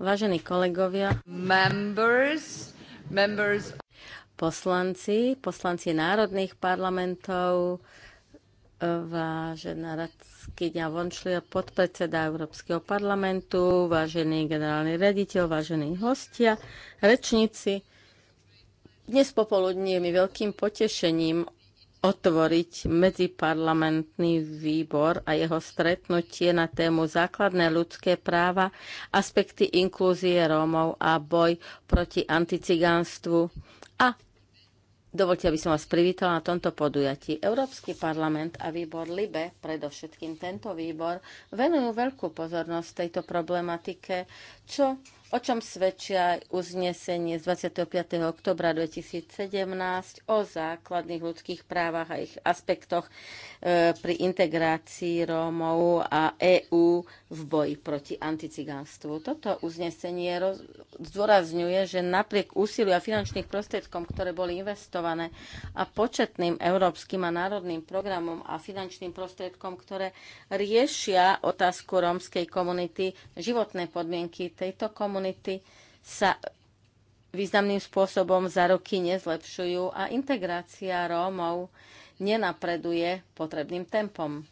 Vážení kolegovia, members, members, poslanci, poslanci národných parlamentov, vážená Radskyňa Vonšlia, podpredseda Európskeho parlamentu, vážený generálny raditeľ, vážení hostia, rečníci. Dnes popoludní je mi veľkým potešením otvoriť medziparlamentný výbor a jeho stretnutie na tému základné ľudské práva, aspekty inklúzie Rómov a boj proti anticigánstvu. A dovolte, aby som vás privítala na tomto podujatí. Európsky parlament a výbor LIBE, predovšetkým tento výbor, venujú veľkú pozornosť tejto problematike, čo, o čom svedčia aj uznesenie z 25. oktobra 2017 o základných ľudských právach a ich aspektoch e, pri integrácii Rómov a EÚ v boji proti anticigánstvu. Toto uznesenie roz, zdôrazňuje, že napriek úsiliu a finančných prostriedkom, ktoré boli investované a početným európskym a národným programom a finančným prostriedkom, ktoré riešia otázku rómskej komunity, životné podmienky, tejto komunity sa významným spôsobom za roky nezlepšujú a integrácia Rómov nenapreduje potrebným tempom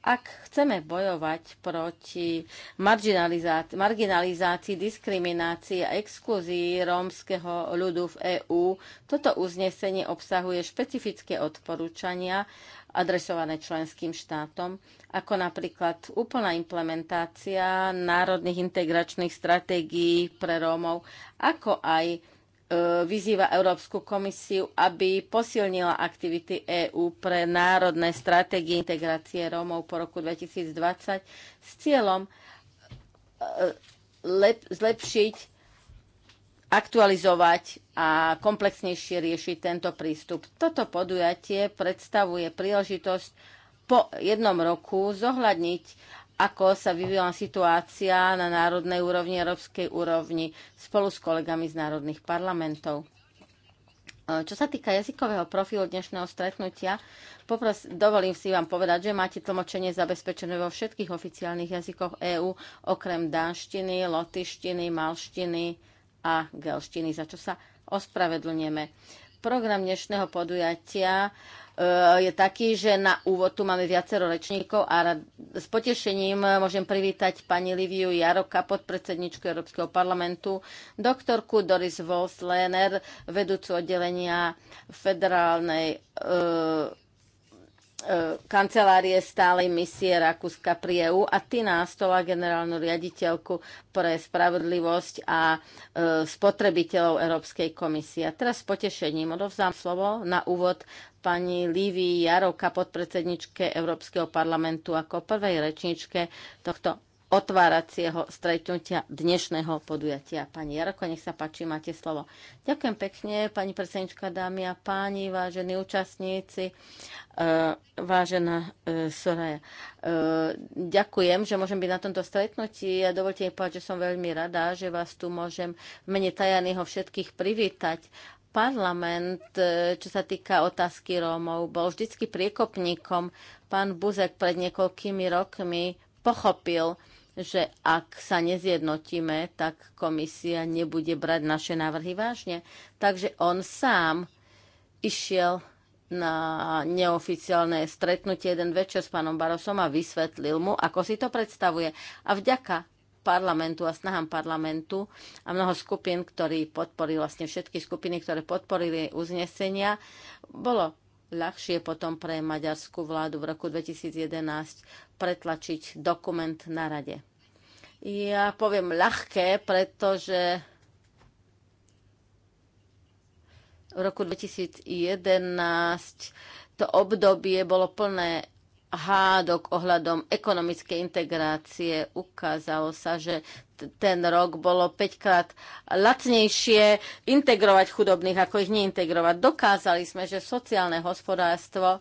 ak chceme bojovať proti marginalizácii, marginalizácii diskriminácii a exkluzii rómskeho ľudu v EÚ, toto uznesenie obsahuje špecifické odporúčania adresované členským štátom, ako napríklad úplná implementácia národných integračných stratégií pre Rómov, ako aj E, vyzýva Európsku komisiu, aby posilnila aktivity EÚ pre národné stratégie integrácie Rómov po roku 2020 s cieľom e, zlepšiť, aktualizovať a komplexnejšie riešiť tento prístup. Toto podujatie predstavuje príležitosť po jednom roku zohľadniť ako sa vyvíjala situácia na národnej úrovni, európskej úrovni spolu s kolegami z národných parlamentov. E, čo sa týka jazykového profilu dnešného stretnutia, popros, dovolím si vám povedať, že máte tlmočenie zabezpečené vo všetkých oficiálnych jazykoch EÚ, okrem dánštiny, lotyštiny, malštiny a gelštiny, za čo sa ospravedlňujeme. Program dnešného podujatia eh, je taký, že na úvod tu máme viacero rečníkov a s potešením môžem privítať pani Liviu Jaroka, podpredsedničku Európskeho parlamentu, doktorku Doris Wolfslener, vedúcu oddelenia Federálnej e, E, kancelárie stálej misie Rakúska pri EU a ty nástola generálnu riaditeľku pre spravodlivosť a e, spotrebiteľov Európskej komisie. A teraz s potešením odovzdám slovo na úvod pani Lívii Jaroka, podpredsedničke Európskeho parlamentu ako prvej rečničke tohto otváracieho stretnutia dnešného podujatia. Pani Jaroko, nech sa páči, máte slovo. Ďakujem pekne, pani predsednička, dámy a páni, vážení účastníci, e, vážená e, Soraya. E, ďakujem, že môžem byť na tomto stretnutí a dovolte mi povedať, že som veľmi rada, že vás tu môžem v mene Tajaného všetkých privítať parlament, čo sa týka otázky Rómov, bol vždycky priekopníkom. Pán Buzek pred niekoľkými rokmi pochopil, že ak sa nezjednotíme, tak komisia nebude brať naše návrhy vážne. Takže on sám išiel na neoficiálne stretnutie jeden večer s pánom Barosom a vysvetlil mu, ako si to predstavuje. A vďaka parlamentu a snahám parlamentu a mnoho skupín, ktorí podporili vlastne všetky skupiny, ktoré podporili uznesenia, bolo ľahšie potom pre maďarskú vládu v roku 2011 pretlačiť dokument na rade. Ja poviem ľahké, pretože v roku 2011 to obdobie bolo plné hádok ohľadom ekonomickej integrácie. Ukázalo sa, že ten rok bolo 5 krát lacnejšie integrovať chudobných, ako ich neintegrovať. Dokázali sme, že sociálne hospodárstvo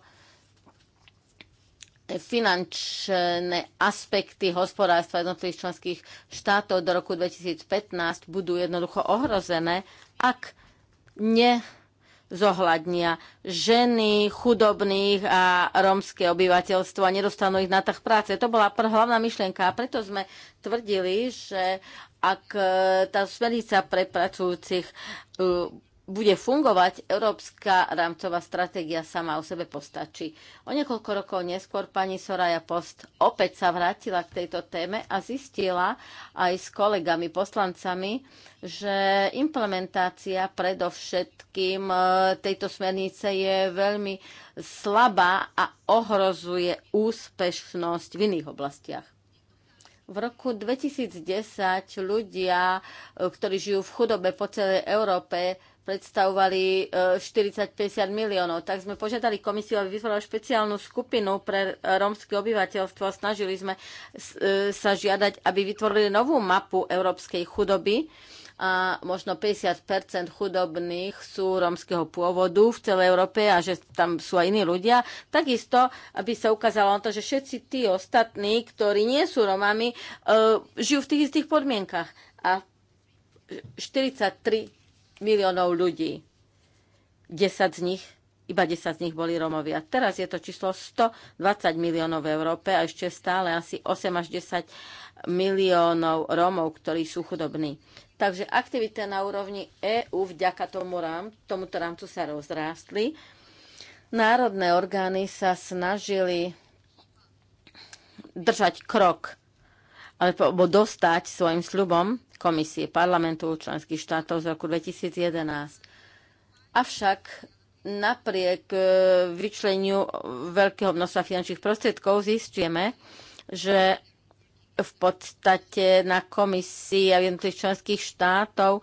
finančné aspekty hospodárstva jednotlivých členských štátov do roku 2015 budú jednoducho ohrozené, ak nezohľadnia ženy, chudobných a rómske obyvateľstvo a nedostanú ich na trh práce. To bola hlavná myšlienka a preto sme tvrdili, že ak e, tá smernica pre pracujúcich e, bude fungovať, európska rámcová stratégia sama o sebe postačí. O niekoľko rokov neskôr pani Soraya Post opäť sa vrátila k tejto téme a zistila aj s kolegami poslancami, že implementácia predovšetkým e, tejto smernice je veľmi slabá a ohrozuje úspešnosť v iných oblastiach. V roku 2010 ľudia, e, ktorí žijú v chudobe po celej Európe, predstavovali 40-50 e, miliónov. Tak sme požiadali komisiu, aby vytvorila špeciálnu skupinu pre rómske obyvateľstvo a snažili sme e, sa žiadať, aby vytvorili novú mapu európskej chudoby a možno 50 chudobných sú rómskeho pôvodu v celej Európe a že tam sú aj iní ľudia. Takisto, aby sa ukázalo na to, že všetci tí ostatní, ktorí nie sú Romami, e, žijú v tých istých podmienkach. A 43 miliónov ľudí. 10 z nich, iba 10 z nich boli Romovia. Teraz je to číslo 120 miliónov v Európe a ešte stále asi 8 až 10 miliónov Romov, ktorí sú chudobní. Takže aktivita na úrovni EÚ vďaka tomu rám, tomuto rámcu sa rozrástli. Národné orgány sa snažili držať krok alebo dostať svojim sľubom komisie parlamentu členských štátov z roku 2011. Avšak napriek e, vyčleniu veľkého množstva finančných prostriedkov zistíme, že v podstate na komisii a jednotlivých členských štátov. E,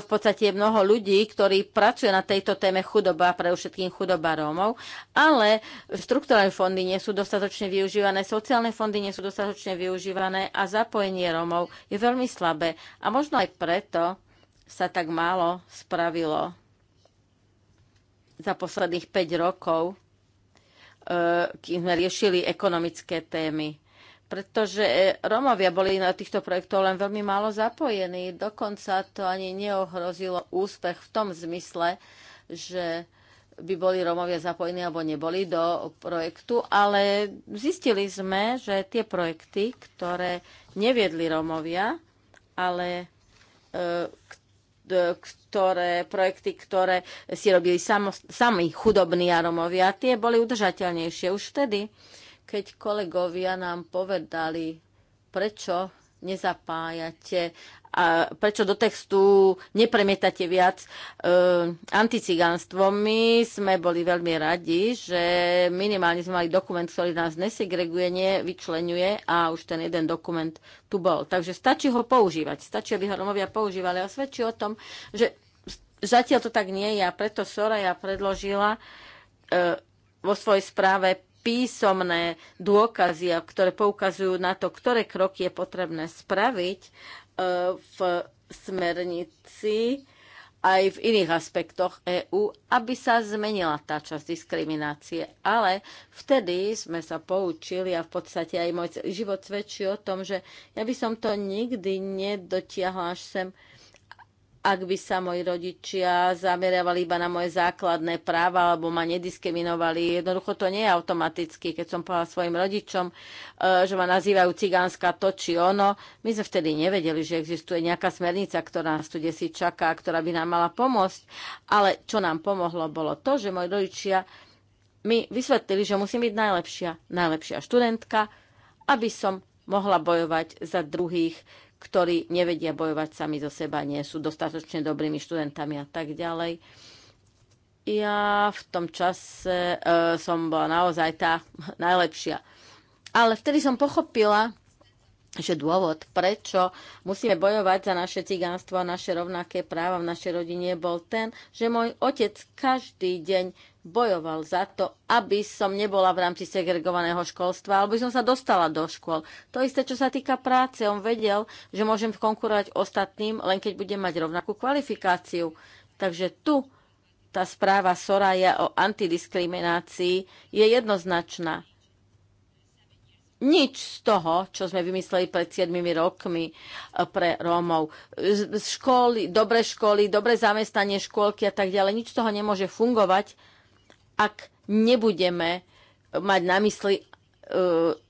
v podstate je mnoho ľudí, ktorí pracujú na tejto téme chudoba, pre všetkým chudoba Rómov, ale štruktúrne fondy nie sú dostatočne využívané, sociálne fondy nie sú dostatočne využívané a zapojenie Rómov je veľmi slabé. A možno aj preto sa tak málo spravilo za posledných 5 rokov, e, kým sme riešili ekonomické témy pretože e, Romovia boli na týchto projektoch len veľmi málo zapojení. Dokonca to ani neohrozilo úspech v tom zmysle, že by boli Romovia zapojení alebo neboli do projektu, ale zistili sme, že tie projekty, ktoré neviedli Romovia, ale e, e, ktoré, projekty, ktoré si robili sami chudobní a Romovia, tie boli udržateľnejšie už vtedy keď kolegovia nám povedali, prečo nezapájate a prečo do textu nepremietate viac e, anticigánstvo. My sme boli veľmi radi, že minimálne sme mali dokument, ktorý nás nesegreguje, vyčlenuje a už ten jeden dokument tu bol. Takže stačí ho používať, stačí, aby ho Romovia používali a svedčí o tom, že zatiaľ to tak nie je a preto Soraya predložila e, vo svojej správe písomné dôkazy, ktoré poukazujú na to, ktoré kroky je potrebné spraviť e, v smernici aj v iných aspektoch EÚ, aby sa zmenila tá časť diskriminácie. Ale vtedy sme sa poučili a v podstate aj môj život svedčí o tom, že ja by som to nikdy nedotiahla až sem, ak by sa moji rodičia zameriavali iba na moje základné práva alebo ma nediskriminovali. Jednoducho to nie je automaticky. Keď som povedala svojim rodičom, e, že ma nazývajú cigánska to či ono, my sme vtedy nevedeli, že existuje nejaká smernica, ktorá nás tu desi čaká, ktorá by nám mala pomôcť. Ale čo nám pomohlo, bolo to, že moji rodičia mi vysvetlili, že musím byť najlepšia, najlepšia študentka, aby som mohla bojovať za druhých, ktorí nevedia bojovať sami zo seba, nie sú dostatočne dobrými študentami a tak ďalej. Ja v tom čase e, som bola naozaj tá najlepšia. Ale vtedy som pochopila, že dôvod, prečo musíme bojovať za naše cigánstvo a naše rovnaké práva v našej rodine bol ten, že môj otec každý deň bojoval za to, aby som nebola v rámci segregovaného školstva, alebo som sa dostala do škôl. To isté, čo sa týka práce. On vedel, že môžem konkurovať ostatným, len keď budem mať rovnakú kvalifikáciu. Takže tu tá správa Soraya o antidiskriminácii je jednoznačná. Nič z toho, čo sme vymysleli pred 7 rokmi e, pre Rómov. Školy, dobré školy, dobré zamestnanie, škôlky a tak ďalej, nič z toho nemôže fungovať, ak nebudeme mať na mysli e,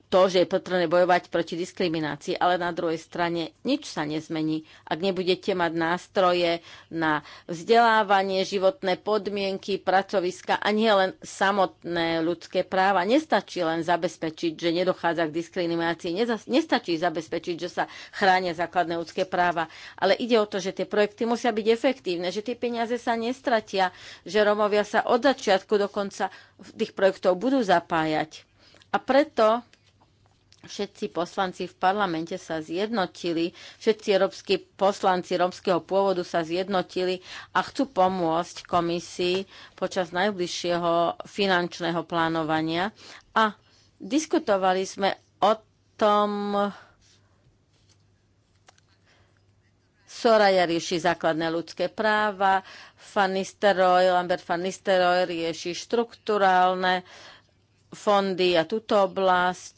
to, že je potrebné bojovať proti diskriminácii, ale na druhej strane nič sa nezmení. Ak nebudete mať nástroje na vzdelávanie, životné podmienky, pracoviska a nie len samotné ľudské práva, nestačí len zabezpečiť, že nedochádza k diskriminácii, nestačí zabezpečiť, že sa chránia základné ľudské práva, ale ide o to, že tie projekty musia byť efektívne, že tie peniaze sa nestratia, že Romovia sa od začiatku dokonca tých projektov budú zapájať. A preto všetci poslanci v parlamente sa zjednotili, všetci európsky poslanci rómskeho pôvodu sa zjednotili a chcú pomôcť komisii počas najbližšieho finančného plánovania. A diskutovali sme o tom, Soraya rieši základné ľudské práva, Lambert Van rieši štruktúrálne fondy a túto oblasť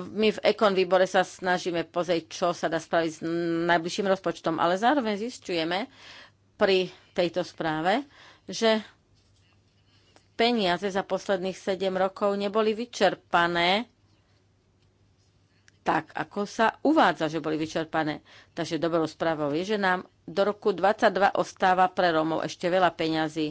my v Ekon výbore sa snažíme pozrieť, čo sa dá spraviť s najbližším rozpočtom, ale zároveň zistujeme pri tejto správe, že peniaze za posledných 7 rokov neboli vyčerpané tak, ako sa uvádza, že boli vyčerpané. Takže dobrou správou je, že nám do roku 2022 ostáva pre Rómov ešte veľa peňazí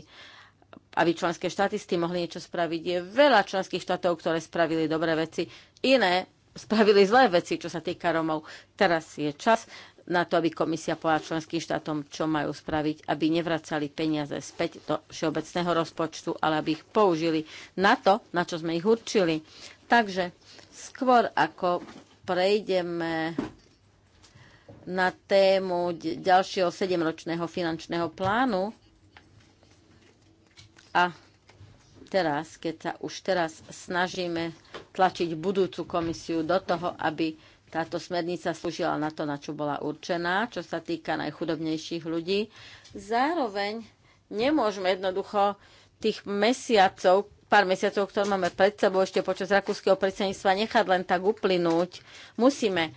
aby členské štáty s tým mohli niečo spraviť. Je veľa členských štátov, ktoré spravili dobré veci. Iné spravili zlé veci, čo sa týka Romov. Teraz je čas na to, aby komisia povedala členským štátom, čo majú spraviť, aby nevracali peniaze späť do všeobecného rozpočtu, ale aby ich použili na to, na čo sme ich určili. Takže skôr ako prejdeme na tému ďalšieho sedemročného finančného plánu, a teraz, keď sa už teraz snažíme tlačiť budúcu komisiu do toho, aby táto smernica slúžila na to, na čo bola určená, čo sa týka najchudobnejších ľudí. Zároveň nemôžeme jednoducho tých mesiacov, pár mesiacov, ktoré máme pred sebou ešte počas rakúskeho predsedníctva, nechať len tak uplynúť. Musíme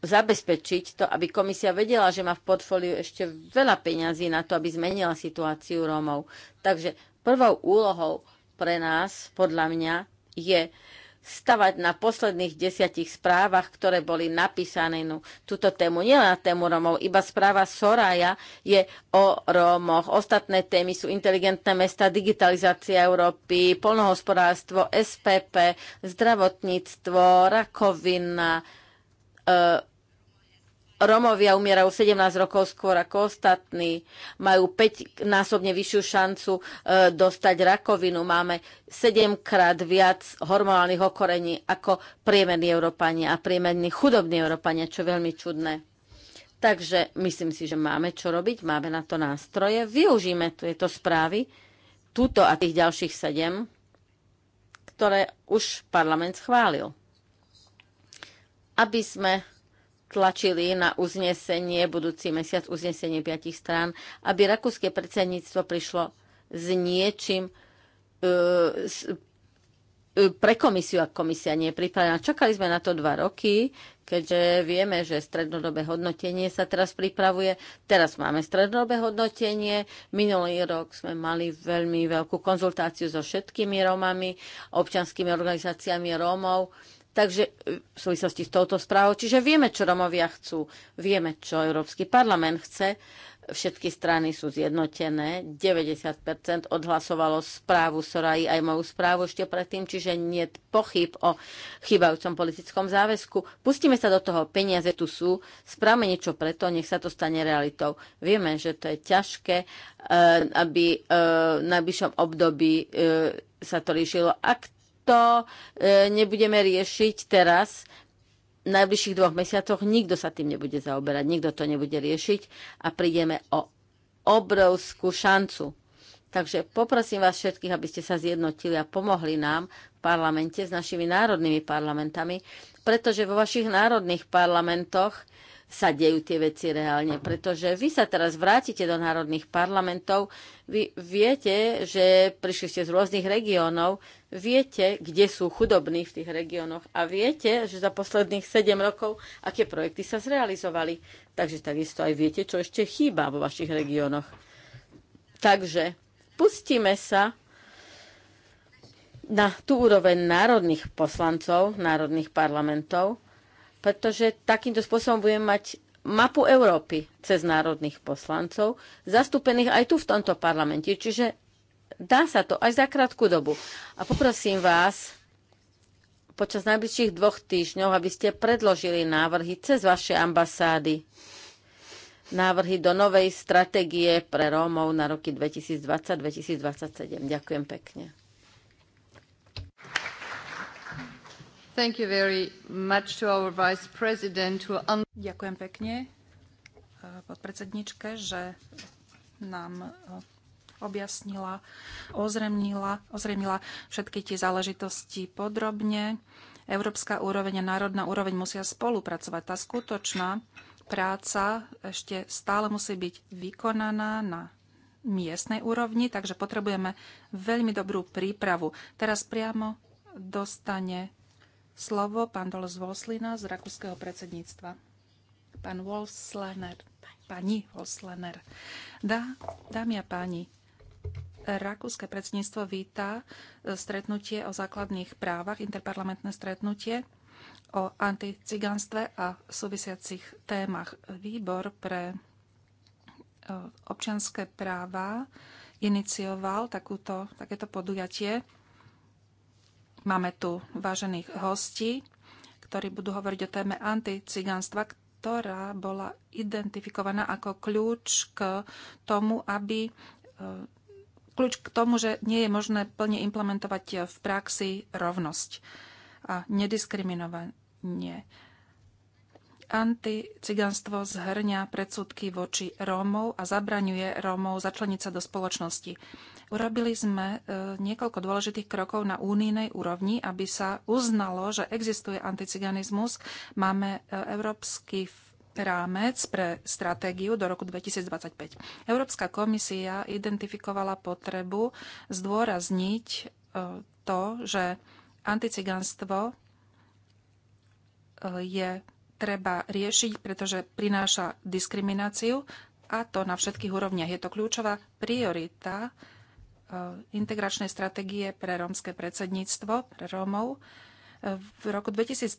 zabezpečiť to, aby komisia vedela, že má v portfóliu ešte veľa peňazí na to, aby zmenila situáciu Rómov. Takže Prvou úlohou pre nás, podľa mňa, je stavať na posledných desiatich správach, ktoré boli napísané na no, túto tému. Nie na tému Romov, iba správa Soraya je o Rómoch. Ostatné témy sú inteligentné mesta, digitalizácia Európy, polnohospodárstvo, SPP, zdravotníctvo, rakovina, e Romovia umierajú 17 rokov skôr ako ostatní, majú 5-násobne vyššiu šancu e, dostať rakovinu, máme 7 krát viac hormonálnych okorení ako priemerní Európania a priemerní chudobní Európania, čo je veľmi čudné. Takže myslím si, že máme čo robiť, máme na to nástroje, využíme tieto správy, túto a tých ďalších 7, ktoré už parlament schválil. Aby sme tlačili na uznesenie, budúci mesiac uznesenie piatich strán, aby rakúske predsedníctvo prišlo s niečím uh, s, uh, pre komisiu, ak komisia nie je pripravená. Čakali sme na to dva roky, keďže vieme, že strednodobé hodnotenie sa teraz pripravuje. Teraz máme strednodobé hodnotenie. Minulý rok sme mali veľmi veľkú konzultáciu so všetkými Rómami, občanskými organizáciami Rómov Takže e, v súvislosti s touto správou, čiže vieme, čo Romovia chcú, vieme, čo Európsky parlament chce, všetky strany sú zjednotené, 90% odhlasovalo správu Sorai aj moju správu ešte predtým, čiže nie pochyb o chýbajúcom politickom záväzku. Pustíme sa do toho, peniaze tu sú, správame niečo preto, nech sa to stane realitou. Vieme, že to je ťažké, e, aby e, v najbližšom období sa to riešilo. Ak to e, nebudeme riešiť teraz, v najbližších dvoch mesiacoch nikto sa tým nebude zaoberať, nikto to nebude riešiť a prídeme o obrovskú šancu. Takže poprosím vás všetkých, aby ste sa zjednotili a pomohli nám v parlamente s našimi národnými parlamentami, pretože vo vašich národných parlamentoch sa dejú tie veci reálne. Pretože vy sa teraz vrátite do národných parlamentov, vy viete, že prišli ste z rôznych regiónov, viete, kde sú chudobní v tých regiónoch a viete, že za posledných 7 rokov, aké projekty sa zrealizovali. Takže takisto aj viete, čo ešte chýba vo vašich regiónoch. Takže pustíme sa na tú úroveň národných poslancov, národných parlamentov pretože takýmto spôsobom budeme mať mapu Európy cez národných poslancov, zastúpených aj tu v tomto parlamente. Čiže dá sa to aj za krátku dobu. A poprosím vás počas najbližších dvoch týždňov, aby ste predložili návrhy cez vaše ambasády návrhy do novej stratégie pre Rómov na roky 2020-2027. Ďakujem pekne. Ďakujem pekne eh, podpredsedničke, že nám eh, objasnila, ozremnila, všetky tie záležitosti podrobne. Európska úroveň a národná úroveň musia spolupracovať. Tá skutočná práca ešte stále musí byť vykonaná na miestnej úrovni, takže potrebujeme veľmi dobrú prípravu. Teraz priamo dostane slovo pán Dolos Volslina z rakúskeho predsedníctva. Pán Wolfslener, pani Wolfslener. Dá, dámy a páni, rakúske predsedníctvo víta e, stretnutie o základných právach, interparlamentné stretnutie o anticiganstve a súvisiacich témach. Výbor pre e, občianské práva inicioval takúto, takéto podujatie Máme tu vážených hostí, ktorí budú hovoriť o téme anticiganstva, ktorá bola identifikovaná ako kľúč k tomu, aby e, kľúč k tomu, že nie je možné plne implementovať v praxi rovnosť a nediskriminovanie. Anticiganstvo zhrňa predsudky voči Rómov a zabraňuje Rómov začleniť sa do spoločnosti. Urobili sme e, niekoľko dôležitých krokov na únijnej úrovni, aby sa uznalo, že existuje anticiganizmus. Máme e, európsky rámec pre stratégiu do roku 2025. Európska komisia identifikovala potrebu zdôrazniť e, to, že anticiganstvo je treba riešiť, pretože prináša diskrimináciu a to na všetkých úrovniach. Je to kľúčová priorita Eh, integračnej stratégie pre rómske predsedníctvo, pre Rómov. V roku 2013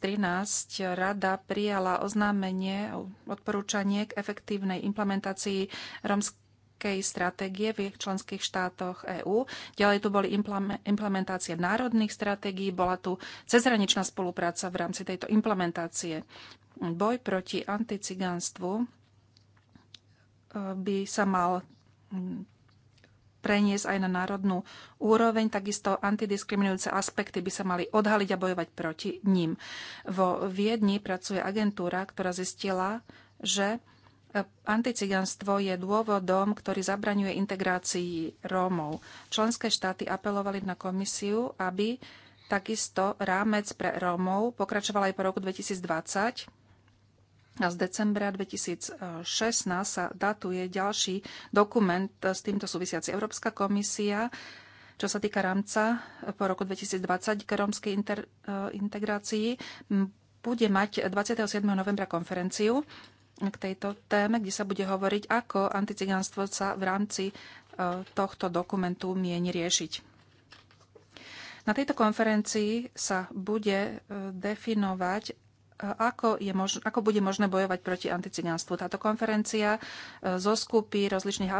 rada prijala oznámenie, odporúčanie k efektívnej implementácii rómskej stratégie v členských štátoch EÚ. Ďalej tu boli implementácie národných stratégií, bola tu cezhraničná spolupráca v rámci tejto implementácie. Boj proti anticiganstvu eh, by sa mal mm, preniesť aj na národnú úroveň. Takisto antidiskriminujúce aspekty by sa mali odhaliť a bojovať proti ním. Vo Viedni pracuje agentúra, ktorá zistila, že e, Anticiganstvo je dôvodom, ktorý zabraňuje integrácii Rómov. Členské štáty apelovali na komisiu, aby takisto rámec pre Rómov pokračoval aj po roku 2020 a z decembra 2016 sa datuje ďalší dokument s týmto súvisiaci. Európska komisia čo sa týka rámca po roku 2020 k rómskej eh, integrácii, bude mať 27. novembra konferenciu k tejto téme, kde sa bude hovoriť, ako anticigánstvo sa v rámci eh, tohto dokumentu mieni riešiť. Na tejto konferencii sa bude eh, definovať, ako, je mož- ako bude možné bojovať proti anticigánstvu. Táto konferencia e, zoskupí rozličných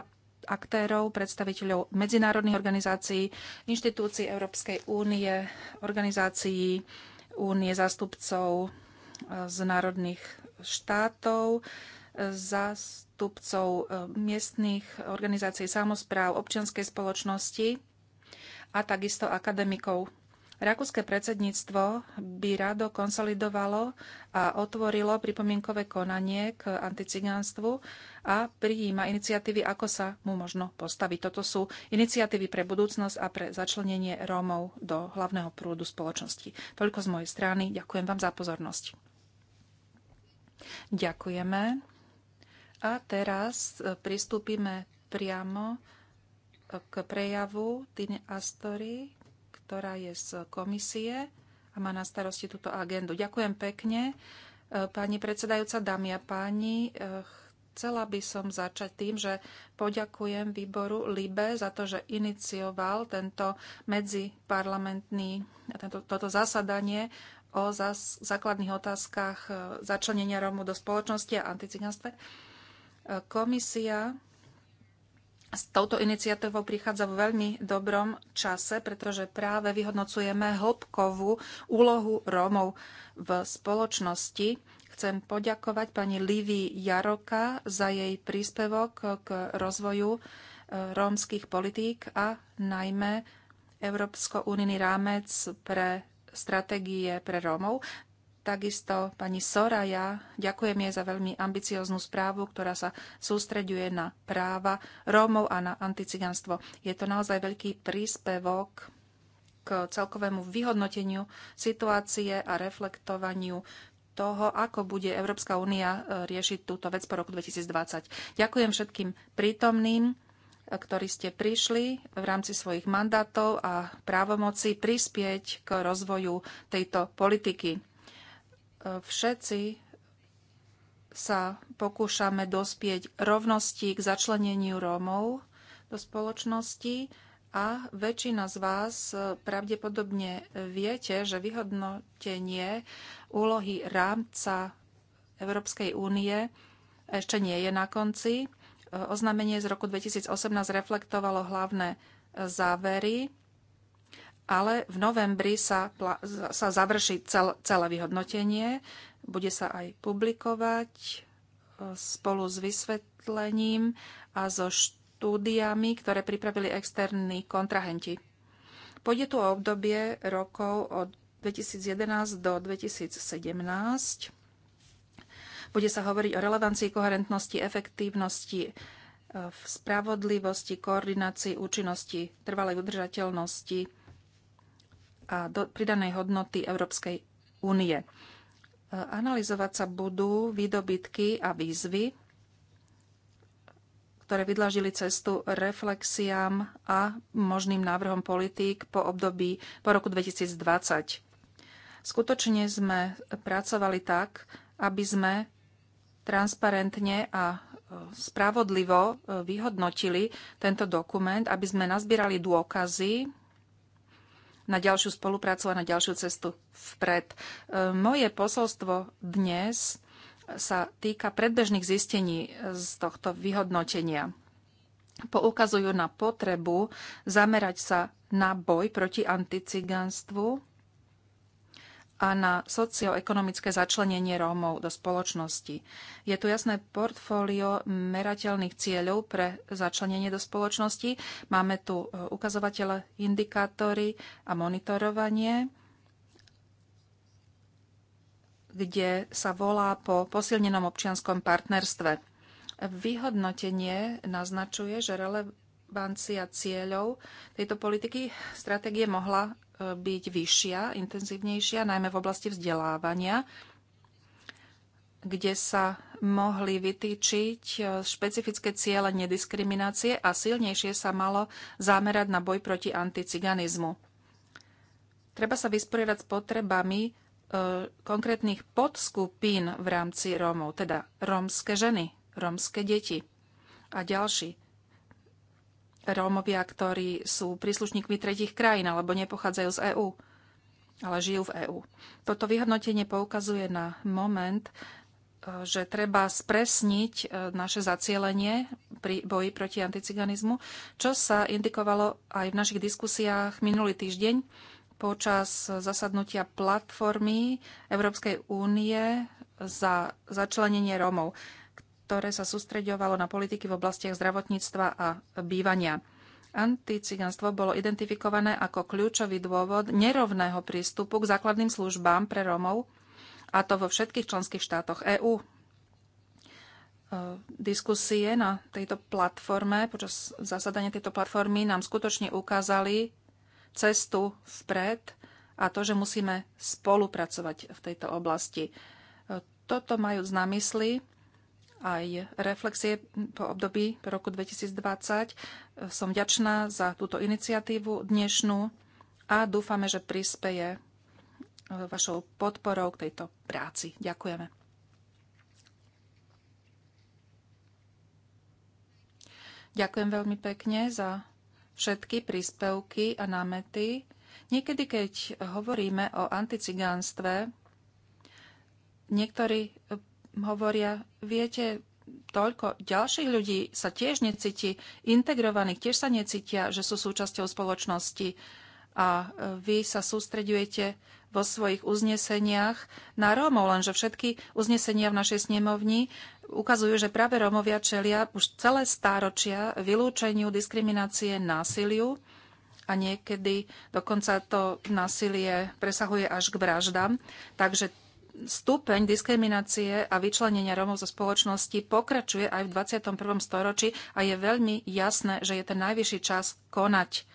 aktérov, predstaviteľov medzinárodných organizácií, inštitúcií Európskej únie, organizácií únie zástupcov e, z národných štátov, e, zástupcov miestných organizácií samozpráv, občianskej spoločnosti a takisto akademikov Rakúske predsedníctvo by rado konsolidovalo a otvorilo pripomienkové konanie k anticigánstvu a prijíma iniciatívy, ako sa mu možno postaviť. Toto sú iniciatívy pre budúcnosť a pre začlenenie Rómov do hlavného prúdu spoločnosti. Toľko z mojej strany. Ďakujem vám za pozornosť. Ďakujeme. A teraz e, pristúpime priamo k prejavu Tine Astory ktorá je z komisie a má na starosti túto agendu. Ďakujem pekne. E, pani predsedajúca, dámy a páni, e, chcela by som začať tým, že poďakujem výboru LIBE za to, že inicioval tento medziparlamentný, tento, toto zasadanie o zas, základných otázkach e, začlenenia Rómu do spoločnosti a anticiganstve. Komisia s touto iniciatívou prichádza v veľmi dobrom čase, pretože práve vyhodnocujeme hĺbkovú úlohu Rómov v spoločnosti. Chcem poďakovať pani Livy Jaroka za jej príspevok k rozvoju e, rómskych politík a najmä Európsko-únijný rámec pre stratégie pre Rómov. Takisto pani Soraya, ďakujem jej za veľmi ambicioznú správu, ktorá sa sústreďuje na práva Rómov a na anticiganstvo. Je to naozaj veľký príspevok k celkovému vyhodnoteniu situácie a reflektovaniu toho, ako bude Európska únia e, riešiť túto vec po roku 2020. Ďakujem všetkým prítomným, e, ktorí ste prišli v rámci svojich mandátov a právomoci prispieť k rozvoju tejto politiky všetci sa pokúšame dospieť rovnosti k začleneniu Rómov do spoločnosti a väčšina z vás pravdepodobne viete, že vyhodnotenie úlohy rámca Európskej únie ešte nie je na konci. Oznámenie z roku 2018 reflektovalo hlavné závery ale v novembri sa, sa završí cel, celé vyhodnotenie, bude sa aj publikovať e, spolu s vysvetlením a so štúdiami, ktoré pripravili externí kontrahenti. Pôjde tu o obdobie rokov od 2011 do 2017. Bude sa hovoriť o relevancii, koherentnosti, efektívnosti, e, v spravodlivosti, koordinácii, účinnosti, trvalej udržateľnosti a do pridanej hodnoty Európskej únie. E, Analizovať sa budú výdobytky a výzvy, ktoré vydlažili cestu reflexiám a možným návrhom politík po období po roku 2020. Skutočne sme pracovali tak, aby sme transparentne a e, spravodlivo e, vyhodnotili tento dokument, aby sme nazbierali dôkazy na ďalšiu spoluprácu a na ďalšiu cestu vpred. E, moje posolstvo dnes sa týka predbežných zistení z tohto vyhodnotenia. Poukazujú na potrebu zamerať sa na boj proti anticiganstvu a na socioekonomické začlenenie Rómov do spoločnosti. Je tu jasné portfólio merateľných cieľov pre začlenenie do spoločnosti. Máme tu e, ukazovatele, indikátory a monitorovanie, kde sa volá po posilnenom občianskom partnerstve. Vyhodnotenie naznačuje, že relevancia cieľov tejto politiky stratégie mohla byť vyššia, intenzívnejšia, najmä v oblasti vzdelávania, kde sa mohli vytýčiť e, špecifické ciele nediskriminácie a silnejšie sa malo zamerať na boj proti anticiganizmu. Treba sa vysporiadať s potrebami e, konkrétnych podskupín v rámci Rómov, teda rómske ženy, rómske deti a ďalší Rómovia, ktorí sú príslušníkmi tretich krajín alebo nepochádzajú z EÚ, ale žijú v EÚ. Toto vyhodnotenie poukazuje na moment, e, že treba spresniť e, naše zacielenie pri boji proti anticiganizmu, čo sa indikovalo aj v našich diskusiách minulý týždeň počas zasadnutia platformy Európskej únie za začlenenie Rómov ktoré sa sústreďovalo na politiky v oblastiach zdravotníctva a bývania. Anticiganstvo bolo identifikované ako kľúčový dôvod nerovného prístupu k základným službám pre Rómov, a to vo všetkých členských štátoch EÚ. E, diskusie na tejto platforme, počas zasadania tejto platformy nám skutočne ukázali cestu vpred a to, že musíme spolupracovať v tejto oblasti. E, toto majú na mysli aj reflexie po období po roku 2020. Som ďačná za túto iniciatívu dnešnú a dúfame, že prispeje e, vašou podporou k tejto práci. Ďakujeme. Ďakujem veľmi pekne za všetky príspevky a námety. Niekedy, keď hovoríme o anticigánstve, niektorí hovoria, viete, toľko ďalších ľudí sa tiež necíti integrovaných, tiež sa necítia, že sú súčasťou spoločnosti a e, vy sa sústredujete vo svojich uzneseniach na Rómov, lenže všetky uznesenia v našej snemovni ukazujú, že práve Rómovia čelia už celé stáročia vylúčeniu, diskriminácie, násiliu a niekedy dokonca to násilie presahuje až k vraždám. Takže stupeň diskriminácie a vyčlenenia Rómov zo spoločnosti pokračuje aj v 21. storočí a je veľmi jasné, že je ten najvyšší čas konať.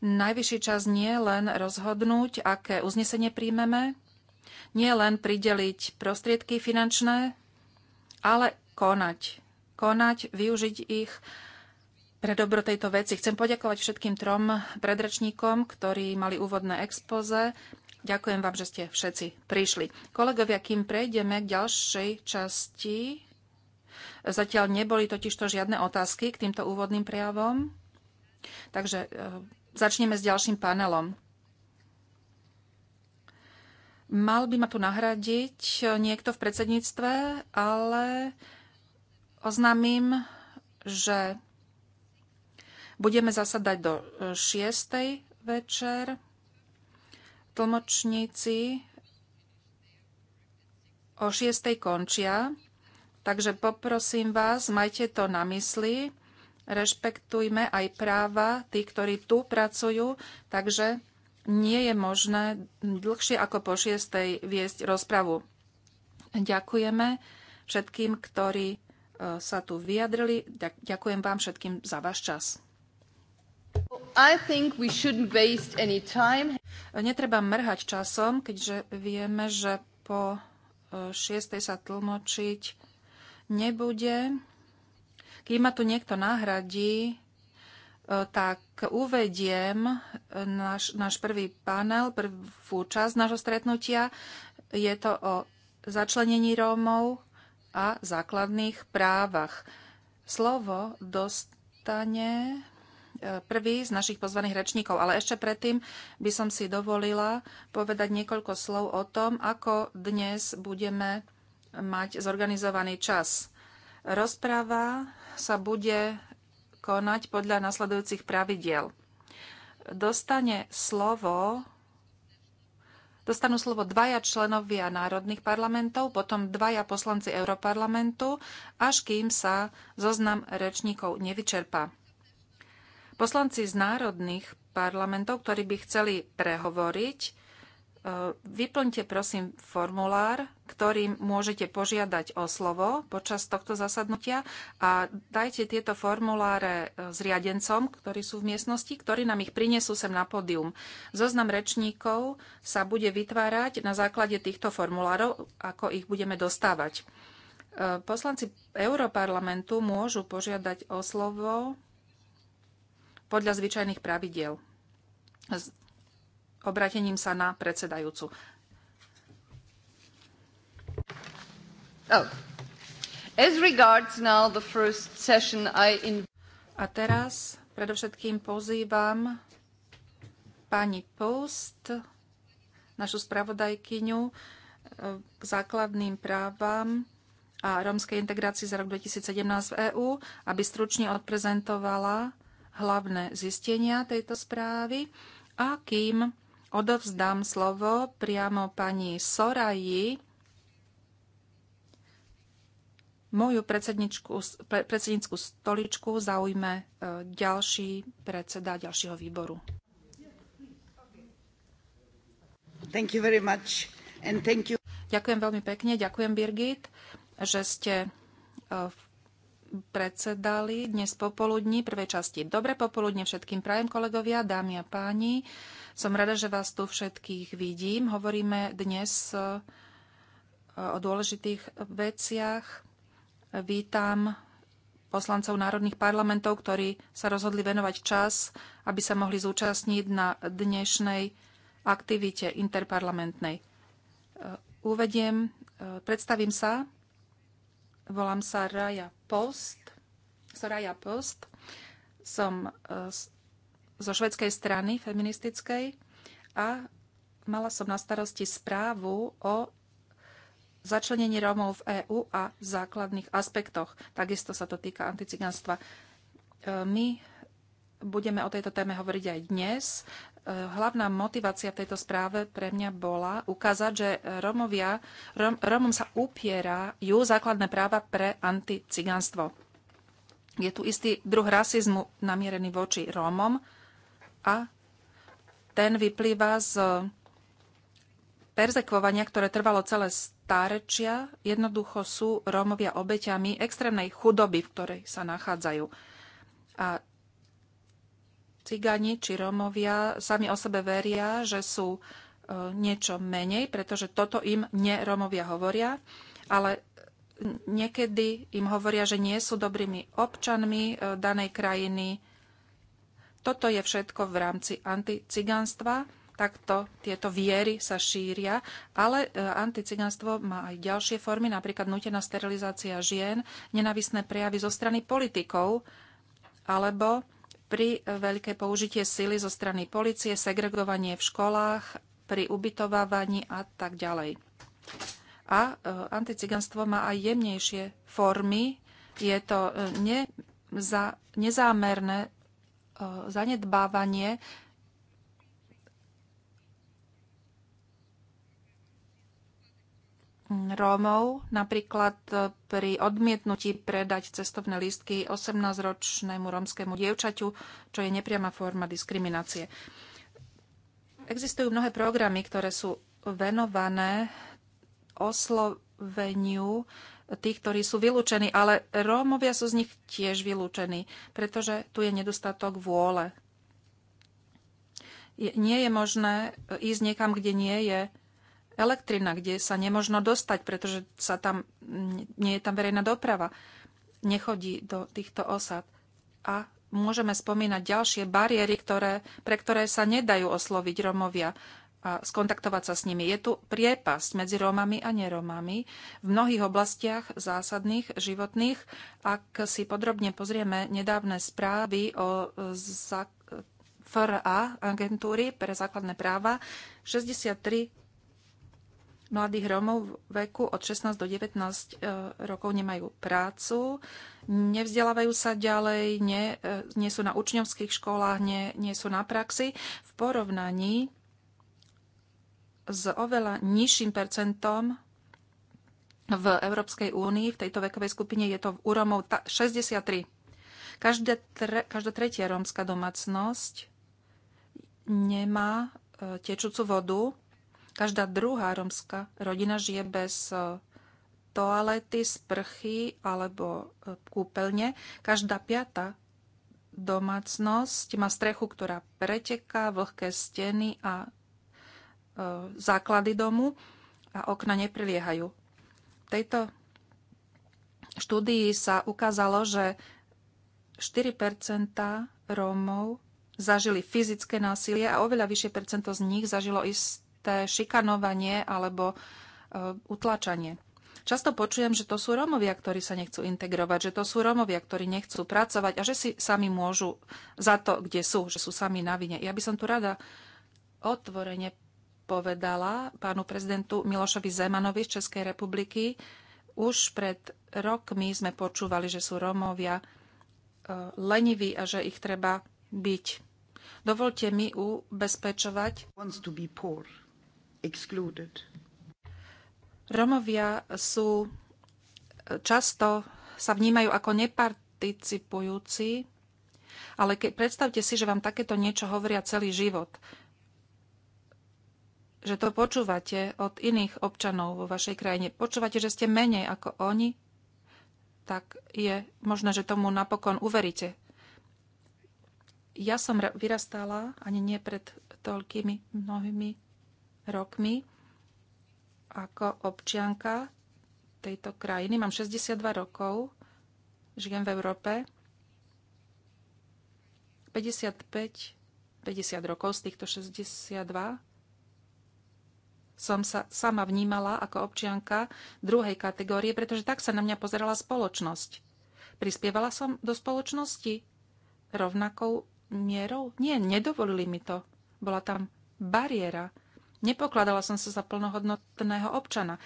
Najvyšší čas nie len rozhodnúť, aké uznesenie príjmeme, nie len prideliť prostriedky finančné, ale konať. Konať, využiť ich pre dobro tejto veci. Chcem poďakovať všetkým trom predračníkom, ktorí mali úvodné expoze Ďakujem vám, že ste všetci prišli. Kolegovia, kým prejdeme k ďalšej časti, zatiaľ neboli totižto žiadne otázky k týmto úvodným prejavom, takže e, začneme s ďalším panelom. Mal by ma tu nahradiť e, niekto v predsedníctve, ale oznámim, že budeme zasadať do 6. E, večer Tlmočníci o 6. končia, takže poprosím vás, majte to na mysli, rešpektujme aj práva tých, ktorí tu pracujú, takže nie je možné dlhšie ako po 6. viesť rozpravu. Ďakujeme všetkým, ktorí e, sa tu vyjadrili. Ďakujem vám všetkým za váš čas. I think we shouldn't waste any time. Netreba mrhať časom, keďže vieme, že po 6. E, sa tlmočiť nebude. Keď ma tu niekto nahradí, e, tak uvediem náš, náš prvý panel, prvú časť nášho stretnutia. Je to o začlenení Rómov a základných právach. Slovo dostane prvý z našich pozvaných rečníkov, ale ešte predtým by som si dovolila povedať niekoľko slov o tom, ako dnes budeme mať zorganizovaný čas. Rozprava sa bude konať podľa nasledujúcich pravidiel. Dostane slovo Dostanú slovo dvaja členovia národných parlamentov, potom dvaja poslanci Europarlamentu, až kým sa zoznam rečníkov nevyčerpá. Poslanci z národných parlamentov, ktorí by chceli prehovoriť, e, vyplňte prosím formulár, ktorým môžete požiadať o slovo počas tohto zasadnutia a dajte tieto formuláre s e, riadencom, ktorí sú v miestnosti, ktorí nám ich prinesú sem na pódium. Zoznam rečníkov sa bude vytvárať na základe týchto formulárov, ako ich budeme dostávať. E, poslanci Európarlamentu môžu požiadať o slovo podľa zvyčajných pravidiel s obratením sa na predsedajúcu. Oh. As regards now the first session I in... A teraz predovšetkým pozývam pani Post, našu spravodajkyňu eh, k základným právam a rómskej integrácii za rok 2017 v EÚ, aby stručne odprezentovala hlavné zistenia tejto správy a kým odovzdám slovo priamo pani Soraji, moju predsednickú stoličku zaujme e, ďalší predseda ďalšieho výboru. Ďakujem veľmi pekne, ďakujem Birgit, že ste e, predsedali dnes popoludní prvej časti. Dobre popoludne všetkým prajem kolegovia, dámy a páni. Som rada, že vás tu všetkých vidím. Hovoríme dnes eh, o dôležitých veciach. Vítam poslancov národných parlamentov, ktorí sa rozhodli venovať čas, aby sa mohli zúčastniť na dnešnej aktivite interparlamentnej. Eh, uvediem, eh, predstavím sa Volám sa Raja Post. Soraya Post. Som e, zo švedskej strany feministickej a mala som na starosti správu o začlenení Rómov v EÚ a základných aspektoch. Takisto sa to týka anticiganstva. E, my budeme o tejto téme hovoriť aj dnes hlavná motivácia v tejto správe pre mňa bola ukázať, že Romovia, Rom, Romom sa upierajú základné práva pre anticiganstvo. Je tu istý druh rasizmu namierený voči Rómom a ten vyplýva z perzekovania, ktoré trvalo celé stárečia. Jednoducho sú Rómovia obeťami extrémnej chudoby, v ktorej sa nachádzajú. A Cigani či Romovia sami o sebe veria, že sú e, niečo menej, pretože toto im neromovia hovoria, ale niekedy im hovoria, že nie sú dobrými občanmi e, danej krajiny. Toto je všetko v rámci anticiganstva. Takto tieto viery sa šíria, ale e, anticiganstvo má aj ďalšie formy, napríklad nutená sterilizácia žien, nenavisné prejavy zo strany politikov alebo pri e, veľké použitie sily zo strany policie, segregovanie v školách, pri ubytovávaní a tak ďalej. A e, anticiganstvo má aj jemnejšie formy. Je to e, neza, nezámerné zanedbávanie Rómov, napríklad e, pri odmietnutí predať cestovné lístky 18-ročnému rómskému dievčaťu, čo je nepriama forma diskriminácie. Existujú mnohé programy, ktoré sú venované osloveniu tých, ktorí sú vylúčení, ale Rómovia sú z nich tiež vylúčení, pretože tu je nedostatok vôle. Nie je možné e, ísť niekam, kde nie je elektrina, kde sa nemožno dostať, pretože sa tam, nie je tam verejná doprava, nechodí do týchto osad. A môžeme spomínať ďalšie bariéry, ktoré, pre ktoré sa nedajú osloviť Romovia a skontaktovať sa s nimi. Je tu priepasť medzi Rómami a nerómami v mnohých oblastiach zásadných, životných. Ak si podrobne pozrieme nedávne správy o FRA, e, agentúry pre základné práva, 63 mladých Rómov v veku od 16 do 19 e, rokov nemajú prácu, nevzdelávajú sa ďalej, nie, e, nie sú na učňovských školách, nie, nie sú na praxi. V porovnaní s oveľa nižším percentom v Európskej únii, v tejto vekovej skupine je to u Rómov 63. Každá, tre, každá tretia rómska domácnosť nemá e, tečúcu vodu, Každá druhá romská rodina žije bez e, toalety, sprchy alebo e, kúpeľne. Každá piata domácnosť má strechu, ktorá preteká, vlhké steny a e, základy domu a okna nepriliehajú. V tejto štúdii sa ukázalo, že 4 Rómov zažili fyzické násilie a oveľa vyššie percento z nich zažilo isté určité šikanovanie alebo e, utlačanie. Často počujem, že to sú Rómovia, ktorí sa nechcú integrovať, že to sú Rómovia, ktorí nechcú pracovať a že si sami môžu za to, kde sú, že sú sami na vine. Ja by som tu rada otvorene povedala pánu prezidentu Milošovi Zemanovi z Českej republiky. Už pred rokmi sme počúvali, že sú Rómovia e, leniví a že ich treba byť. Dovolte mi ubezpečovať, excluded. Romovia sú e, často sa vnímajú ako neparticipujúci, ale keď, predstavte si, že vám takéto niečo hovoria celý život, že to počúvate od iných občanov vo vašej krajine, počúvate, že ste menej ako oni, tak je možné, že tomu napokon uveríte. Ja som vyrastala ani nie pred toľkými mnohými rokmi ako občianka tejto krajiny. Mám 62 rokov, žijem v Európe. 55, 50 rokov z týchto 62 som sa sama vnímala ako občianka druhej kategórie, pretože tak sa na mňa pozerala spoločnosť. Prispievala som do spoločnosti rovnakou mierou? Nie, nedovolili mi to. Bola tam bariéra. Nepokladala som sa za plnohodnotného občana.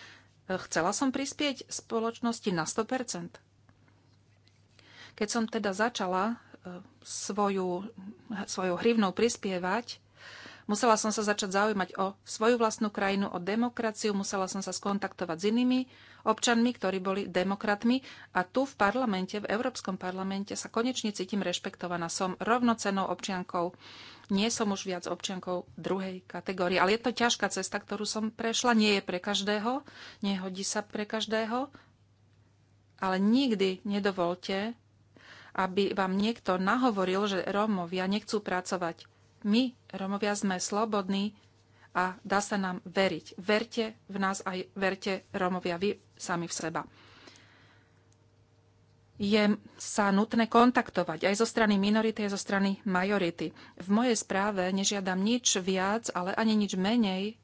Chcela som prispieť spoločnosti na 100%. Keď som teda začala eh, svoju, svojou hrivnou prispievať Musela som sa začať zaujímať o svoju vlastnú krajinu, o demokraciu, musela som sa skontaktovať s inými občanmi, ktorí boli demokratmi a tu v parlamente, v Európskom parlamente sa konečne cítim rešpektovaná. Som rovnocenou občiankou. Nie som už viac občiankou druhej kategórie, ale je to ťažká cesta, ktorú som prešla. Nie je pre každého, nehodí sa pre každého, ale nikdy nedovolte, aby vám niekto nahovoril, že Rómovia nechcú pracovať. My, Romovia, sme slobodní a dá sa nám veriť. Verte v nás aj verte, Romovia, vy sami v seba. Je sa nutné kontaktovať aj zo strany minority, aj zo strany majority. V mojej správe nežiadam nič viac, ale ani nič menej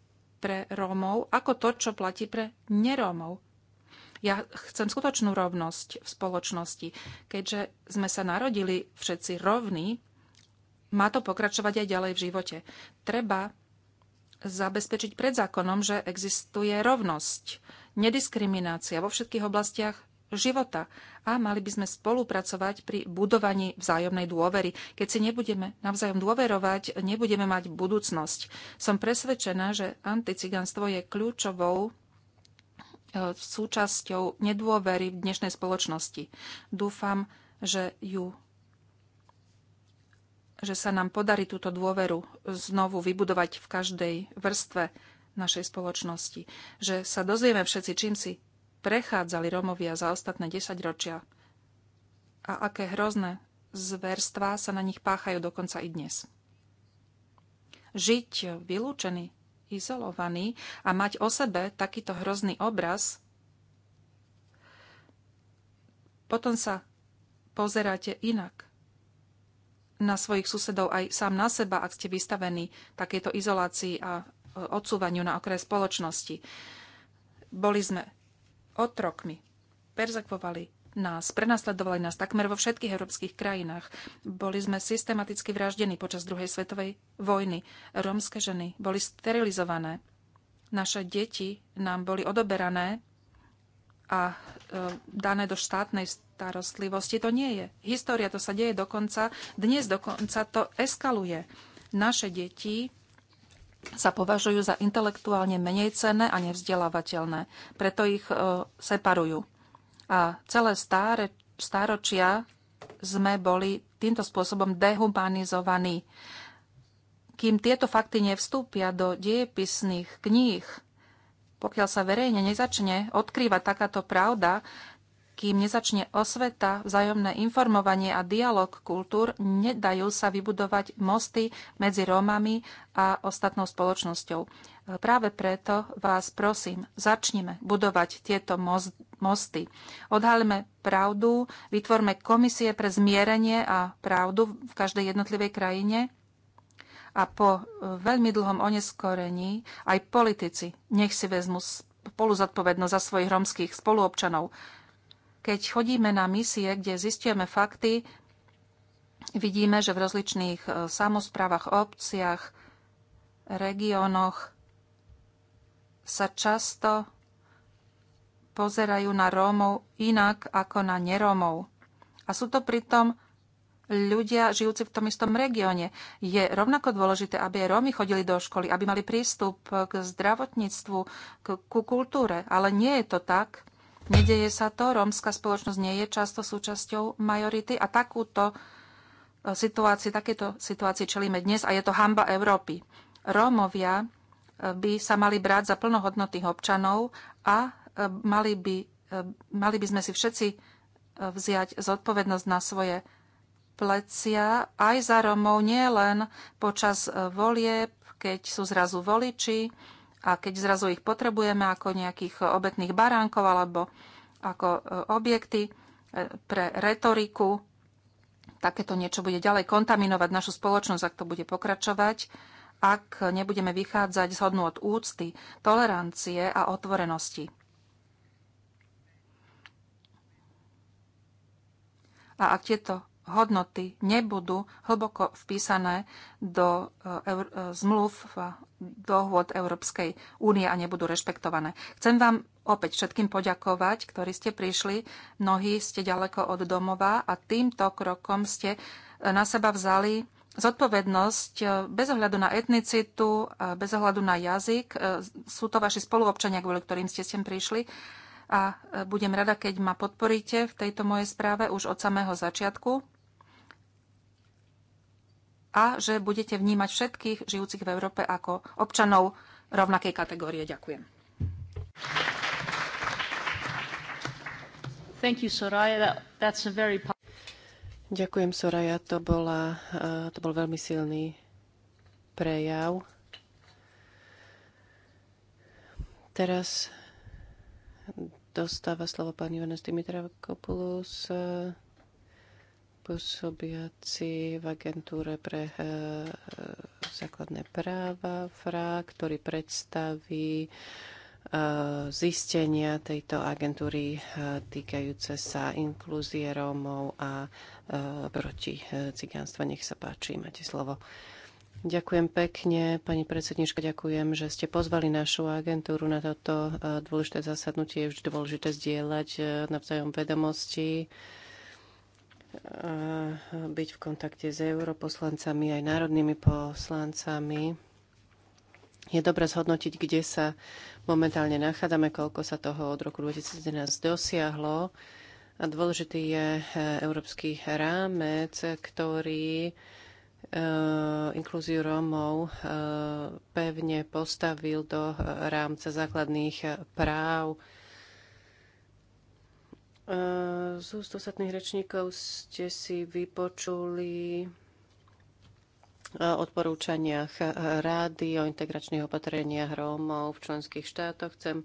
pre Rómov, ako to, čo platí pre nerómov. Ja chcem skutočnú rovnosť v spoločnosti. Keďže sme sa narodili všetci rovní, má to pokračovať aj ďalej v živote. Treba zabezpečiť pred zákonom, že existuje rovnosť, nediskriminácia vo všetkých oblastiach života a mali by sme spolupracovať pri budovaní vzájomnej dôvery. Keď si nebudeme navzájom dôverovať, nebudeme mať budúcnosť. Som presvedčená, že anticiganstvo je kľúčovou e, súčasťou nedôvery v dnešnej spoločnosti. Dúfam, že ju že sa nám podarí túto dôveru znovu vybudovať v každej vrstve našej spoločnosti. Že sa dozvieme všetci, čím si prechádzali Romovia za ostatné 10 ročia a aké hrozné zverstvá sa na nich páchajú dokonca i dnes. Žiť vylúčený, izolovaný a mať o sebe takýto hrozný obraz, potom sa pozeráte inak na svojich susedov aj sám na seba, ak ste vystavení takéto izolácii a e, odsúvaniu na okraj spoločnosti. Boli sme otrokmi, perzekvovali nás, prenasledovali nás takmer vo všetkých európskych krajinách. Boli sme systematicky vraždení počas druhej svetovej vojny. Rómske ženy boli sterilizované. Naše deti nám boli odoberané a e, dané do štátnej starostlivosti. To nie je história, to sa deje dokonca. Dnes dokonca to eskaluje. Naše deti sa považujú za intelektuálne menej cenné a nevzdelávateľné. Preto ich e, separujú. A celé stáre, stáročia sme boli týmto spôsobom dehumanizovaní. Kým tieto fakty nevstúpia do diejepisných kníh, pokiaľ sa verejne nezačne odkrývať takáto pravda, kým nezačne osveta, vzájomné informovanie a dialog kultúr, nedajú sa vybudovať mosty medzi Rómami a ostatnou spoločnosťou. Práve preto vás prosím, začnime budovať tieto mosty. Odhalme pravdu, vytvorme komisie pre zmierenie a pravdu v každej jednotlivej krajine a po veľmi dlhom oneskorení aj politici nech si vezmu spolu zodpovednosť za svojich romských spoluobčanov keď chodíme na misie, kde zistujeme fakty, vidíme, že v rozličných e, samozprávach, obciach, regiónoch sa často pozerajú na Rómov inak ako na nerómov. A sú to pritom ľudia žijúci v tom istom regióne. Je rovnako dôležité, aby aj Rómy chodili do školy, aby mali prístup k zdravotníctvu, k, ku kultúre. Ale nie je to tak Nedeje sa to, rómska spoločnosť nie je často súčasťou majority a takúto e, situácii, takéto situácii čelíme dnes a je to hamba Európy. Rómovia e, by sa mali brať za plnohodnotných občanov a e, mali by, mali by sme si všetci vziať zodpovednosť na svoje plecia aj za Romov, nie len počas volieb, keď sú zrazu voliči, a keď zrazu ich potrebujeme ako nejakých obetných baránkov alebo ako e, objekty e, pre retoriku, takéto niečo bude ďalej kontaminovať našu spoločnosť, ak to bude pokračovať, ak nebudeme vychádzať z od úcty, tolerancie a otvorenosti. A ak tieto hodnoty nebudú hlboko vpísané do e, e, zmluv e, dohôd Európskej únie a nebudú rešpektované. Chcem vám opäť všetkým poďakovať, ktorí ste prišli. Mnohí ste ďaleko od domova a týmto krokom ste na seba vzali zodpovednosť bez ohľadu na etnicitu, bez ohľadu na jazyk. Sú to vaši spoluobčania, kvôli ktorým ste sem prišli a e, budem rada, keď ma podporíte v tejto mojej správe už od samého začiatku a že budete vnímať všetkých žijúcich v Európe ako občanov rovnakej kategórie. Ďakujem. Thank you, Soraya. That, that's a very... Ďakujem, Soraya. To, bola, e, to bol veľmi silný prejav. Teraz Dostáva slovo pán Jonas Dimitrakopoulos, eh, pôsobiaci v agentúre pre eh, eh, základné práva FRA, ktorý predstaví zistenia tejto agentúry týkajúce sa inklúzie Rómov a proti cigánstva. Nech sa páči, máte slovo. Ďakujem pekne, pani predsednička, ďakujem, že ste pozvali našu agentúru na toto eh, dôležité zasadnutie. Je vždy dôležité zdieľať eh, navzájom vedomosti, eh, byť v kontakte s europoslancami aj národnými poslancami. Je dobre zhodnotiť, kde sa momentálne nachádzame, koľko sa toho od roku 2011 dosiahlo. A dôležitý je európsky rámec, ktorý Eh, inklúziu Rómov eh, pevne postavil do rámca základných eh, práv. Z úst ostatných rečníkov ste si vypočuli o odporúčaniach rády o integračných opatreniach Rómov v členských štátoch. Chcem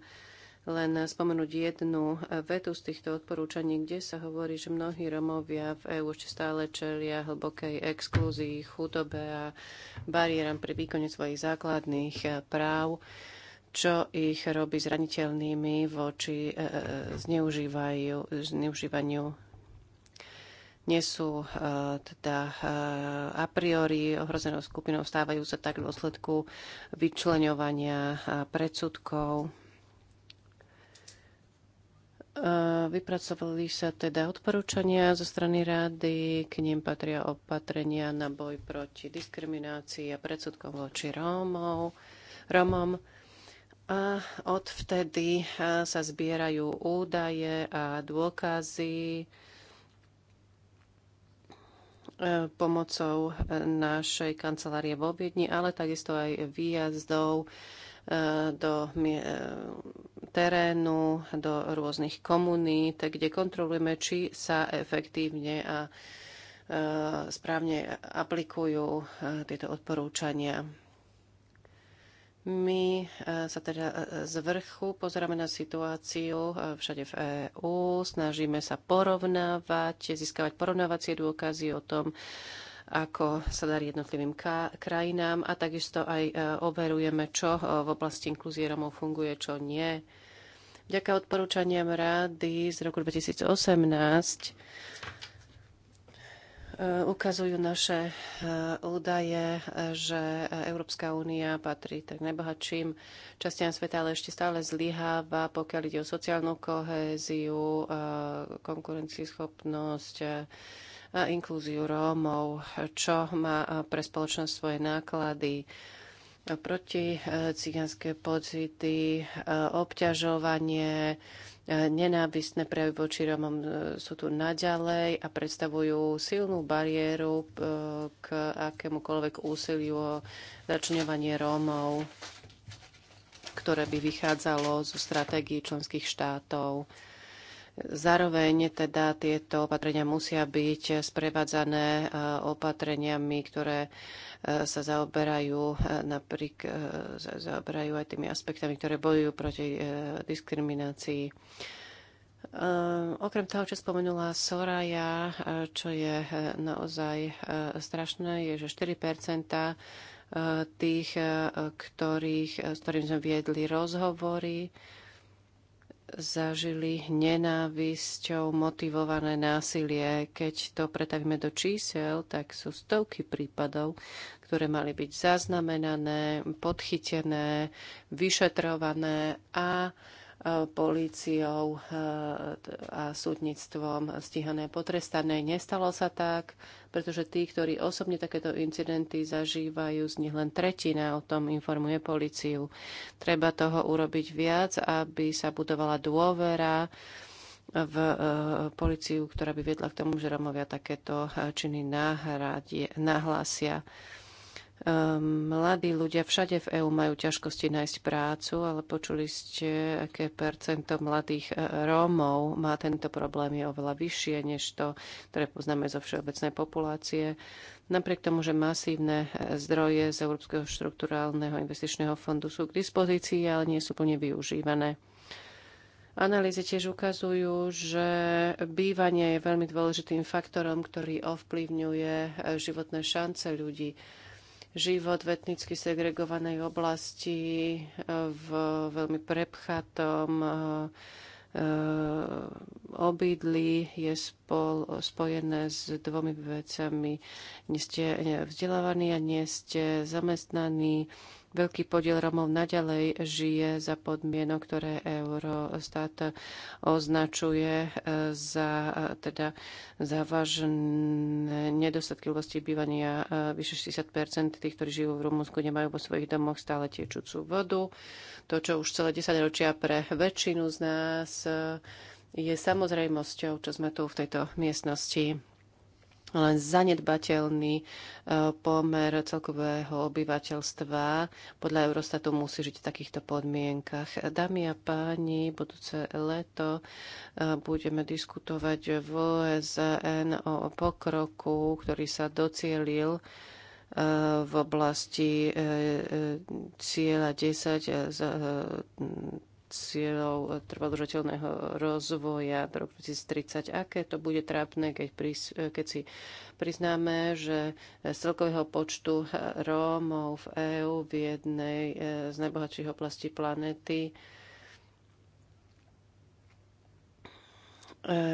len spomenúť jednu vetu z týchto odporúčaní, kde sa hovorí, že mnohí Romovia v EÚ ešte stále čelia hlbokej exklúzii, chudobe a bariéram pri výkone svojich základných eh, práv čo ich robí zraniteľnými voči eh, eh, zneužívaniu nie sú teda a priori ohrozenou skupinou, stávajú sa tak v dôsledku vyčleňovania predsudkov. Eh, vypracovali sa teda odporúčania zo strany rády, k nim patria opatrenia na boj proti diskriminácii a predsudkom voči Rómov, Rómom. A odvtedy eh, sa zbierajú údaje a dôkazy eh, pomocou našej kancelárie vo Viedni, ale takisto aj výjazdov E, do e, terénu, do rôznych komunít, kde kontrolujeme, či sa efektívne a e, správne aplikujú tieto odporúčania. My sa teda z vrchu pozeráme na situáciu všade v EÚ, snažíme sa porovnávať, získavať porovnávacie dôkazy o tom, ako sa darí jednotlivým krajinám a takisto aj e, overujeme, čo e, v oblasti inklúzie Romov funguje, čo nie. Vďaka odporúčaniam rády z roku 2018 e, ukazujú naše údaje, že Európska únia patrí tak najbohatším častiam sveta, ale ešte stále zlyháva, pokiaľ ide o sociálnu kohéziu, konkurencieschopnosť, inklúziu Rómov, čo má pre spoločnosť svoje náklady, proti e, cigánske pocity, e, obťažovanie, e, nenávistné prejavy voči Rómom sú tu naďalej a predstavujú silnú bariéru k akémukoľvek úsiliu o začňovanie Rómov, ktoré by vychádzalo zo stratégií členských štátov Zároveň teda tieto opatrenia musia byť sprevádzané e, opatreniami, ktoré e, sa zaoberajú e, napriek zaoberajú aj tými aspektami, ktoré bojujú proti diskriminácii. Okrem toho, čo spomenula Soraya, čo je naozaj strašné, je, že 4 tých, ktorých, s ktorým sme viedli rozhovory, zažili nenávisťou motivované násilie. Keď to pretavíme do čísel, tak sú stovky prípadov, ktoré mali byť zaznamenané, podchytené, vyšetrované a políciou eh, a súdnictvom stíhané potrestané. Nestalo sa tak, pretože tí, ktorí osobne takéto incidenty zažívajú, z nich len tretina o tom informuje políciu. Treba toho urobiť viac, aby sa budovala dôvera v eh, políciu, ktorá by viedla k tomu, že Romovia takéto eh, činy nahlásia. Ehm, mladí ľudia všade v EÚ majú ťažkosti nájsť prácu, ale počuli ste, aké percento mladých e, Rómov má tento problém, je oveľa vyššie, než to, ktoré poznáme zo všeobecnej populácie. Napriek tomu, že masívne e, zdroje z Európskeho štruktúrálneho investičného fondu sú k dispozícii, ale nie sú plne využívané. Analýzy tiež ukazujú, že bývanie je veľmi dôležitým faktorom, ktorý ovplyvňuje e, životné šance ľudí život v etnicky segregovanej oblasti v veľmi prepchatom e, e, obydli, je spol, spojené s dvomi vecami. Nie ste vzdelávaní a nie ste zamestnaní, Veľký podiel Romov naďalej žije za podmienok, ktoré Eurostat označuje e, za e, teda závažné nedostatky vlasti bývania. E, vyše 60 tých, ktorí žijú v Rumunsku, nemajú vo svojich domoch stále tiečúcu vodu. To, čo už celé 10 ročia pre väčšinu z nás je samozrejmosťou, čo sme tu v tejto miestnosti len zanedbateľný e, pomer celkového obyvateľstva. Podľa Eurostatu musí žiť v takýchto podmienkach. Dámy a páni, budúce leto e, budeme diskutovať v OSN o pokroku, ktorý sa docielil e, v oblasti cieľa 10 z cieľov trvalodržateľného rozvoja do roku 2030. Aké to bude trápne, keď, prís, keď si priznáme, že z celkového počtu Rómov v EÚ v jednej e, z najbohatších oblastí planety e,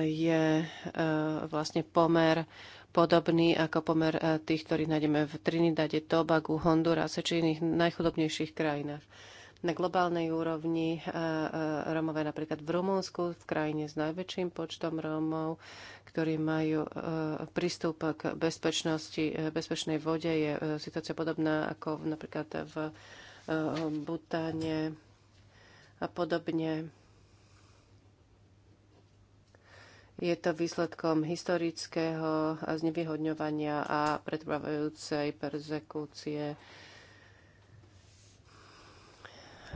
je e, vlastne pomer podobný ako pomer tých, ktorých nájdeme v Trinidade, Tobagu, Hondurase či iných najchudobnejších krajinách na globálnej úrovni e, e, Romové napríklad v Rumunsku, v krajine s najväčším počtom Rómov, ktorí majú e, prístup k bezpečnosti, bezpečnej vode. Je situácia podobná ako napríklad v Butáne a podobne. Je to výsledkom historického znevýhodňovania a pretrvávajúcej perzekúcie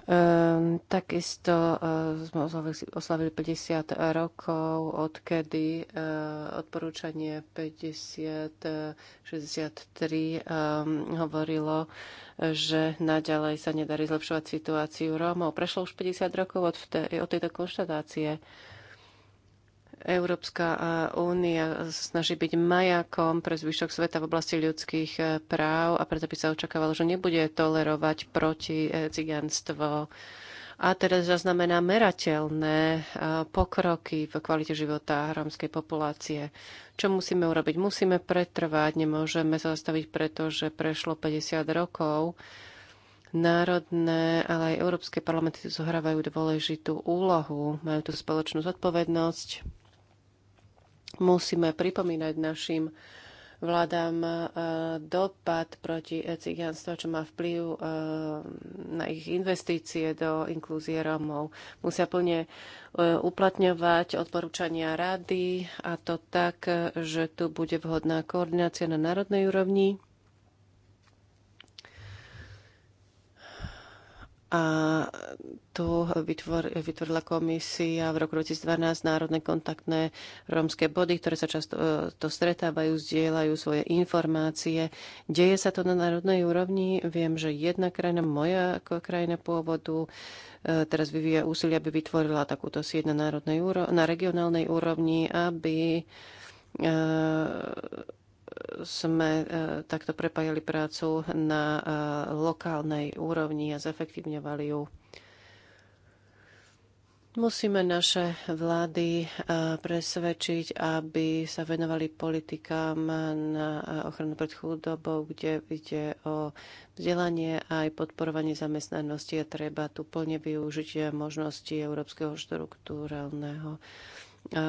Ehm, takisto ehm, sme oslavili 50 rokov, odkedy ehm, odporúčanie 5063 hovorilo, že naďalej sa nedarí zlepšovať situáciu Rómov. Prešlo už 50 rokov od, od tejto konštatácie. Európska únia snaží byť majakom pre zvyšok sveta v oblasti ľudských e, práv a preto by sa očakávalo, že nebude tolerovať proti e, ciganstvo. A teraz zaznamená merateľné e, pokroky v kvalite života rómskej populácie. Čo musíme urobiť? Musíme pretrvať, nemôžeme sa zastaviť, pretože prešlo 50 rokov národné, ale aj európske parlamenty zohrávajú dôležitú úlohu, majú tú spoločnú zodpovednosť Musíme pripomínať našim vládam e, dopad proti cigánstva, čo má vplyv e, na ich investície do inklúzie Rómov. Musia plne e, uplatňovať odporúčania rady a to tak, že tu bude vhodná koordinácia na národnej úrovni a tu vytvor, vytvorila komisia v roku 2012 národné kontaktné rómske body, ktoré sa často e, to stretávajú, zdieľajú svoje informácie. Deje sa to na národnej úrovni. Viem, že jedna krajina, moja ako krajina pôvodu, e, teraz vyvíja úsilie, aby vytvorila takúto sieť na, národnej úro- na regionálnej úrovni, aby e, sme e, takto prepájali prácu na e, lokálnej úrovni a zefektívňovali ju. Musíme naše vlády e, presvedčiť, aby sa venovali politikám na ochranu pred chudobou, kde ide o vzdelanie a aj podporovanie zamestnanosti a treba tu plne využiť možnosti Európskeho štruktúralného Eh,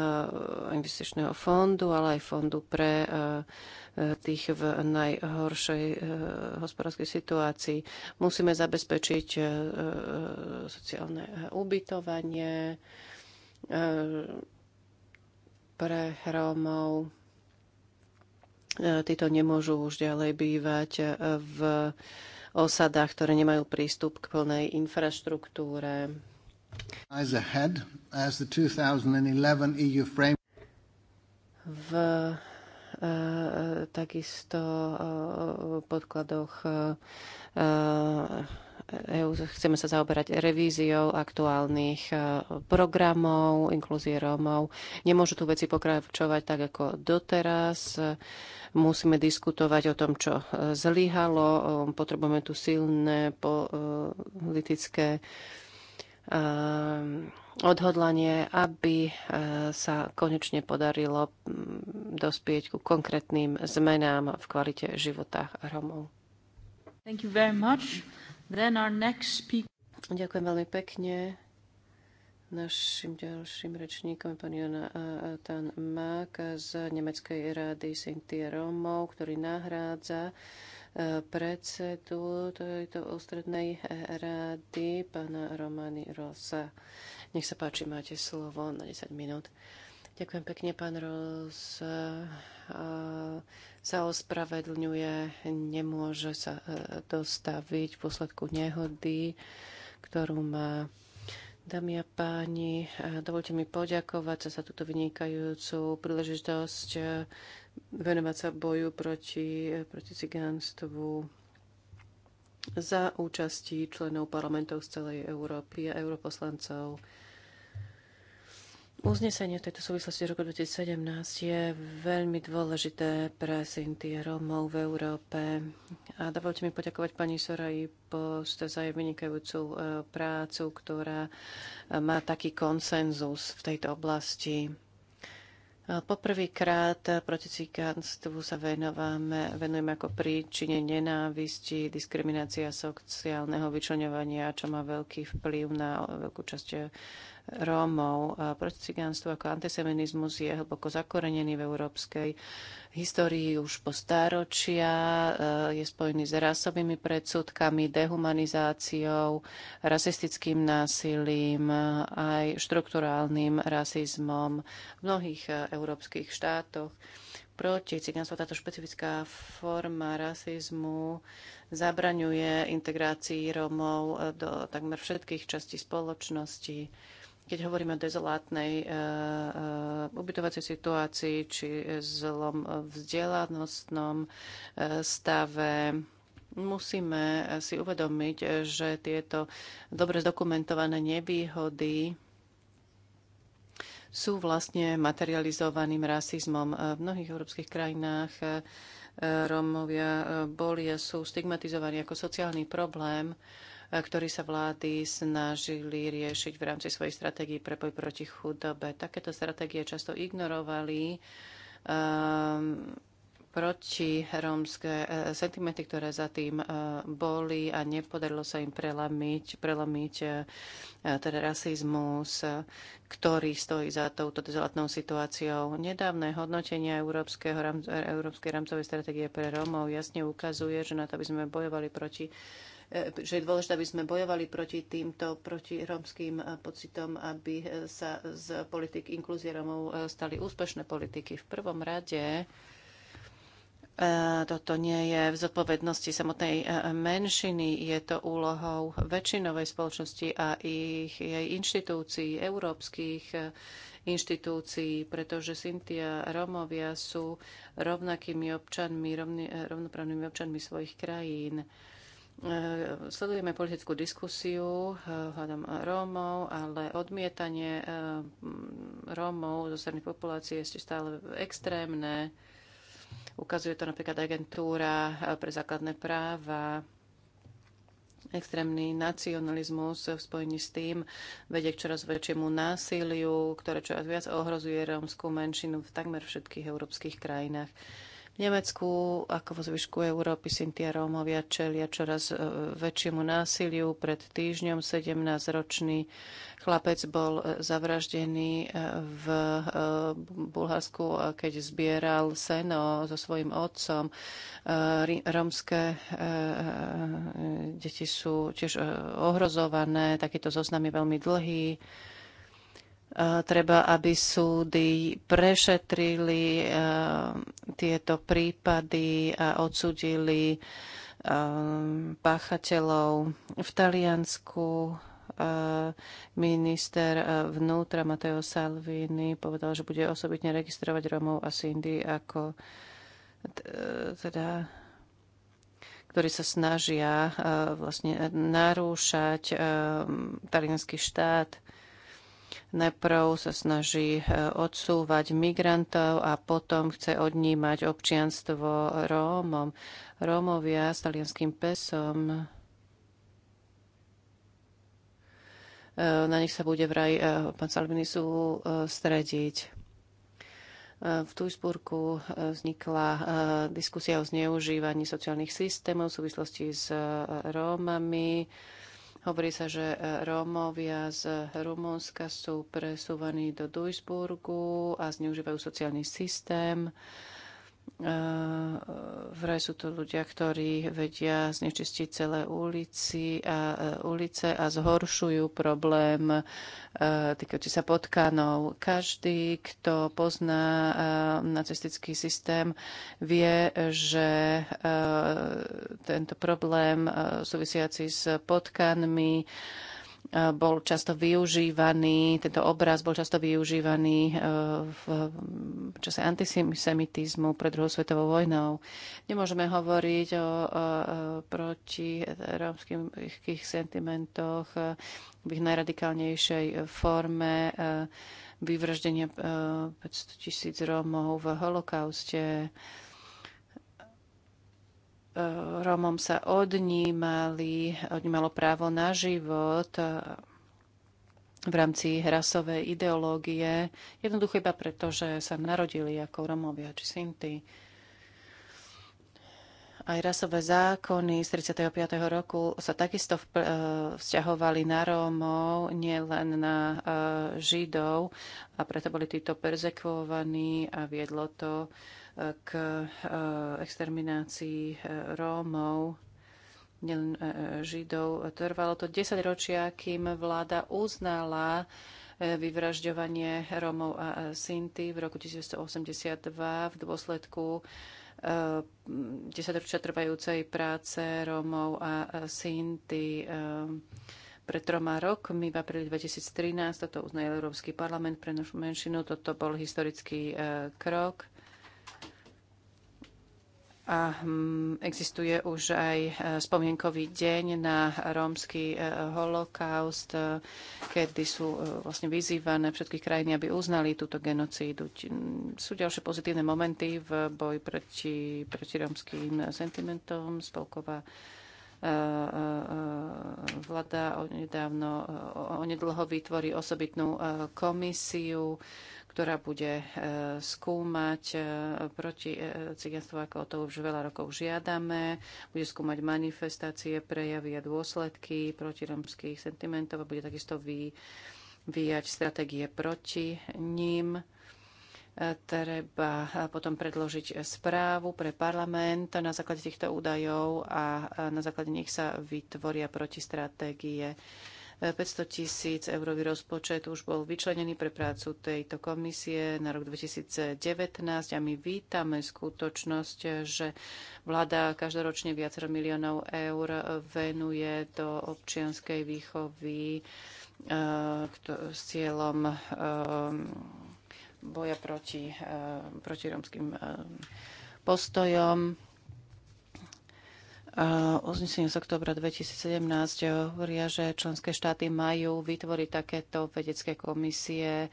investičného fondu, ale aj fondu pre eh, tých v najhoršej eh, hospodárskej situácii. Musíme zabezpečiť sociálne ubytovanie pre Rómov. Títo nemôžu už ďalej bývať v osadách, ktoré nemajú prístup k plnej infraštruktúre E v e, e, takisto podkladoch EU chceme sa zaoberať revíziou aktuálnych programov, inklúzie Rómov. Nemôžu tu veci pokračovať tak ako doteraz. Musíme diskutovať o tom, čo zlyhalo. Potrebujeme tu silné politické Ehm, odhodlanie, aby eh, sa konečne podarilo mm, dospieť ku konkrétnym zmenám v kvalite života Romov. Thank you very much. Then our next speaker... Ďakujem veľmi pekne. Našim ďalším rečníkom je pán Jona eh, Tan Mák z Nemeckej rády Sintia Romov, ktorý nahrádza uh, predsedu tejto ústrednej rady, pána Romany Rosa. Nech sa páči, máte slovo na 10 minút. Ďakujem pekne, pán Ros. Sa ospravedlňuje, nemôže sa e, dostaviť v posledku nehody, ktorú má. Dámy a páni, e, dovolte mi poďakovať sa za túto vynikajúcu príležitosť venovať sa boju proti, proti cigánstvu za účasti členov parlamentov z celej Európy a europoslancov. Uznesenie v tejto súvislosti roku 2017 je veľmi dôležité pre Sinti Romov v Európe. A dovolte mi poďakovať pani Soraji Post za jej vynikajúcu eh, prácu, ktorá eh, má taký konsenzus v tejto oblasti. Poprvýkrát proti cigánstvu sa venujeme, venujeme ako príčine nenávisti, diskriminácia sociálneho vyčlenovania, čo má veľký vplyv na veľkú časť Rómov. Proticiganstvo ako antiseminizmus je hlboko zakorenený v európskej histórii už po stáročia. E, je spojený s rasovými predsudkami, dehumanizáciou, rasistickým násilím, aj štrukturálnym rasizmom v mnohých e, európskych štátoch proti cigánstvu táto špecifická forma rasizmu zabraňuje integrácii Rómov e, do takmer všetkých častí spoločnosti keď hovoríme o dezolátnej e, e, ubytovacej situácii či zlom vzdelanostnom e, stave, musíme si uvedomiť, že tieto dobre zdokumentované nevýhody sú vlastne materializovaným rasizmom. E, v mnohých európskych krajinách Rómovia boli a sú stigmatizovaní ako sociálny problém E, ktorý sa vlády snažili riešiť v rámci svojej stratégie pre boj proti chudobe. Takéto stratégie často ignorovali um, e, protiromské e, sentimenty, ktoré za tým boli a nepodarilo sa im prelamiť, prelamiť teda rasizmus, ktorý stojí za touto zlatnou situáciou. Nedávne hodnotenia Európskeho, Európskej rámcovej stratégie pre Rómov jasne ukazuje, že na to, aby sme bojovali proti E, že je dôležité, aby sme bojovali proti týmto proti rómským e, pocitom, aby e, sa z politik inklúzie Romov stali úspešné politiky. V prvom rade toto nie je v zodpovednosti samotnej menšiny, je to úlohou väčšinovej spoločnosti a ich jej inštitúcií, európskych inštitúcií, pretože Sintia Romovia sú rovnakými občanmi, rovni, rovnoprávnymi občanmi svojich krajín. E, sledujeme politickú diskusiu e, hľadom e, Rómov, ale odmietanie Rómov zo strany populácie je stále extrémne. Ukazuje to napríklad agentúra pre základné práva. Extrémny nacionalizmus v spojení s tým vedie k čoraz väčšiemu násiliu, ktoré čoraz viac ohrozuje rómskú menšinu v takmer všetkých európskych krajinách. V Nemecku, ako vo zvyšku Európy, Sintia Rómovia čelia čoraz e, väčšiemu násiliu. Pred týždňom 17-ročný chlapec bol e, zavraždený e, v Bulharsku, keď zbieral seno so svojim otcom. Rómske deti sú tiež ohrozované. Takýto zoznam je veľmi dlhý. E, treba, aby súdy prešetrili e, tieto prípady a odsudili e, páchateľov. V Taliansku minister vnútra Matteo Salvini povedal, že bude osobitne registrovať Romov a Sindy ako teda ktorí sa snažia vlastne narúšať talianský štát. Najprv sa snaží e, odsúvať migrantov a potom chce odnímať občianstvo Rómom. Rómovia s talianským pesom e, na nich sa bude vraj e, pán Salvini strediť. V Tujsburku vznikla diskusia o zneužívaní sociálnych systémov v súvislosti s Rómami. Hovorí sa, že e, Rómovia z Rumunska sú presúvaní do Duisburgu a zneužívajú sociálny systém. Eh, vraj sú to ľudia, ktorí vedia znečistiť celé ulici a, eh, ulice a zhoršujú problém eh, týkajúci sa potkanov. Každý, kto pozná nacistický systém, vie, že tento problém súvisiaci s potkanmi bol často využívaný, tento obraz bol často využívaný e, v čase antisemitizmu pred druhou svetovou vojnou. Nemôžeme hovoriť o, o, proti rómskych sentimentoch e, v ich najradikálnejšej forme e, vyvraždenia 500 tisíc Rómov v holokauste, Rómom sa odnímali, odnímalo právo na život e, v rámci rasovej ideológie, jednoducho iba preto, že sa narodili ako Romovia či Sinti. Aj rasové zákony z 35. roku sa takisto e, vzťahovali na Rómov, nielen na e, Židov, a preto boli títo perzekvovaní a viedlo to k e, exterminácii e, Rómov, nielen e, Židov. Trvalo to 10 ročia, kým vláda uznala vyvražďovanie Rómov a Sinty v roku 1982 v dôsledku 10 ročia trvajúcej práce Rómov a Sinty. Pred troma rokmi, v apríli 2013, toto uznal Európsky parlament pre našu menšinu, toto bol historický krok a hm, existuje už aj e, spomienkový deň na rómsky e, holokaust, e, kedy sú vlastne vyzývané všetky krajiny, aby uznali túto genocídu. Hm, sú ďalšie pozitívne momenty v boji proti, proti rómským sentimentom. Spolková E, e, e, vláda nedávno, onedlho vytvorí osobitnú komisiu, ktorá bude skúmať proti ciganstvu, ako to už veľa rokov žiadame. Bude skúmať manifestácie, prejavy a dôsledky proti romských sentimentov a bude takisto vyvíjať stratégie proti ním treba potom predložiť správu pre parlament na základe týchto údajov a na základe nich sa vytvoria protistratégie. 500 tisíc eurový rozpočet už bol vyčlenený pre prácu tejto komisie na rok 2019 a my vítame skutočnosť, že vláda každoročne viacero miliónov eur venuje do občianskej výchovy e, s cieľom e, boja proti, eh, proti romským eh, postojom. Eh, uznesenie z oktobra 2017 hovoria, že členské štáty majú vytvoriť takéto vedecké komisie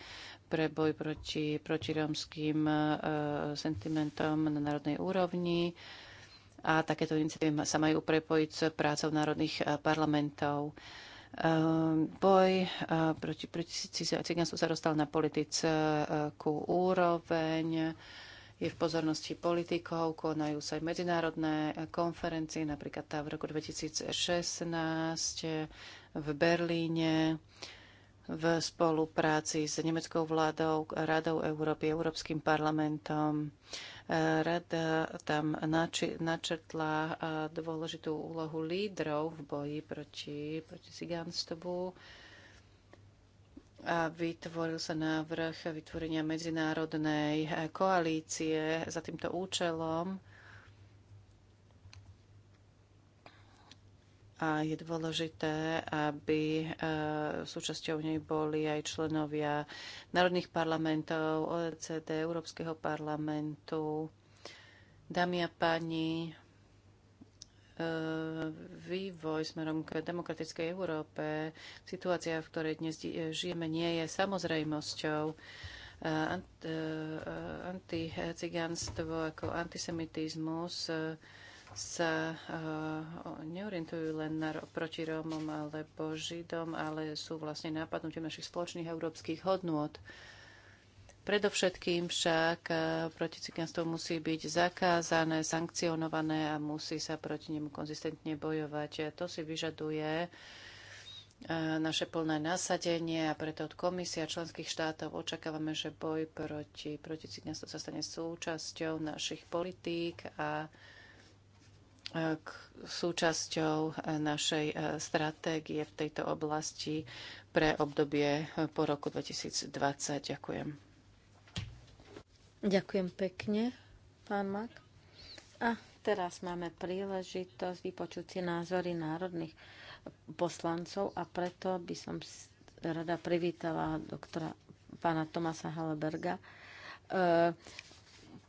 pre boj proti, proti romským sentimentom na národnej úrovni a takéto iniciatívy sa majú prepojiť s prácou národných parlamentov. Ehm, boj eh, proti, proti cigánstvu sa dostal na politickú eh, úroveň je v pozornosti politikov, konajú sa aj medzinárodné eh, konferencie, napríklad tá v roku 2016 v Berlíne v spolupráci s nemeckou vládou, Radou Európy, Európskym parlamentom. E, Rada tam načrtla e, dôležitú úlohu lídrov v boji proti, proti cigánstvu a vytvoril sa návrh vytvorenia medzinárodnej e, koalície za týmto účelom a je dôležité, aby e, súčasťou nej boli aj členovia národných parlamentov, OECD, Európskeho parlamentu. Dámy a páni, e, vývoj smerom k demokratickej Európe, situácia, v ktorej dnes žijeme, nie je samozrejmosťou. E, anticiganstvo ako antisemitizmus sa eh, neorientujú len na, proti Rómom alebo Židom, ale sú vlastne nápadnutím našich spoločných európskych hodnôt. Predovšetkým však eh, proti cigánstvu musí byť zakázané, sankcionované a musí sa proti nemu konzistentne bojovať. To si vyžaduje eh, naše plné nasadenie a preto od komisia členských štátov očakávame, že boj proti, proti cigánstvu sa stane súčasťou našich politík a k súčasťou našej e, stratégie v tejto oblasti pre obdobie e, po roku 2020. Ďakujem. Ďakujem pekne, pán Mak. A teraz máme príležitosť vypočuť si názory národných poslancov a preto by som rada privítala doktora pána Tomasa Halberga, e,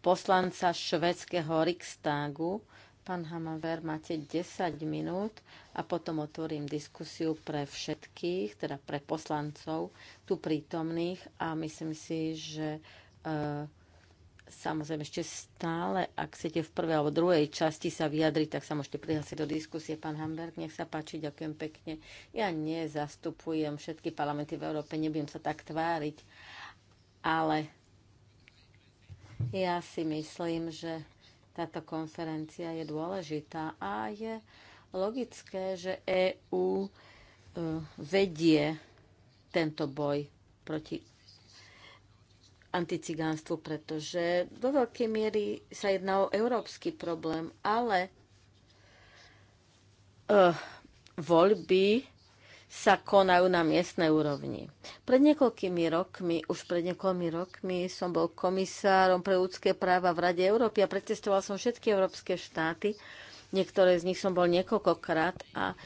poslanca švedského Rikstágu, Pán Hamaver, máte 10 minút a potom otvorím diskusiu pre všetkých, teda pre poslancov tu prítomných a myslím si, že e, samozrejme ešte stále, ak chcete v prvej alebo druhej časti sa vyjadriť, tak sa môžete prihlásiť do diskusie. Pán Hamberg, nech sa páči, ďakujem pekne. Ja nezastupujem všetky parlamenty v Európe, nebudem sa tak tváriť, ale ja si myslím, že táto konferencia je dôležitá a je logické, že EÚ e, vedie tento boj proti anticigánstvu, pretože do veľkej miery sa jedná o európsky problém, ale uh, voľby sa konajú na miestnej úrovni. Pred niekoľkými rokmi, už pred niekoľkými rokmi som bol komisárom pre ľudské práva v Rade Európy a pretestoval som všetky európske štáty. Niektoré z nich som bol niekoľkokrát a,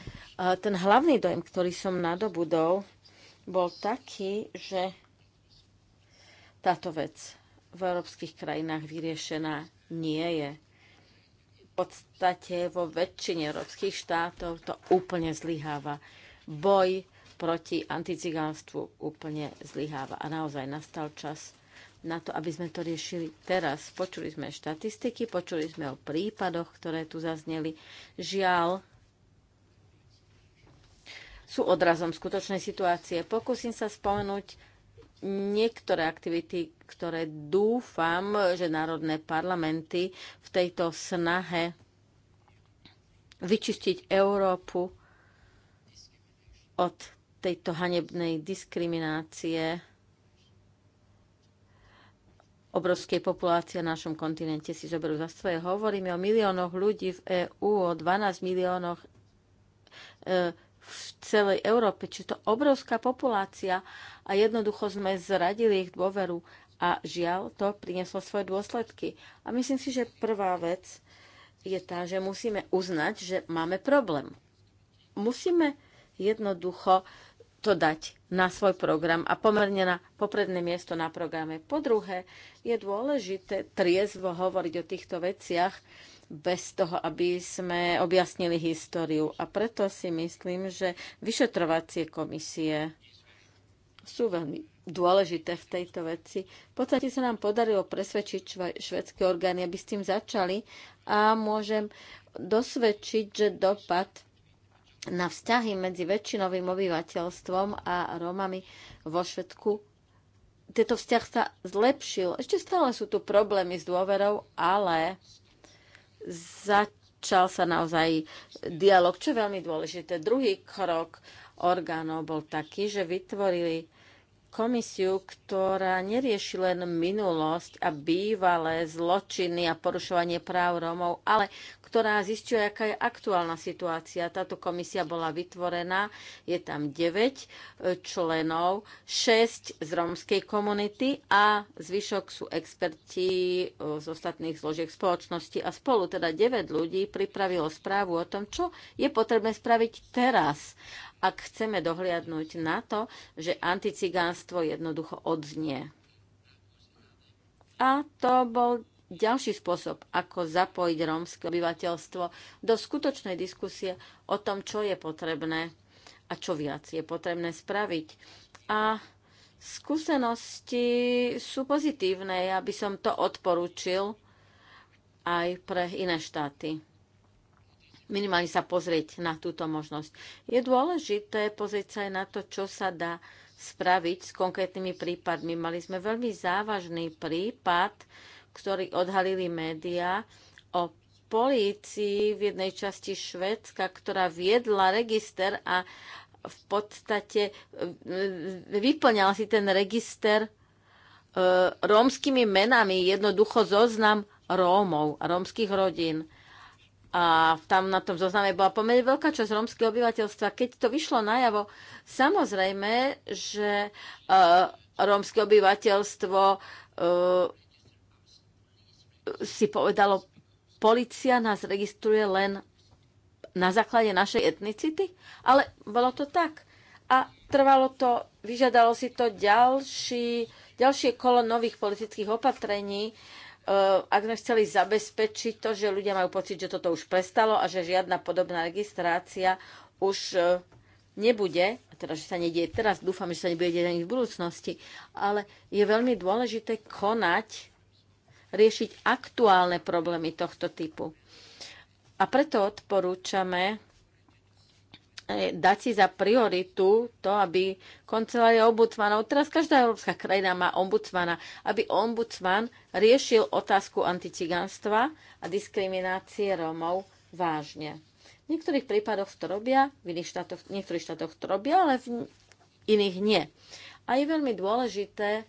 ten hlavný dojem, ktorý som nadobudol, bol taký, že táto vec v európskych krajinách vyriešená nie je. V podstate vo väčšine európskych štátov to úplne zlyháva boj proti anticigánstvu úplne zlyháva. A naozaj nastal čas na to, aby sme to riešili teraz. Počuli sme štatistiky, počuli sme o prípadoch, ktoré tu zazneli. Žiaľ, sú odrazom skutočnej situácie. Pokúsim sa spomenúť niektoré aktivity, ktoré dúfam, že národné parlamenty v tejto snahe vyčistiť Európu od tejto hanebnej diskriminácie obrovskej populácie na našom kontinente si zoberú za svoje. Hovoríme o miliónoch ľudí v EÚ, o 12 miliónoch e, v celej Európe. Čiže to obrovská populácia a jednoducho sme zradili ich dôveru a žiaľ, to prinieslo svoje dôsledky. A myslím si, že prvá vec je tá, že musíme uznať, že máme problém. Musíme jednoducho to dať na svoj program a pomerne na popredné miesto na programe. Po druhé, je dôležité triezvo hovoriť o týchto veciach bez toho, aby sme objasnili históriu. A preto si myslím, že vyšetrovacie komisie sú veľmi dôležité v tejto veci. V podstate sa nám podarilo presvedčiť švedské orgány, aby s tým začali a môžem dosvedčiť, že dopad na vzťahy medzi väčšinovým obyvateľstvom a Rómami vo Švedsku tento vzťah sa zlepšil. Ešte stále sú tu problémy s dôverou, ale začal sa naozaj dialog, čo je veľmi dôležité. Druhý krok orgánov bol taký, že vytvorili komisiu, ktorá nerieši len minulosť a bývalé zločiny a porušovanie práv Rómov, ale ktorá zistuje, aká je aktuálna situácia. Táto komisia bola vytvorená, je tam 9 e, členov, 6 z rómskej komunity a zvyšok sú experti e, z ostatných zložiek spoločnosti a spolu teda 9 ľudí pripravilo správu o tom, čo je potrebné spraviť teraz ak chceme dohliadnúť na to, že anticigánstvo jednoducho odznie. A to bol ďalší spôsob, ako zapojiť rómske obyvateľstvo do skutočnej diskusie o tom, čo je potrebné a čo viac je potrebné spraviť. A skúsenosti sú pozitívne, ja by som to odporúčil aj pre iné štáty minimálne sa pozrieť na túto možnosť. Je dôležité pozrieť sa aj na to, čo sa dá spraviť s konkrétnymi prípadmi. Mali sme veľmi závažný prípad, ktorý odhalili médiá o polícii v jednej časti Švedska, ktorá viedla register a v podstate e, e, vyplňala si ten register e, rómskymi menami, jednoducho zoznam Rómov a rómskych rodín a tam na tom zozname bola pomerne veľká časť rómskeho obyvateľstva. Keď to vyšlo najavo, samozrejme, že uh, rómske obyvateľstvo uh, si povedalo, policia nás registruje len na základe našej etnicity, ale bolo to tak. A trvalo to, vyžiadalo si to ďalší, ďalšie kolo nových politických opatrení, uh, Eh, ak sme chceli zabezpečiť to, že ľudia majú pocit, že toto už prestalo a že žiadna podobná registrácia už eh, nebude, teda, že sa nedieje teraz, dúfam, že sa nebude deť ani v budúcnosti, ale je veľmi dôležité konať, riešiť aktuálne problémy tohto typu. A preto odporúčame E, dať si za prioritu to, aby kancelária ombudsmanov, teraz každá európska krajina má ombudsmana, aby ombudsman riešil otázku anticiganstva a diskriminácie Rómov vážne. V niektorých prípadoch to robia, v, iných štátoch, v niektorých štátoch to robia, ale v iných nie. A je veľmi dôležité,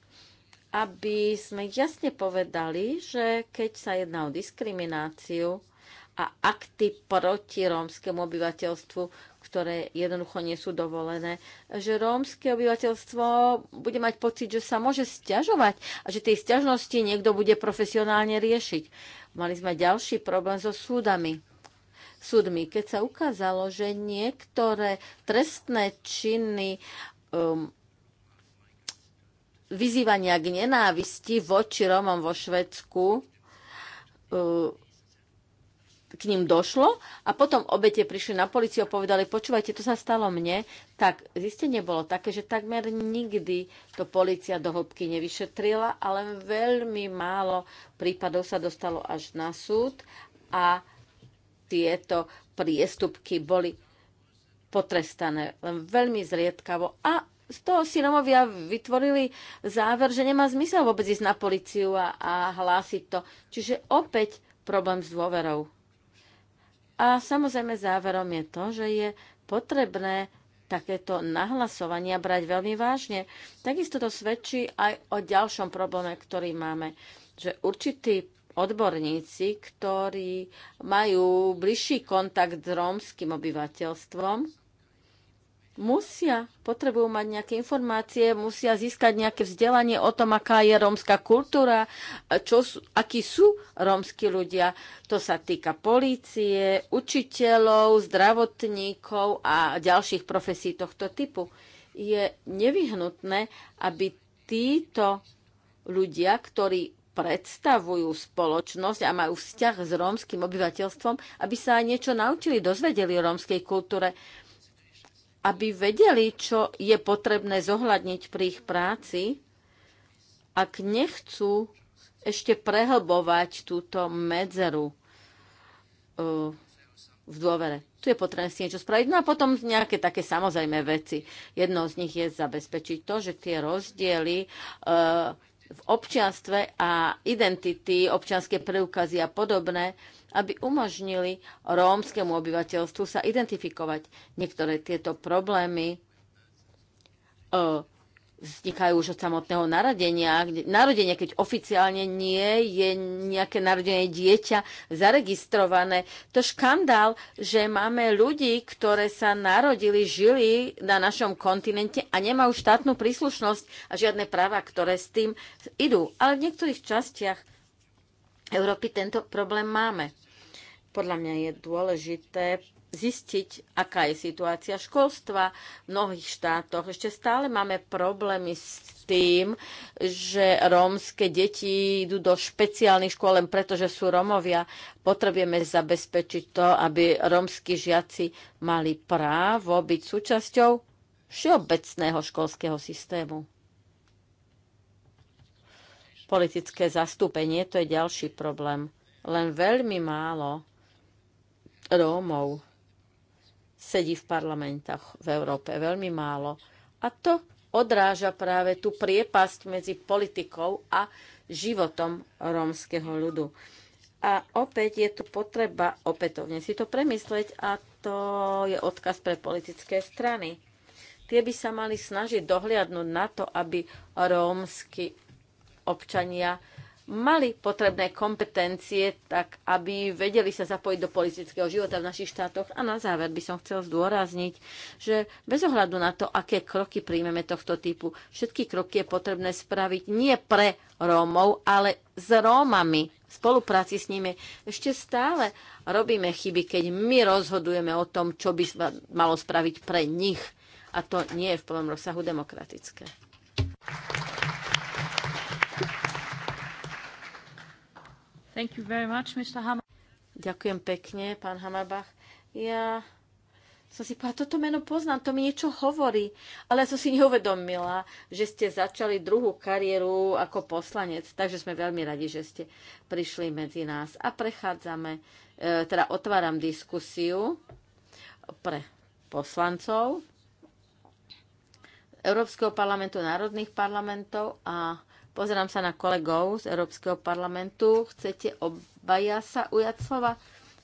aby sme jasne povedali, že keď sa jedná o diskrimináciu, a akty proti rómskemu obyvateľstvu ktoré jednoducho nie sú dovolené. Že rómske obyvateľstvo bude mať pocit, že sa môže stiažovať a že tej stiažnosti niekto bude profesionálne riešiť. Mali sme ďalší problém so súdami súdmi, keď sa ukázalo, že niektoré trestné činy um, vyzývania k nenávisti voči Rómom vo Švedsku um, k ním došlo a potom obete prišli na policiu a povedali, počúvajte, to sa stalo mne, tak zistenie bolo také, že takmer nikdy to policia do hĺbky nevyšetrila, ale veľmi málo prípadov sa dostalo až na súd a tieto priestupky boli potrestané len veľmi zriedkavo a z toho si Romovia vytvorili záver, že nemá zmysel vôbec ísť na policiu a, a hlásiť to. Čiže opäť problém s dôverou. A samozrejme záverom je to, že je potrebné takéto nahlasovania brať veľmi vážne. Takisto to svedčí aj o ďalšom probléme, ktorý máme, že určití odborníci, ktorí majú bližší kontakt s rómskym obyvateľstvom, musia, potrebujú mať nejaké informácie, musia získať nejaké vzdelanie o tom, aká je rómska kultúra, čo sú, akí sú rómsky ľudia. To sa týka polície, učiteľov, zdravotníkov a ďalších profesí tohto typu. Je nevyhnutné, aby títo ľudia, ktorí predstavujú spoločnosť a majú vzťah s rómskym obyvateľstvom, aby sa aj niečo naučili, dozvedeli o rómskej kultúre aby vedeli, čo je potrebné zohľadniť pri ich práci, ak nechcú ešte prehlbovať túto medzeru uh, v dôvere. Tu je potrebné si niečo spraviť. No a potom nejaké také samozrejme veci. Jednou z nich je zabezpečiť to, že tie rozdiely uh, v občianstve a identity, občianské preukazy a podobné, aby umožnili rómskému obyvateľstvu sa identifikovať. Niektoré tieto problémy e, vznikajú už od samotného narodenia. Narodenie, keď oficiálne nie je nejaké narodenie dieťa zaregistrované. To škandál, že máme ľudí, ktoré sa narodili, žili na našom kontinente a nemajú štátnu príslušnosť a žiadne práva, ktoré s tým idú. Ale v niektorých častiach Európy tento problém máme. Podľa mňa je dôležité zistiť, aká je situácia školstva v mnohých štátoch. Ešte stále máme problémy s tým, že rómske deti idú do špeciálnych škôl len preto, že sú romovia. Potrebujeme zabezpečiť to, aby rómsky žiaci mali právo byť súčasťou všeobecného školského systému. Politické zastúpenie to je ďalší problém. Len veľmi málo Rómov sedí v parlamentách v Európe, veľmi málo. A to odráža práve tú priepasť medzi politikou a životom rómskeho ľudu. A opäť je tu potreba opätovne si to premyslieť a to je odkaz pre politické strany. Tie by sa mali snažiť dohliadnúť na to, aby rómsky občania mali potrebné kompetencie, tak aby vedeli sa zapojiť do politického života v našich štátoch. A na záver by som chcel zdôrazniť, že bez ohľadu na to, aké kroky príjmeme tohto typu, všetky kroky je potrebné spraviť nie pre Rómov, ale s Rómami, v spolupráci s nimi. Ešte stále robíme chyby, keď my rozhodujeme o tom, čo by malo spraviť pre nich. A to nie je v plnom rozsahu demokratické. Thank you very much, Mr. Ďakujem pekne, pán Hamabach. Ja som si povedala, toto meno poznám, to mi niečo hovorí, ale ja som si neuvedomila, že ste začali druhú kariéru ako poslanec, takže sme veľmi radi, že ste prišli medzi nás a prechádzame, e, teda otváram diskusiu pre poslancov Európskeho parlamentu, národných parlamentov a Pozerám sa na kolegov z Európskeho parlamentu. Chcete obaja sa ujať slova?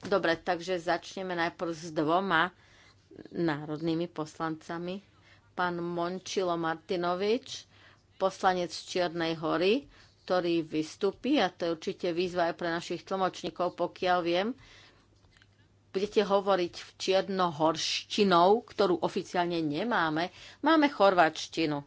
Dobre, takže začneme najprv s dvoma národnými poslancami. Pán Mončilo Martinovič, poslanec Čiernej hory, ktorý vystúpi, a to je určite výzva aj pre našich tlmočníkov, pokiaľ viem, budete hovoriť v čiernohorštinou, ktorú oficiálne nemáme. Máme chorvačtinu.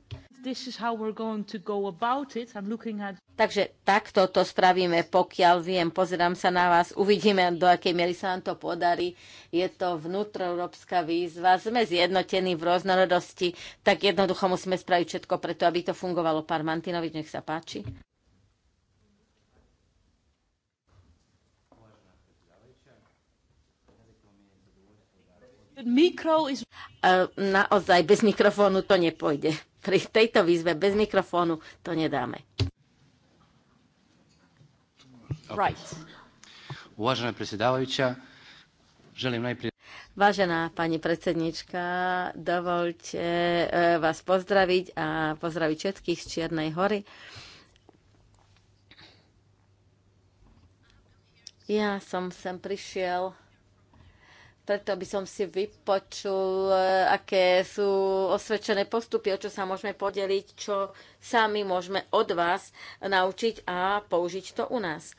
At... Takže takto to spravíme, pokiaľ viem. Pozerám sa na vás, uvidíme, do akej miery sa nám to podarí. Je to vnútroeurópska výzva. Sme zjednotení v rôznorodosti, tak jednoducho musíme spraviť všetko preto, aby to fungovalo. pár Mantinovič, nech sa páči. Mikro is... E, naozaj, bez mikrofónu to nepôjde pri tejto výzve bez mikrofónu to nedáme. Right. Uvažená želím najprv... Vážená pani predsednička, dovolte e, vás pozdraviť a pozdraviť všetkých z Čiernej hory. Ja som sem prišiel preto by som si vypočul, eh, aké sú osvedčené postupy, o čo sa môžeme podeliť, čo sami môžeme od vás naučiť a použiť to u nás.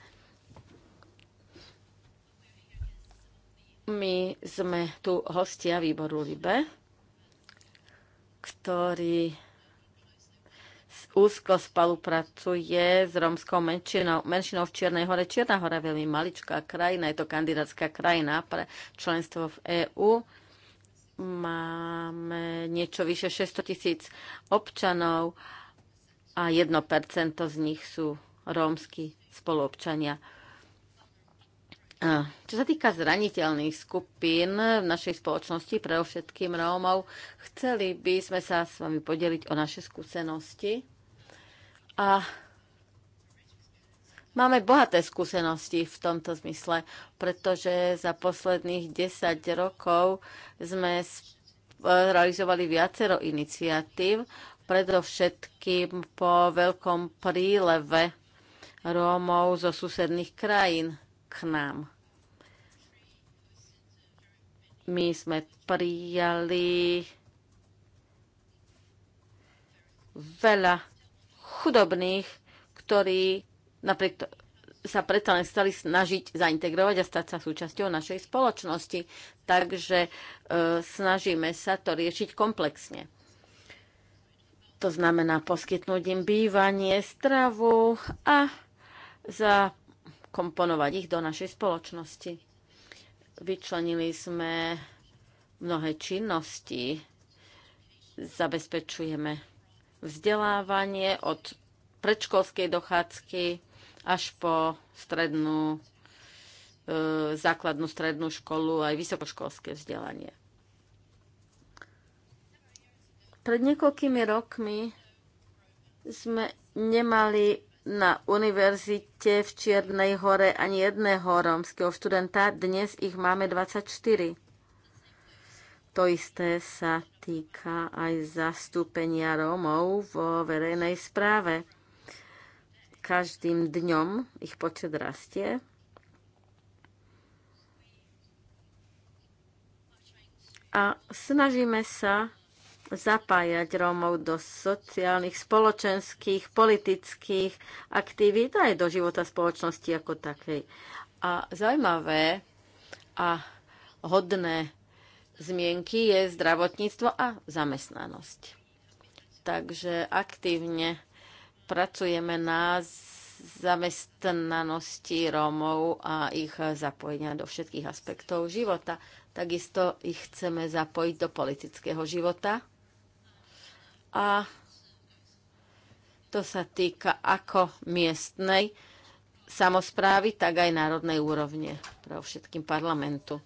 My sme tu hostia výboru Libe, ktorý úzko spolupracuje s romskou menšinou, menšinou v Čiernej hore. Čierna hora je veľmi maličká krajina, je to kandidátska krajina pre členstvo v EÚ. Máme niečo vyše 600 tisíc občanov a 1% z nich sú rómsky spoluobčania. Čo sa týka zraniteľných skupín v našej spoločnosti, pre všetkým Rómov, chceli by sme sa s vami podeliť o naše skúsenosti. A Máme bohaté skúsenosti v tomto zmysle, pretože za posledných 10 rokov sme realizovali viacero iniciatív, predovšetkým po veľkom príleve Rómov zo susedných krajín k nám. My sme prijali veľa chudobných, ktorí napriek sa predsa len stali snažiť zaintegrovať a stať sa súčasťou našej spoločnosti. Takže e, snažíme sa to riešiť komplexne. To znamená poskytnúť im bývanie, stravu a zakomponovať ich do našej spoločnosti. Vyčlenili sme mnohé činnosti, zabezpečujeme vzdelávanie od predškolskej dochádzky až po strednú, e, základnú strednú školu aj vysokoškolské vzdelanie. Pred niekoľkými rokmi sme nemali na univerzite v Čiernej hore ani jedného rómskeho študenta, dnes ich máme 24. To isté sa týka aj zastúpenia Rómov vo verejnej správe. Každým dňom ich počet rastie. A snažíme sa zapájať Rómov do sociálnych, spoločenských, politických aktivít aj do života spoločnosti ako takej. A zaujímavé a hodné zmienky je zdravotníctvo a zamestnanosť. Takže aktívne pracujeme na zamestnanosti Rómov a ich zapojenia do všetkých aspektov života. Takisto ich chceme zapojiť do politického života. A to sa týka ako miestnej samozprávy, tak aj národnej úrovne, pre všetkým parlamentu.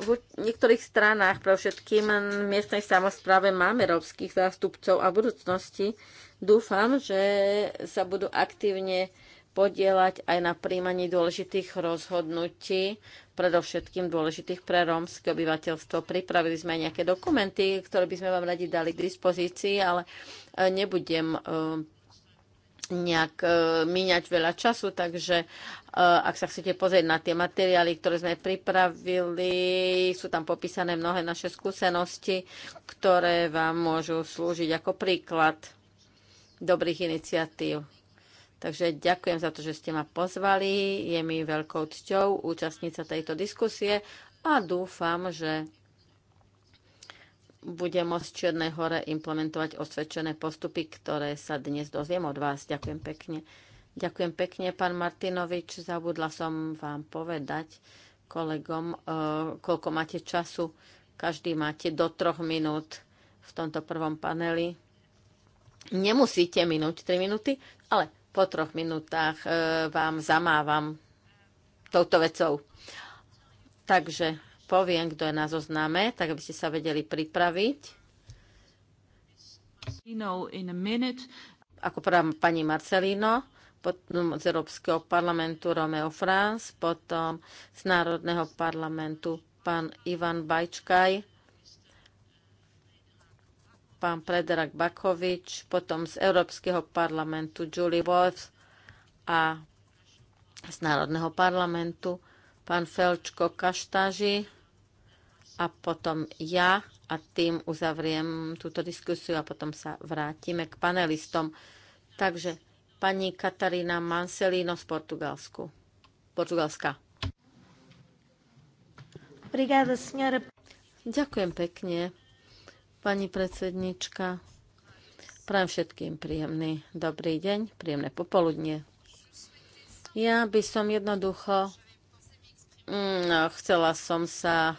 v niektorých stranách, pre všetkým v miestnej samozpráve máme rovských zástupcov a v budúcnosti dúfam, že sa budú aktívne podielať aj na príjmaní dôležitých rozhodnutí, predovšetkým dôležitých pre rómske obyvateľstvo. Pripravili sme aj nejaké dokumenty, ktoré by sme vám radi dali k dispozícii, ale e, nebudem e, nejak e, míňať veľa času, takže e, ak sa chcete pozrieť na tie materiály, ktoré sme pripravili, sú tam popísané mnohé naše skúsenosti, ktoré vám môžu slúžiť ako príklad dobrých iniciatív. Takže ďakujem za to, že ste ma pozvali. Je mi veľkou cťou účastnica tejto diskusie a dúfam, že bude môcť Čiernej hore implementovať osvedčené postupy, ktoré sa dnes dozviem od vás. Ďakujem pekne. Ďakujem pekne, pán Martinovič. Zabudla som vám povedať kolegom, e, koľko máte času. Každý máte do troch minút v tomto prvom paneli. Nemusíte minúť 3 minúty, ale po troch minútach e, vám zamávam touto vecou. Takže poviem, kto je na zozname, tak aby ste sa vedeli pripraviť. Ako prvá pani Marcelino, potom z Európskeho parlamentu Romeo Franz, potom z Národného parlamentu pán Ivan Bajčkaj, pán Predrag Bakovič, potom z Európskeho parlamentu Julie Wolf a z Národného parlamentu pán Felčko Kaštaži a potom ja a tým uzavriem túto diskusiu a potom sa vrátime k panelistom. Takže pani Katarína Manselino z Portugalsku. Portugalska. senhora. Ďakujem pekne, pani predsednička. Prajem všetkým príjemný dobrý deň, príjemné popoludne. Ja by som jednoducho... Mm, no, chcela som sa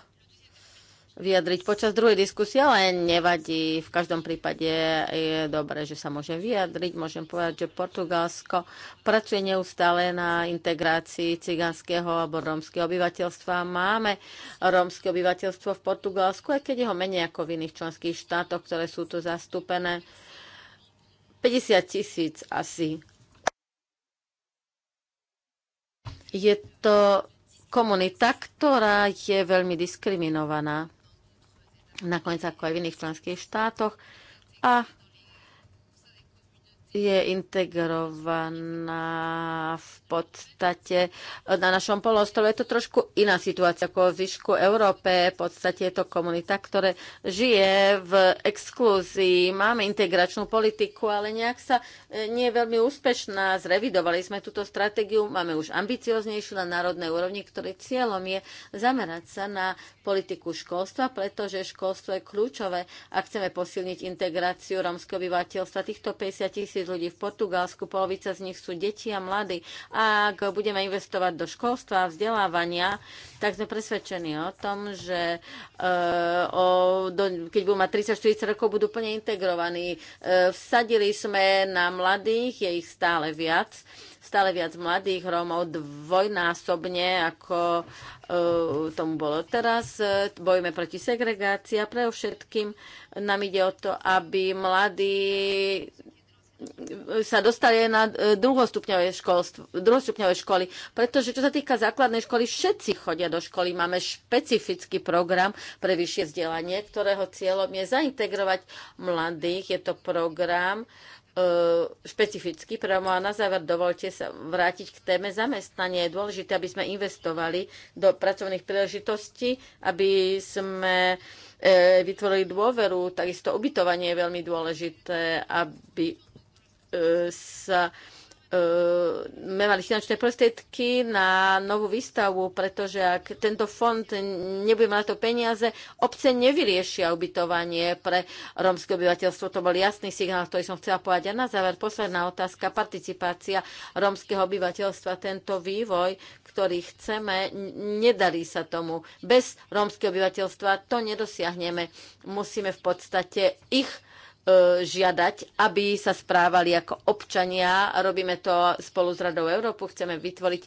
vyjadriť počas druhej diskusie, ale nevadí. V každom prípade je dobré, že sa môžem vyjadriť. Môžem povedať, že Portugalsko pracuje neustále na integrácii cigánskeho alebo rómskeho obyvateľstva. Máme rómske obyvateľstvo v Portugalsku, aj keď ho menej ako v iných členských štátoch, ktoré sú tu zastúpené. 50 tisíc asi. Je to komunita, ktorá je veľmi diskriminovaná nakoniec ako aj v iných členských štátoch a je integrovaná v podstate na našom polostrove. Je to trošku iná situácia ako v zvyšku Európe. V podstate je to komunita, ktoré žije v exklúzii. Máme integračnú politiku, ale nejak sa e, nie je veľmi úspešná. Zrevidovali sme túto stratégiu. Máme už ambicioznejšiu na národnej úrovni, ktorej cieľom je zamerať sa na politiku školstva, pretože školstvo je kľúčové, a chceme posilniť integráciu romského obyvateľstva. Týchto 50 tisíc tisíc ľudí v Portugalsku, polovica z nich sú deti a mladí. A ak budeme investovať do školstva a vzdelávania, tak sme presvedčení o tom, že uh, o, do, keď budú mať 30-40 rokov, budú plne integrovaní. Uh, vsadili sme na mladých, je ich stále viac stále viac mladých Rómov dvojnásobne, ako uh, tomu bolo teraz. Bojíme proti segregácii a pre všetkým nám ide o to, aby mladí sa dostali na e, druhostupňové, školstvo, druhostupňové školy. Pretože čo sa týka základnej školy, všetci chodia do školy. Máme špecifický program pre vyššie vzdelanie, ktorého cieľom je zaintegrovať mladých. Je to program e, špecifický program a na záver dovolte sa vrátiť k téme zamestnania. Je dôležité, aby sme investovali do pracovných príležitostí, aby sme e, vytvorili dôveru. Takisto ubytovanie je veľmi dôležité, aby E, sme mali finančné prostriedky na novú výstavu, pretože ak tento fond nebude mať na to peniaze, obce nevyriešia ubytovanie pre rómske obyvateľstvo. To bol jasný signál, ktorý som chcela povedať. A na záver posledná otázka, participácia rómskeho obyvateľstva, tento vývoj, ktorý chceme, nedarí sa tomu. Bez rómskeho obyvateľstva to nedosiahneme. Musíme v podstate ich E, žiadať, aby sa správali ako občania. Robíme to spolu s Radou Európu. Chceme vytvoriť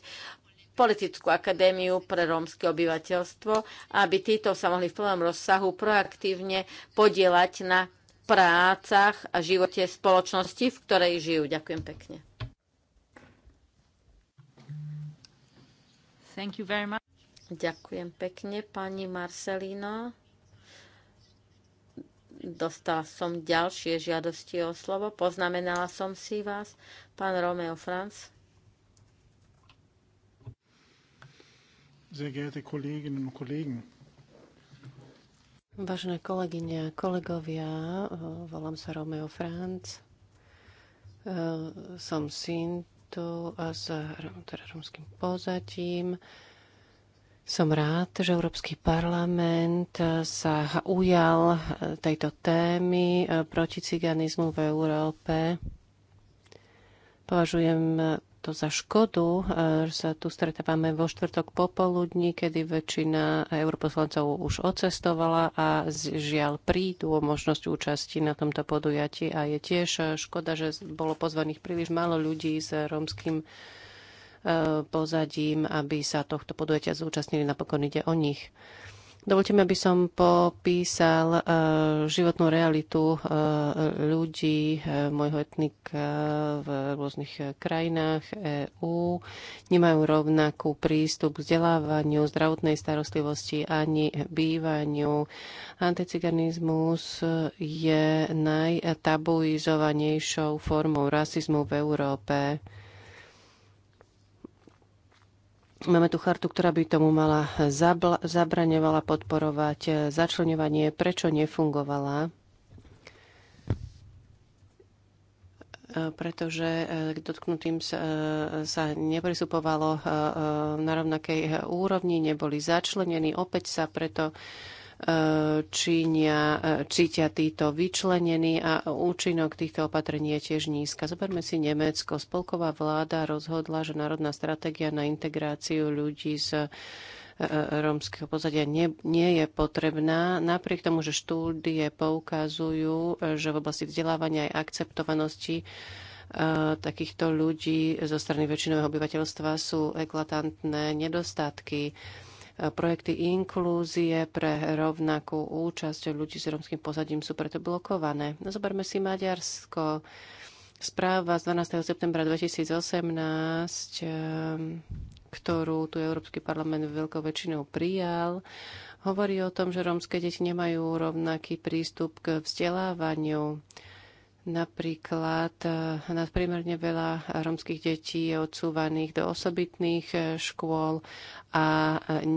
politickú akadémiu pre rómske obyvateľstvo, aby títo sa mohli v plnom rozsahu proaktívne podielať na prácach a živote spoločnosti, v ktorej žijú. Ďakujem pekne. Thank you very much. Ďakujem pekne, pani Marcelino. Dostala som ďalšie žiadosti o slovo. Poznamenala som si vás. Pán Romeo Franz. Sehr geehrte Kolleginnen und Kollegen. Vážené kolegyne a kolegovia, volám sa Romeo Franz. Som syn tu a s teda rómskym pozadím. Som rád, že Európsky parlament eh, sa ujal eh, tejto témy eh, proti ciganizmu v Európe. Považujem to za škodu, že sa tu stretávame vo štvrtok popoludní, kedy väčšina europoslancov už odcestovala a žiaľ prídu o možnosť účasti na tomto podujatí a je tiež škoda, že bolo pozvaných príliš málo ľudí s rómskym Eh, pozadím, aby sa tohto podujatia zúčastnili. Napokon ide o nich. Dovolte mi, aby som popísal eh, životnú realitu eh, ľudí môjho etnika v rôznych krajinách EÚ. Nemajú rovnakú prístup k vzdelávaniu, zdravotnej starostlivosti ani bývaniu. Anticiganizmus je najtabuizovanejšou formou rasizmu v Európe Máme tu chartu, ktorá by tomu mala zabraňovala podporovať začlenovanie, prečo nefungovala. E, pretože e, k dotknutým e, sa nepristupovalo na rovnakej úrovni, neboli začlenení. Opäť sa preto činia, cítia títo vyčlenení a účinok týchto opatrení je tiež nízka. Zoberme si Nemecko. Spolková vláda rozhodla, že národná stratégia na integráciu ľudí z e, e, rómskeho pozadia nie, nie je potrebná, napriek tomu, že štúdie poukazujú, že v oblasti vzdelávania aj akceptovanosti e, takýchto ľudí zo strany väčšinového obyvateľstva sú eklatantné nedostatky. E, projekty inklúzie pre rovnakú účasť ľudí s romským pozadím sú preto blokované. No, zoberme si Maďarsko. Správa z 12. septembra 2018, e, ktorú tu Európsky parlament veľkou väčšinou prijal, hovorí o tom, že rómske deti nemajú rovnaký prístup k vzdelávaniu Napríklad eh, nadpriemerne veľa romských detí je odsúvaných do osobitných eh, škôl a eh,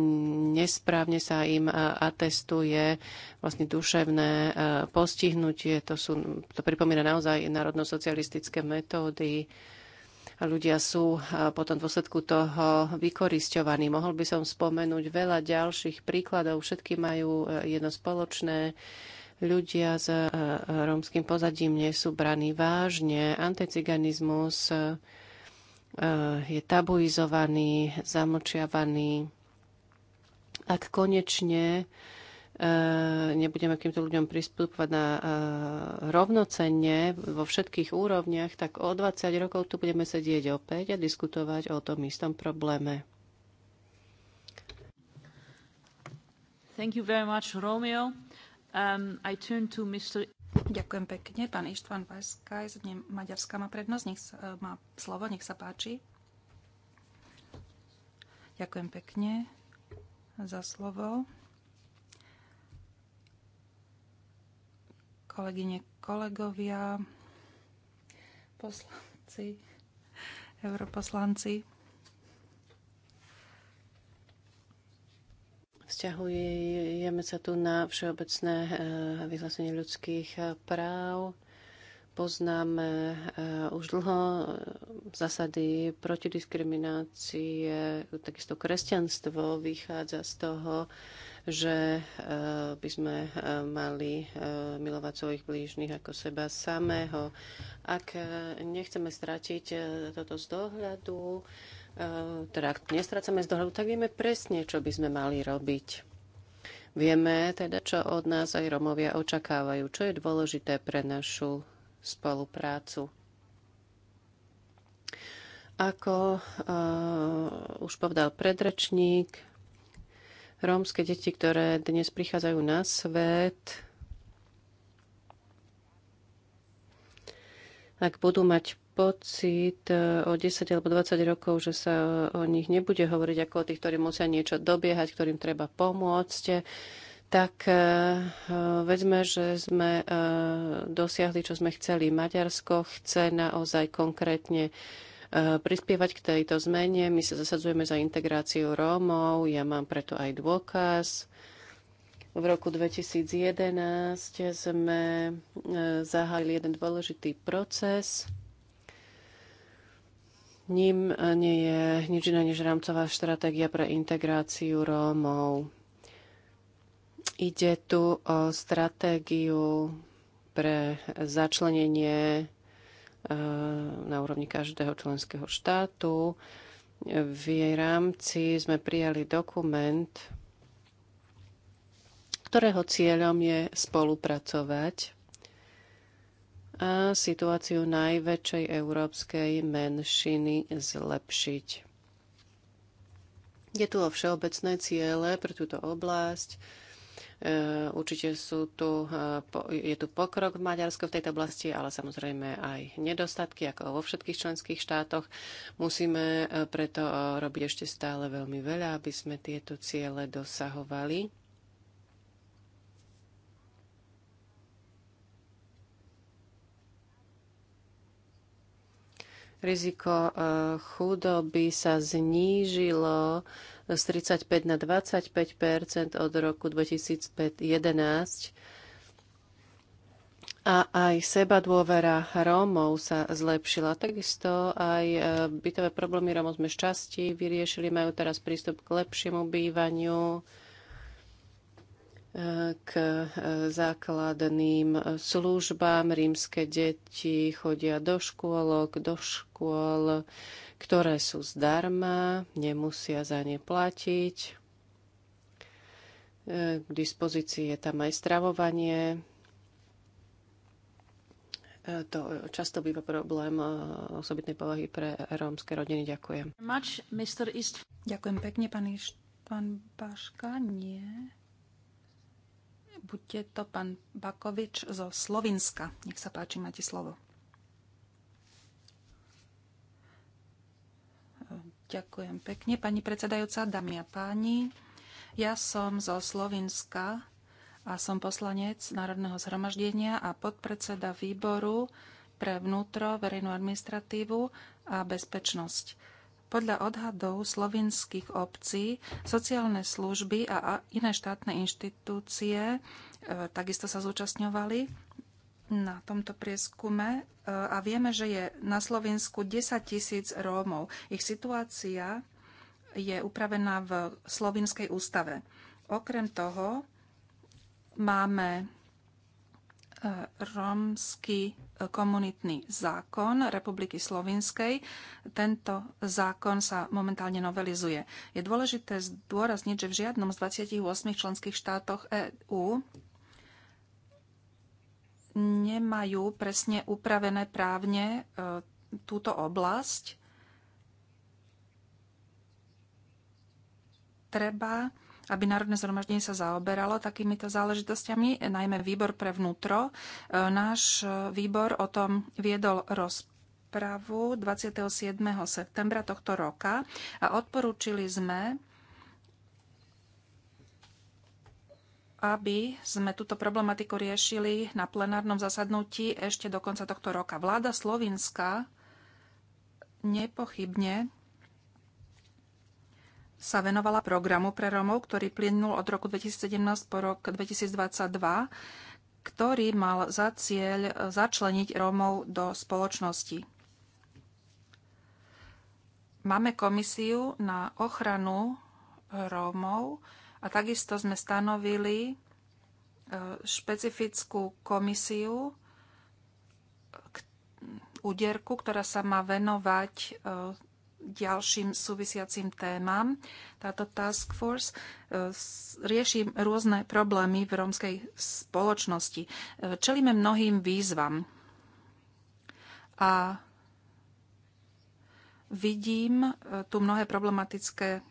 nesprávne sa im atestuje vlastne duševné postihnutie. To, sú, to pripomína naozaj národno-socialistické metódy. A ľudia sú potom v dôsledku toho vykoristovaní. Mohol by som spomenúť veľa ďalších príkladov. Všetky majú jedno spoločné ľudia s eh, rómským pozadím nie sú braní vážne. Anticiganizmus eh, je tabuizovaný, zamlčiavaný. Ak konečne eh, nebudeme k týmto ľuďom pristupovať na rovnocenne vo všetkých úrovniach, tak o 20 rokov tu budeme sedieť opäť a diskutovať o tom istom probléme. Thank you very much, Romeo. Um, I turn to Mr. Ďakujem pekne. Pán Ištvan Veskaj z Maďarska má prednosť. Nech sa, e, má slovo, nech sa páči. Ďakujem pekne za slovo. Kolegyne, kolegovia, poslanci, europoslanci. Vzťahujeme sa tu na všeobecné eh, vyhlásenie ľudských eh, práv. Poznáme eh, už dlho zásady proti diskriminácii, takisto kresťanstvo vychádza z toho, že by sme mali milovať svojich blížnych ako seba samého. Ak nechceme stratiť toto z dohľadu, E, teda ak nestrácame z dohľadu, tak vieme presne, čo by sme mali robiť. Vieme teda, čo od nás aj Romovia očakávajú, čo je dôležité pre našu spoluprácu. Ako uh, už povedal predrečník, rómske deti, ktoré dnes prichádzajú na svet, ak budú mať pocit e, o 10 alebo 20 rokov, že sa o nich nebude hovoriť ako o tých, ktorí musia niečo dobiehať, ktorým treba pomôcť, tak e, vedme, že sme e, dosiahli, čo sme chceli. Maďarsko chce naozaj konkrétne prispievať k tejto zmene. My sa zasadzujeme za integráciu Rómov, ja mám preto aj dôkaz. V roku 2011 sme zahájili jeden dôležitý proces. Ním eh, nie je nič iné než rámcová štratégia pre integráciu Rómov. Ide tu o stratégiu pre začlenenie eh, na úrovni každého členského štátu. V jej rámci sme prijali dokument, ktorého cieľom je spolupracovať a situáciu najväčšej európskej menšiny zlepšiť. Je tu o všeobecné ciele pre túto oblasť. E, určite sú tu, e, je tu pokrok v Maďarsku v tejto oblasti, ale samozrejme aj nedostatky, ako vo všetkých členských štátoch. Musíme e, preto robiť ešte stále veľmi veľa, aby sme tieto ciele dosahovali. Riziko e, chudoby sa znížilo z 35 na 25 od roku 2011 a aj seba dôvera Rómov sa zlepšila. Takisto aj e, bytové problémy Rómov sme šťastí vyriešili, majú teraz prístup k lepšiemu bývaniu, k e, základným e, službám. Rímske deti chodia do škôlok, do škôl, ktoré sú zdarma, nemusia za ne platiť. E, k dispozícii je tam aj stravovanie. To často býva problém osobitnej povahy pre rómske rodiny. Ďakujem. Ďakujem pekne, pán, pán Nie. Buďte to pán Bakovič zo Slovinska. Nech sa páči, máte slovo. Ďakujem pekne, pani predsedajúca, dámy a páni. Ja som zo Slovinska a som poslanec Národného zhromaždenia a podpredseda výboru pre vnútro, verejnú administratívu a bezpečnosť. Podľa odhadov slovinských obcí sociálne služby a iné štátne inštitúcie e, takisto sa zúčastňovali na tomto prieskume e, a vieme, že je na Slovensku 10 tisíc Rómov. Ich situácia je upravená v Slovinskej ústave. Okrem toho máme romský e, komunitný zákon Republiky Slovinskej. Tento zákon sa momentálne novelizuje. Je dôležité zdôrazniť, že v žiadnom z 28 členských štátoch EÚ nemajú presne upravené právne e, túto oblasť. Treba aby Národné zhromaždenie sa zaoberalo takýmito záležitostiami, najmä výbor pre vnútro. E, náš výbor o tom viedol rozpravu 27. septembra tohto roka a odporúčili sme, aby sme túto problematiku riešili na plenárnom zasadnutí ešte do konca tohto roka. Vláda Slovinska nepochybne sa venovala programu pre Romov, ktorý plynul od roku 2017 po rok 2022, ktorý mal za cieľ začleniť Romov do spoločnosti. Máme komisiu na ochranu Rómov a takisto sme stanovili e, špecifickú komisiu, úderku, ktorá sa má venovať e, ďalším súvisiacim témam. Táto task force e, rieši rôzne problémy v rómskej spoločnosti. E, čelíme mnohým výzvam. A vidím e, tu mnohé problematické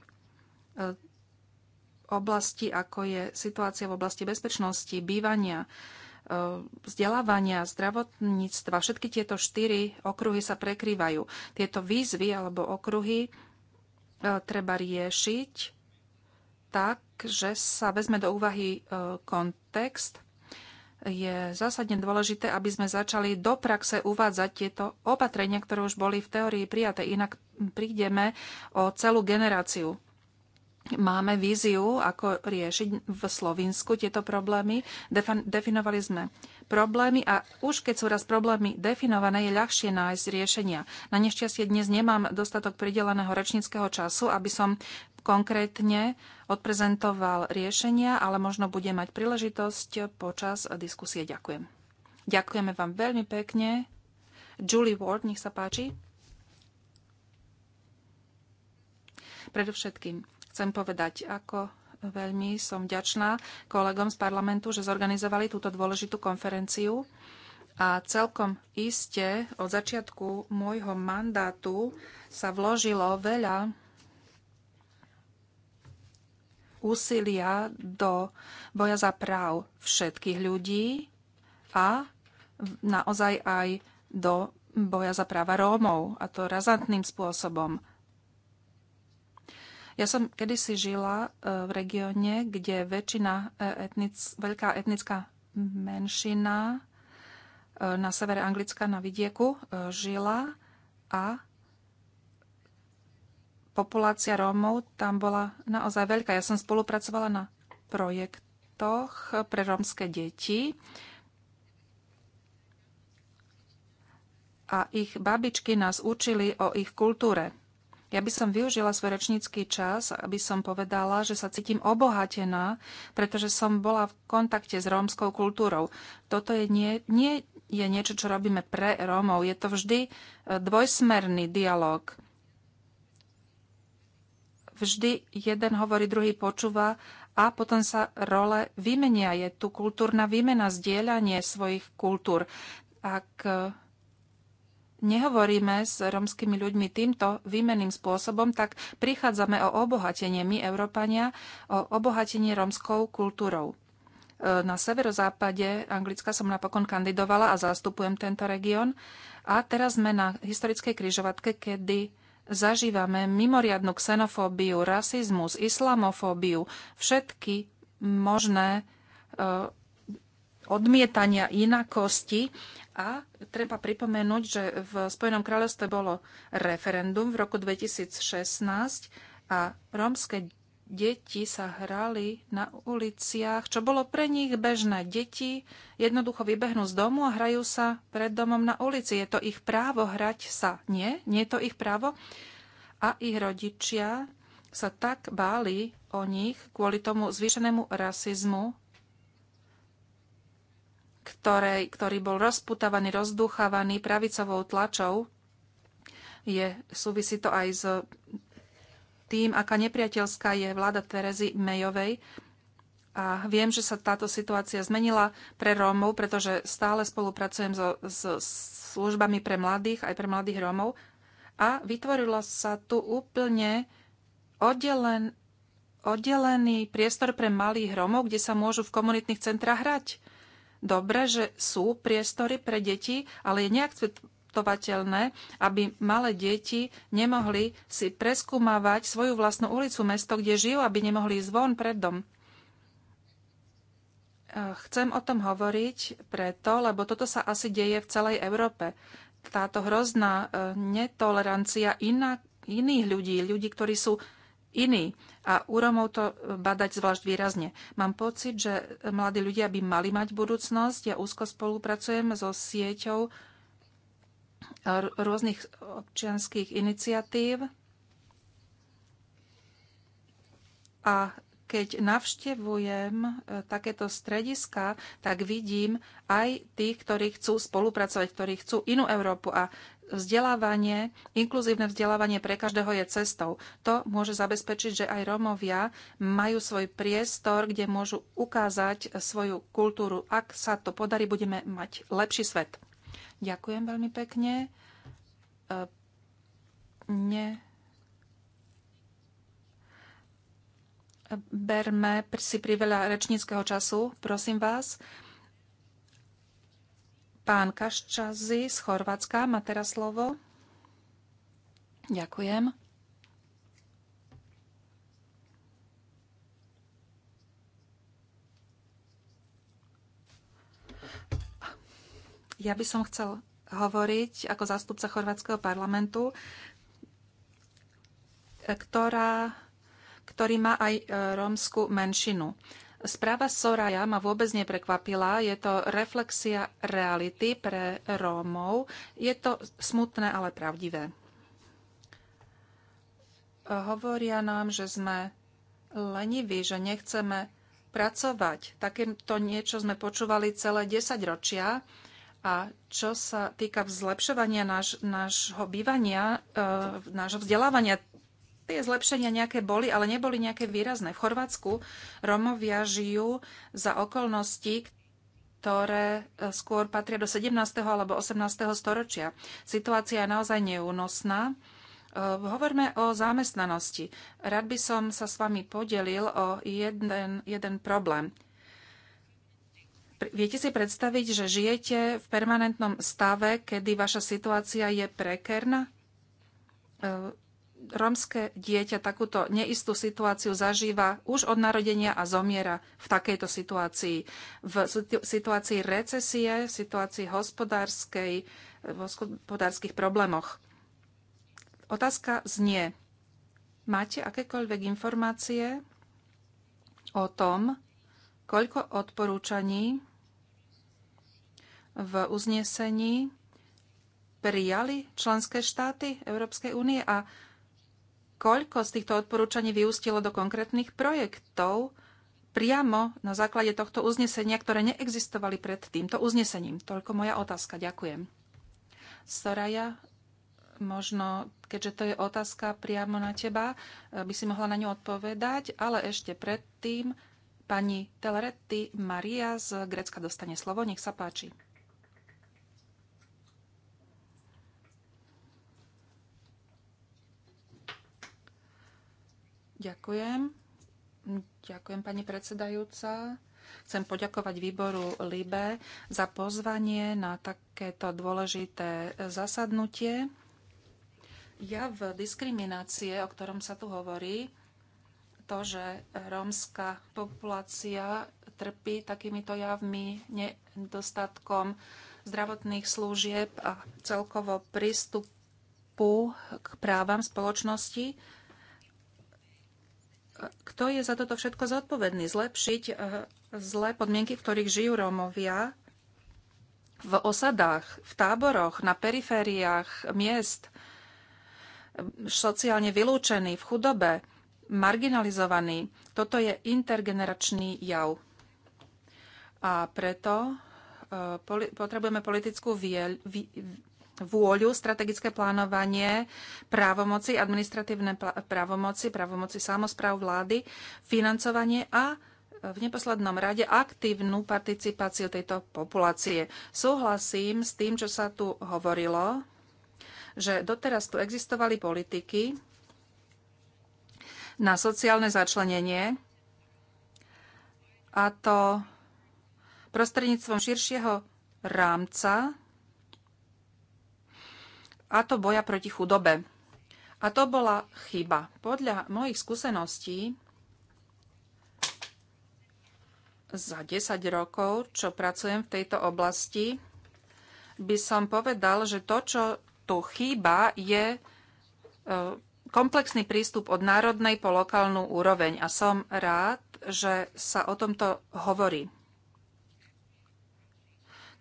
oblasti, ako je situácia v oblasti bezpečnosti, bývania, vzdelávania, zdravotníctva, všetky tieto štyri okruhy sa prekrývajú. Tieto výzvy alebo okruhy e, treba riešiť tak, že sa vezme do úvahy e, kontext. Je zásadne dôležité, aby sme začali do praxe uvádzať tieto opatrenia, ktoré už boli v teórii prijaté. Inak prídeme o celú generáciu Máme víziu, ako riešiť v Slovinsku tieto problémy. definovali sme problémy a už keď sú raz problémy definované, je ľahšie nájsť riešenia. Na nešťastie dnes nemám dostatok prideleného rečníckého času, aby som konkrétne odprezentoval riešenia, ale možno bude mať príležitosť počas diskusie. Ďakujem. Ďakujeme vám veľmi pekne. Julie Ward, nech sa páči. Predovšetkým chcem povedať, ako veľmi som ďačná kolegom z parlamentu, že zorganizovali túto dôležitú konferenciu. A celkom iste od začiatku môjho mandátu sa vložilo veľa úsilia do boja za práv všetkých ľudí a naozaj aj do boja za práva Rómov, a to razantným spôsobom. Ja som kedysi žila e, v regióne, kde väčšina e, etnic, veľká etnická menšina e, na severe Anglicka na vidieku žila a populácia Rómov tam bola naozaj veľká. Ja som spolupracovala na projektoch pre rómske deti a ich babičky nás učili o ich kultúre. Ja by som využila svoj rečnícky čas, aby som povedala, že sa cítim obohatená, pretože som bola v kontakte s rómskou kultúrou. Toto je nie, nie je niečo, čo robíme pre Rómov. Je to vždy e, dvojsmerný dialog. Vždy jeden hovorí, druhý počúva a potom sa role vymenia. Je tu kultúrna výmena, zdieľanie svojich kultúr. Ak e, nehovoríme s romskými ľuďmi týmto výmenným spôsobom, tak prichádzame o obohatenie my, Európania, o obohatenie romskou kultúrou. E, na severozápade Anglicka som napokon kandidovala a zastupujem tento región. A teraz sme na historickej kryžovatke, kedy zažívame mimoriadnu xenofóbiu, rasizmus, islamofóbiu, všetky možné e, odmietania inakosti a treba pripomenúť, že v Spojenom kráľovstve bolo referendum v roku 2016 a rómske deti sa hrali na uliciach, čo bolo pre nich bežné. Deti jednoducho vybehnú z domu a hrajú sa pred domom na ulici. Je to ich právo hrať sa. Nie, nie je to ich právo. A ich rodičia sa tak báli o nich kvôli tomu zvýšenému rasizmu ktoré, ktorý bol rozputávaný, rozduchávaný pravicovou tlačou. Je, súvisí to aj s tým, aká nepriateľská je vláda Terezy Mejovej. A viem, že sa táto situácia zmenila pre Rómov, pretože stále spolupracujem so, s službami pre mladých, aj pre mladých Rómov. A vytvorilo sa tu úplne oddelen, oddelený priestor pre malých Rómov, kde sa môžu v komunitných centrách hrať dobre, že sú priestory pre deti, ale je neakceptovateľné, aby malé deti nemohli si preskúmavať svoju vlastnú ulicu, mesto, kde žijú, aby nemohli ísť von pred dom. E, chcem o tom hovoriť preto, lebo toto sa asi deje v celej Európe. Táto hrozná e, netolerancia iná, iných ľudí, ľudí, ktorí sú iní a u Romov to e, badať zvlášť výrazne. Mám pocit, že mladí ľudia by mali mať budúcnosť. Ja úzko spolupracujem so sieťou e, rôznych občianských iniciatív a keď navštevujem e, takéto strediska, tak vidím aj tých, ktorí chcú spolupracovať, ktorí chcú inú Európu a vzdelávanie, inkluzívne vzdelávanie pre každého je cestou. To môže zabezpečiť, že aj Rómovia majú svoj priestor, kde môžu ukázať svoju kultúru. Ak sa to podarí, budeme mať lepší svet. Ďakujem veľmi pekne. E, ne berme si priveľa rečníckého času, prosím vás. Pán Kaščazi z Chorvátska má teraz slovo. Ďakujem. Ja by som chcel hovoriť ako zástupca Chorvátskeho parlamentu, ktorá ktorý má aj e, rómsku menšinu. Správa Soraya ma vôbec neprekvapila. Je to reflexia reality pre Rómov. Je to smutné, ale pravdivé. Hovoria nám, že sme leniví, že nechceme pracovať. Takéto niečo sme počúvali celé 10 ročia. A čo sa týka vzlepšovania nášho bývania, e, nášho vzdelávania, tie zlepšenia nejaké boli, ale neboli nejaké výrazné. V Chorvátsku Romovia žijú za okolnosti, ktoré e, skôr patria do 17. alebo 18. storočia. Situácia je naozaj neúnosná. E, hovorme o zamestnanosti. Rád by som sa s vami podelil o jeden, jeden problém. Viete si predstaviť, že žijete v permanentnom stave, kedy vaša situácia je prekerná? E, romské dieťa takúto neistú situáciu zažíva už od narodenia a zomiera v takejto situácii. V situácii recesie, v situácii hospodárskej, v hospodárskych problémoch. Otázka znie, máte akékoľvek informácie o tom, koľko odporúčaní v uznesení prijali členské štáty Európskej únie a koľko z týchto odporúčaní vyústilo do konkrétnych projektov priamo na základe tohto uznesenia, ktoré neexistovali pred týmto uznesením. Toľko moja otázka. Ďakujem. Soraya, možno, keďže to je otázka priamo na teba, eh, by si mohla na ňu odpovedať, ale ešte predtým pani Teleretti Maria z Grecka dostane slovo. Nech sa páči. Ďakujem. Ďakujem, pani predsedajúca. Chcem poďakovať výboru LIBE za pozvanie na takéto dôležité zasadnutie. Ja v diskriminácie, o ktorom sa tu hovorí, to, že rómska populácia trpí takýmito javmi, nedostatkom zdravotných služieb a celkovo prístupu k právam spoločnosti, kto je za toto všetko zodpovedný? Zlepšiť eh, zlé podmienky, v ktorých žijú Rómovia v osadách, v táboroch, na perifériách miest, sociálne vylúčení, v chudobe, marginalizovaní. Toto je intergeneračný jav. A preto eh, potrebujeme politickú vôľu, strategické plánovanie, právomoci, administratívne právomoci, právomoci samozpráv vlády, financovanie a e, v neposlednom rade aktívnu participáciu tejto populácie. Súhlasím s tým, čo sa tu hovorilo, že doteraz tu existovali politiky na sociálne začlenenie a to prostredníctvom širšieho rámca a to boja proti chudobe. A to bola chyba. Podľa mojich skúseností za 10 rokov, čo pracujem v tejto oblasti, by som povedal, že to, čo tu chýba, je e, komplexný prístup od národnej po lokálnu úroveň. A som rád, že sa o tomto hovorí.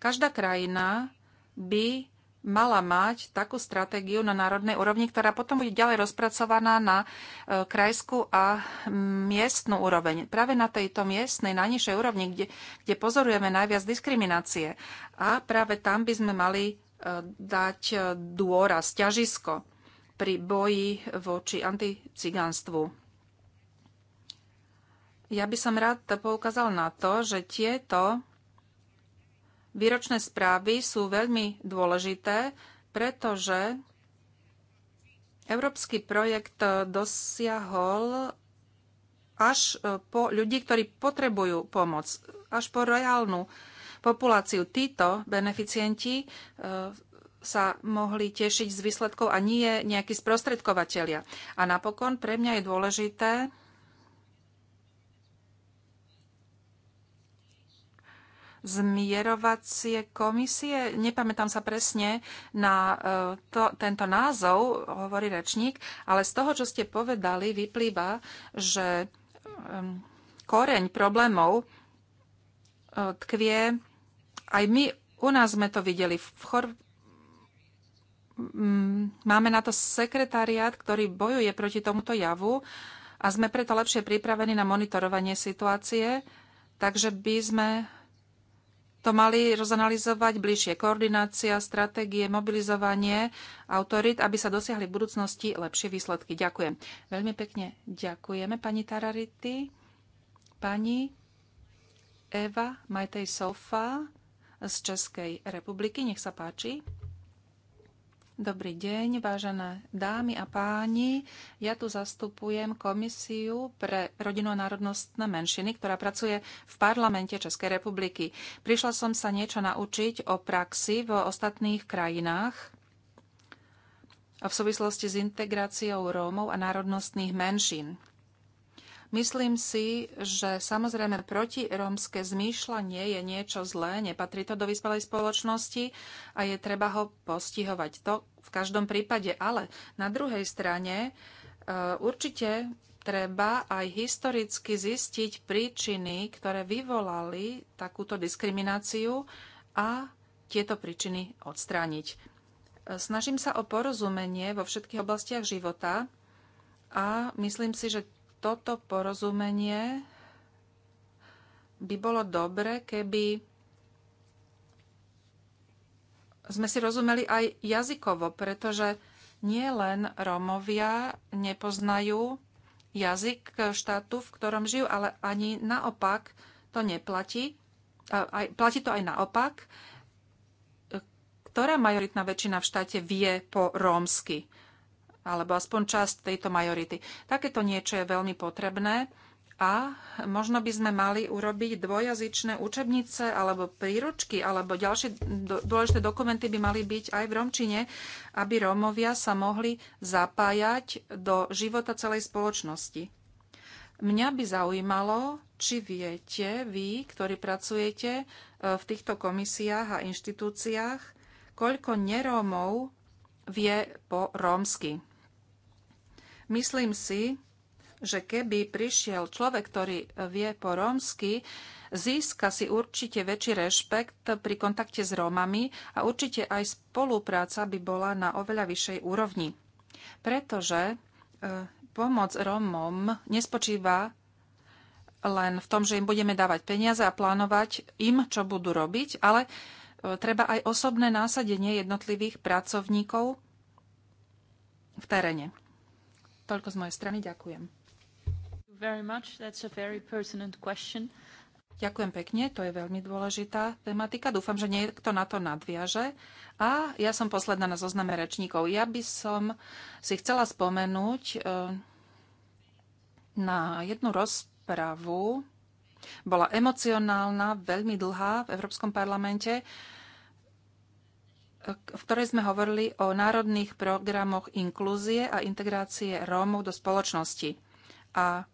Každá krajina by mala mať takú stratégiu na národnej úrovni, ktorá potom bude ďalej rozpracovaná na e, krajskú a miestnú úroveň. Práve na tejto miestnej, najnižšej úrovni, kde, kde pozorujeme najviac diskriminácie. A práve tam by sme mali e, dať e, dôraz, ťažisko pri boji voči anticiganstvu. Ja by som rád poukázal na to, že tieto Výročné správy sú veľmi dôležité, pretože európsky projekt dosiahol až e, po ľudí, ktorí potrebujú pomoc, až po reálnu populáciu. Títo beneficienti e, sa mohli tešiť z výsledkov a nie nejakí sprostredkovateľia. A napokon pre mňa je dôležité, zmierovacie komisie. Nepamätám sa presne na e, to, tento názov, hovorí rečník, ale z toho, čo ste povedali, vyplýva, že koreň problémov e, tkvie, aj my u nás sme to videli v Chor... Máme na to sekretariát, ktorý bojuje proti tomuto javu a sme preto lepšie pripravení na monitorovanie situácie, takže by sme to mali rozanalizovať bližšie. Koordinácia, stratégie, mobilizovanie autorít, aby sa dosiahli v budúcnosti lepšie výsledky. Ďakujem. Veľmi pekne ďakujeme pani Tararity, pani Eva Majtej Sofa z Českej republiky. Nech sa páči. Dobrý deň, vážené dámy a páni. Ja tu zastupujem Komisiu pre rodinu a národnostné menšiny, ktorá pracuje v parlamente Českej republiky. Prišla som sa niečo naučiť o praxi v ostatných krajinách v súvislosti s integráciou Rómov a národnostných menšín. Myslím si, že samozrejme protirómske zmýšľanie je niečo zlé, nepatrí to do vyspelej spoločnosti a je treba ho postihovať. To v každom prípade, ale na druhej strane e, určite treba aj historicky zistiť príčiny, ktoré vyvolali takúto diskrimináciu a tieto príčiny odstrániť. E, snažím sa o porozumenie vo všetkých oblastiach života a myslím si, že toto porozumenie by bolo dobre, keby sme si rozumeli aj jazykovo, pretože nie len Rómovia nepoznajú jazyk štátu, v ktorom žijú, ale ani naopak to neplatí. Aj, platí to aj naopak. Ktorá majoritná väčšina v štáte vie po rómsky? alebo aspoň časť tejto majority. Takéto niečo je veľmi potrebné a možno by sme mali urobiť dvojazyčné učebnice alebo príručky alebo ďalšie dôležité dokumenty by mali byť aj v Romčine, aby Rómovia sa mohli zapájať do života celej spoločnosti. Mňa by zaujímalo, či viete, vy, ktorí pracujete e, v týchto komisiách a inštitúciách, koľko nerómov vie po rómsky. Myslím si, že keby prišiel človek, ktorý vie po rómsky, získa si určite väčší rešpekt pri kontakte s Rómami a určite aj spolupráca by bola na oveľa vyššej úrovni. Pretože e, pomoc Rómom nespočíva len v tom, že im budeme dávať peniaze a plánovať im, čo budú robiť, ale e, treba aj osobné násadenie jednotlivých pracovníkov v teréne. Toľko z mojej strany. Ďakujem. Ďakujem pekne, to je veľmi dôležitá tematika. Dúfam, že niekto na to nadviaže. A ja som posledná na zozname rečníkov. Ja by som si chcela spomenúť eh, na jednu rozpravu. Bola emocionálna, veľmi dlhá v Európskom parlamente v ktorej sme hovorili o národných programoch inklúzie a integrácie Rómov do spoločnosti. A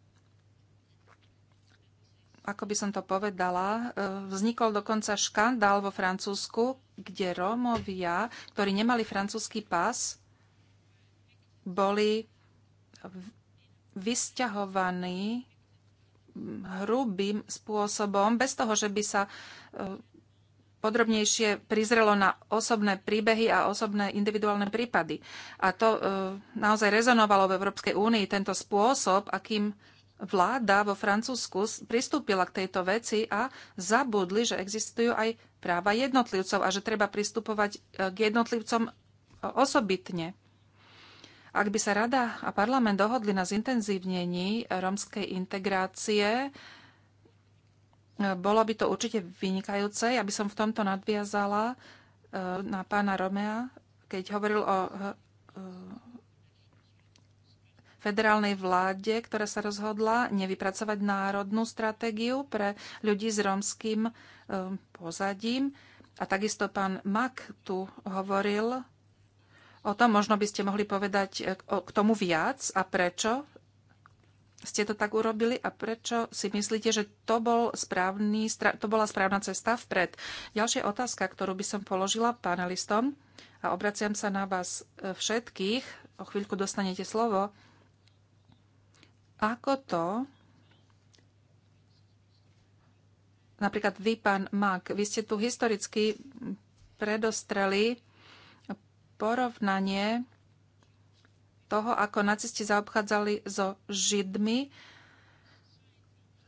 ako by som to povedala, e, vznikol dokonca škandál vo Francúzsku, kde Rómovia, ktorí nemali francúzsky pás, boli vysťahovaní hrubým spôsobom, bez toho, že by sa e, podrobnejšie prizrelo na osobné príbehy a osobné individuálne prípady. A to e, naozaj rezonovalo v Európskej únii tento spôsob, akým vláda vo Francúzsku pristúpila k tejto veci a zabudli, že existujú aj práva jednotlivcov a že treba pristupovať e, k jednotlivcom e, osobitne. Ak by sa Rada a parlament dohodli na zintenzívnení rómskej integrácie, bolo by to určite vynikajúce. Ja by som v tomto nadviazala e, na pána Romea, keď hovoril o e, e, federálnej vláde, ktorá sa rozhodla nevypracovať národnú stratégiu pre ľudí s romským pozadím. A takisto pán Mak tu hovoril o tom, možno by ste mohli povedať k tomu viac a prečo ste to tak urobili a prečo si myslíte, že to, bol správny, to bola správna cesta vpred? Ďalšia otázka, ktorú by som položila panelistom a obraciam sa na vás e, všetkých, o chvíľku dostanete slovo. Ako to, napríklad vy, pán Mak, vy ste tu historicky predostreli porovnanie toho, ako nacisti zaobchádzali so Židmi,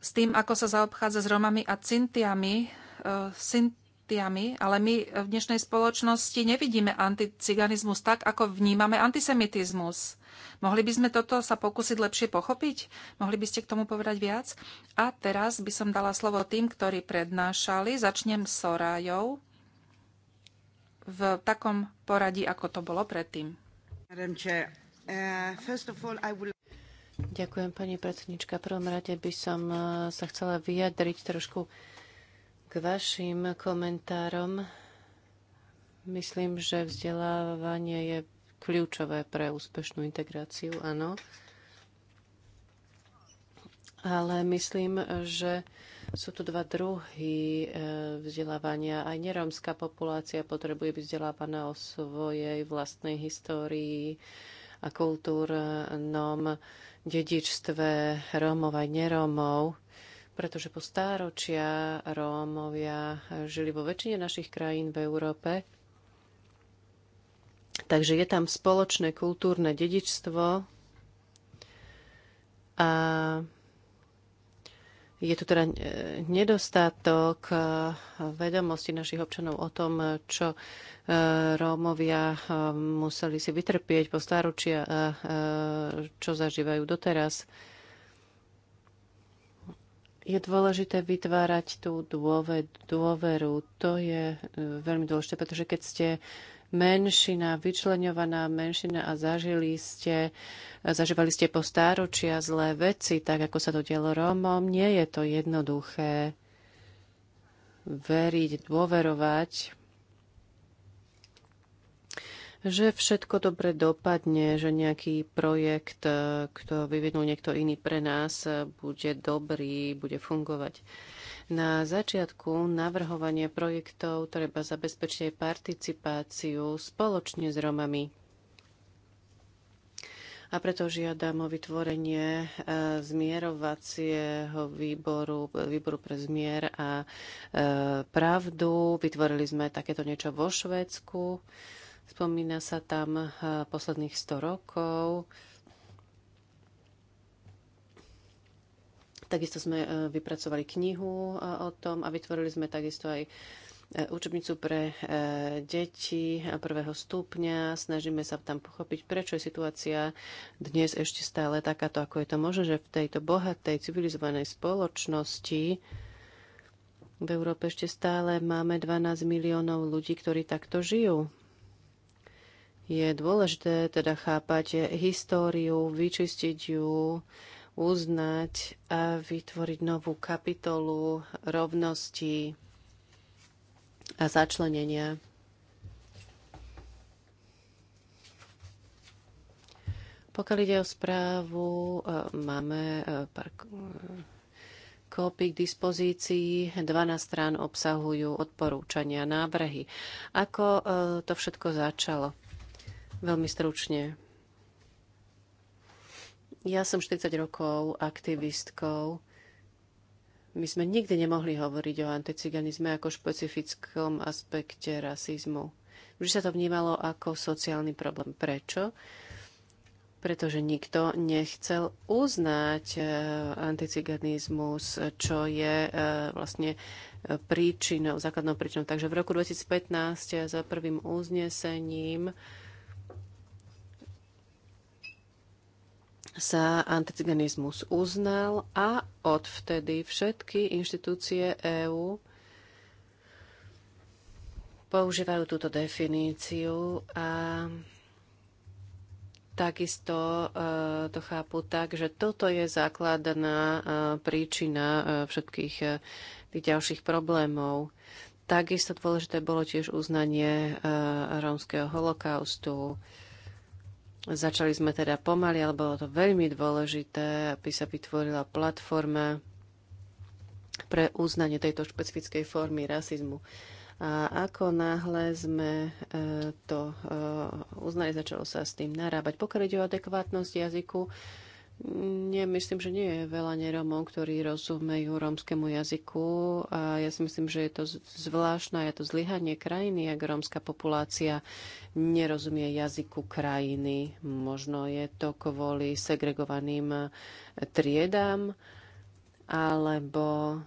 s tým, ako sa zaobchádza s Romami a Cintiami, uh, Cintiami, ale my v dnešnej spoločnosti nevidíme anticiganizmus tak, ako vnímame antisemitizmus. Mohli by sme toto sa pokúsiť lepšie pochopiť? Mohli by ste k tomu povedať viac? A teraz by som dala slovo tým, ktorí prednášali. Začnem s Sorajou v takom poradí, ako to bolo predtým. Uh, Ďakujem, pani predsednička. prvom rade by som uh, sa chcela vyjadriť trošku k vašim komentárom. Myslím, že vzdelávanie je kľúčové pre úspešnú integráciu, áno. Ale myslím, že sú tu dva druhy uh, vzdelávania. Aj nerómska populácia potrebuje byť vzdelávaná o svojej vlastnej histórii, a kultúrnom dedičstve Rómov aj nerómov, pretože po stáročia Rómovia žili vo väčšine našich krajín v Európe. Takže je tam spoločné kultúrne dedičstvo a je tu teda e, nedostatok e, vedomosti našich občanov o tom, čo e, Rómovia museli si vytrpieť po staročia a čo zažívajú doteraz. Je dôležité vytvárať tú dôveru. To je veľmi dôležité, pretože keď ste menšina, vyčlenovaná menšina a zažili ste, zažívali ste po stáročia zlé veci, tak ako sa to dialo Rómom. Nie je to jednoduché veriť, dôverovať, že všetko dobre dopadne, že nejaký projekt, e, kto vyvinul niekto iný pre nás, e, bude dobrý, bude fungovať. Na začiatku navrhovania projektov treba zabezpečiť aj participáciu spoločne s Romami. A preto žiadam o vytvorenie e, zmierovacieho výboru, výboru pre zmier a e, pravdu. Vytvorili sme takéto niečo vo Švédsku. Spomína sa tam e, posledných 100 rokov. Takisto sme e, vypracovali knihu e, o tom a vytvorili sme takisto aj e, učebnicu pre deti prvého stupňa. Snažíme sa tam pochopiť, prečo je situácia dnes ešte stále takáto, ako je to možné, že v tejto bohatej civilizovanej spoločnosti v Európe ešte stále máme 12 miliónov ľudí, ktorí takto žijú. Je dôležité teda chápať históriu, vyčistiť ju, uznať a vytvoriť novú kapitolu rovnosti a začlenenia. Pokiaľ ide o správu, e, máme e, pár kópy k dispozícii. 12 strán obsahujú odporúčania, návrhy. Ako e, to všetko začalo? Veľmi stručne. Ja som 40 rokov aktivistkou. My sme nikdy nemohli hovoriť o anticiganizme ako špecifickom aspekte rasizmu. Vždy sa to vnímalo ako sociálny problém. Prečo? pretože nikto nechcel uznať e, anticiganizmus, čo je e, vlastne e, príčinou, základnou príčinou. Takže v roku 2015 za prvým uznesením sa anticiganizmus uznal a odvtedy všetky inštitúcie EÚ používajú túto definíciu a takisto e, to chápu tak, že toto je základná e, príčina e, všetkých tých ďalších problémov. Takisto dôležité bolo tiež uznanie rómskeho holokaustu, Začali sme teda pomaly, ale bolo to veľmi dôležité, aby sa vytvorila platforma pre uznanie tejto špecifickej formy rasizmu. A ako náhle sme e, to e, uznali, začalo sa s tým narábať. Pokiaľ ide o adekvátnosť jazyku, nie, myslím, že nie je veľa neromov, ktorí rozumejú rómskemu jazyku a ja si myslím, že je to zvláštne, je to zlyhanie krajiny, ak rómska populácia nerozumie jazyku krajiny. Možno je to kvôli segregovaným triedám alebo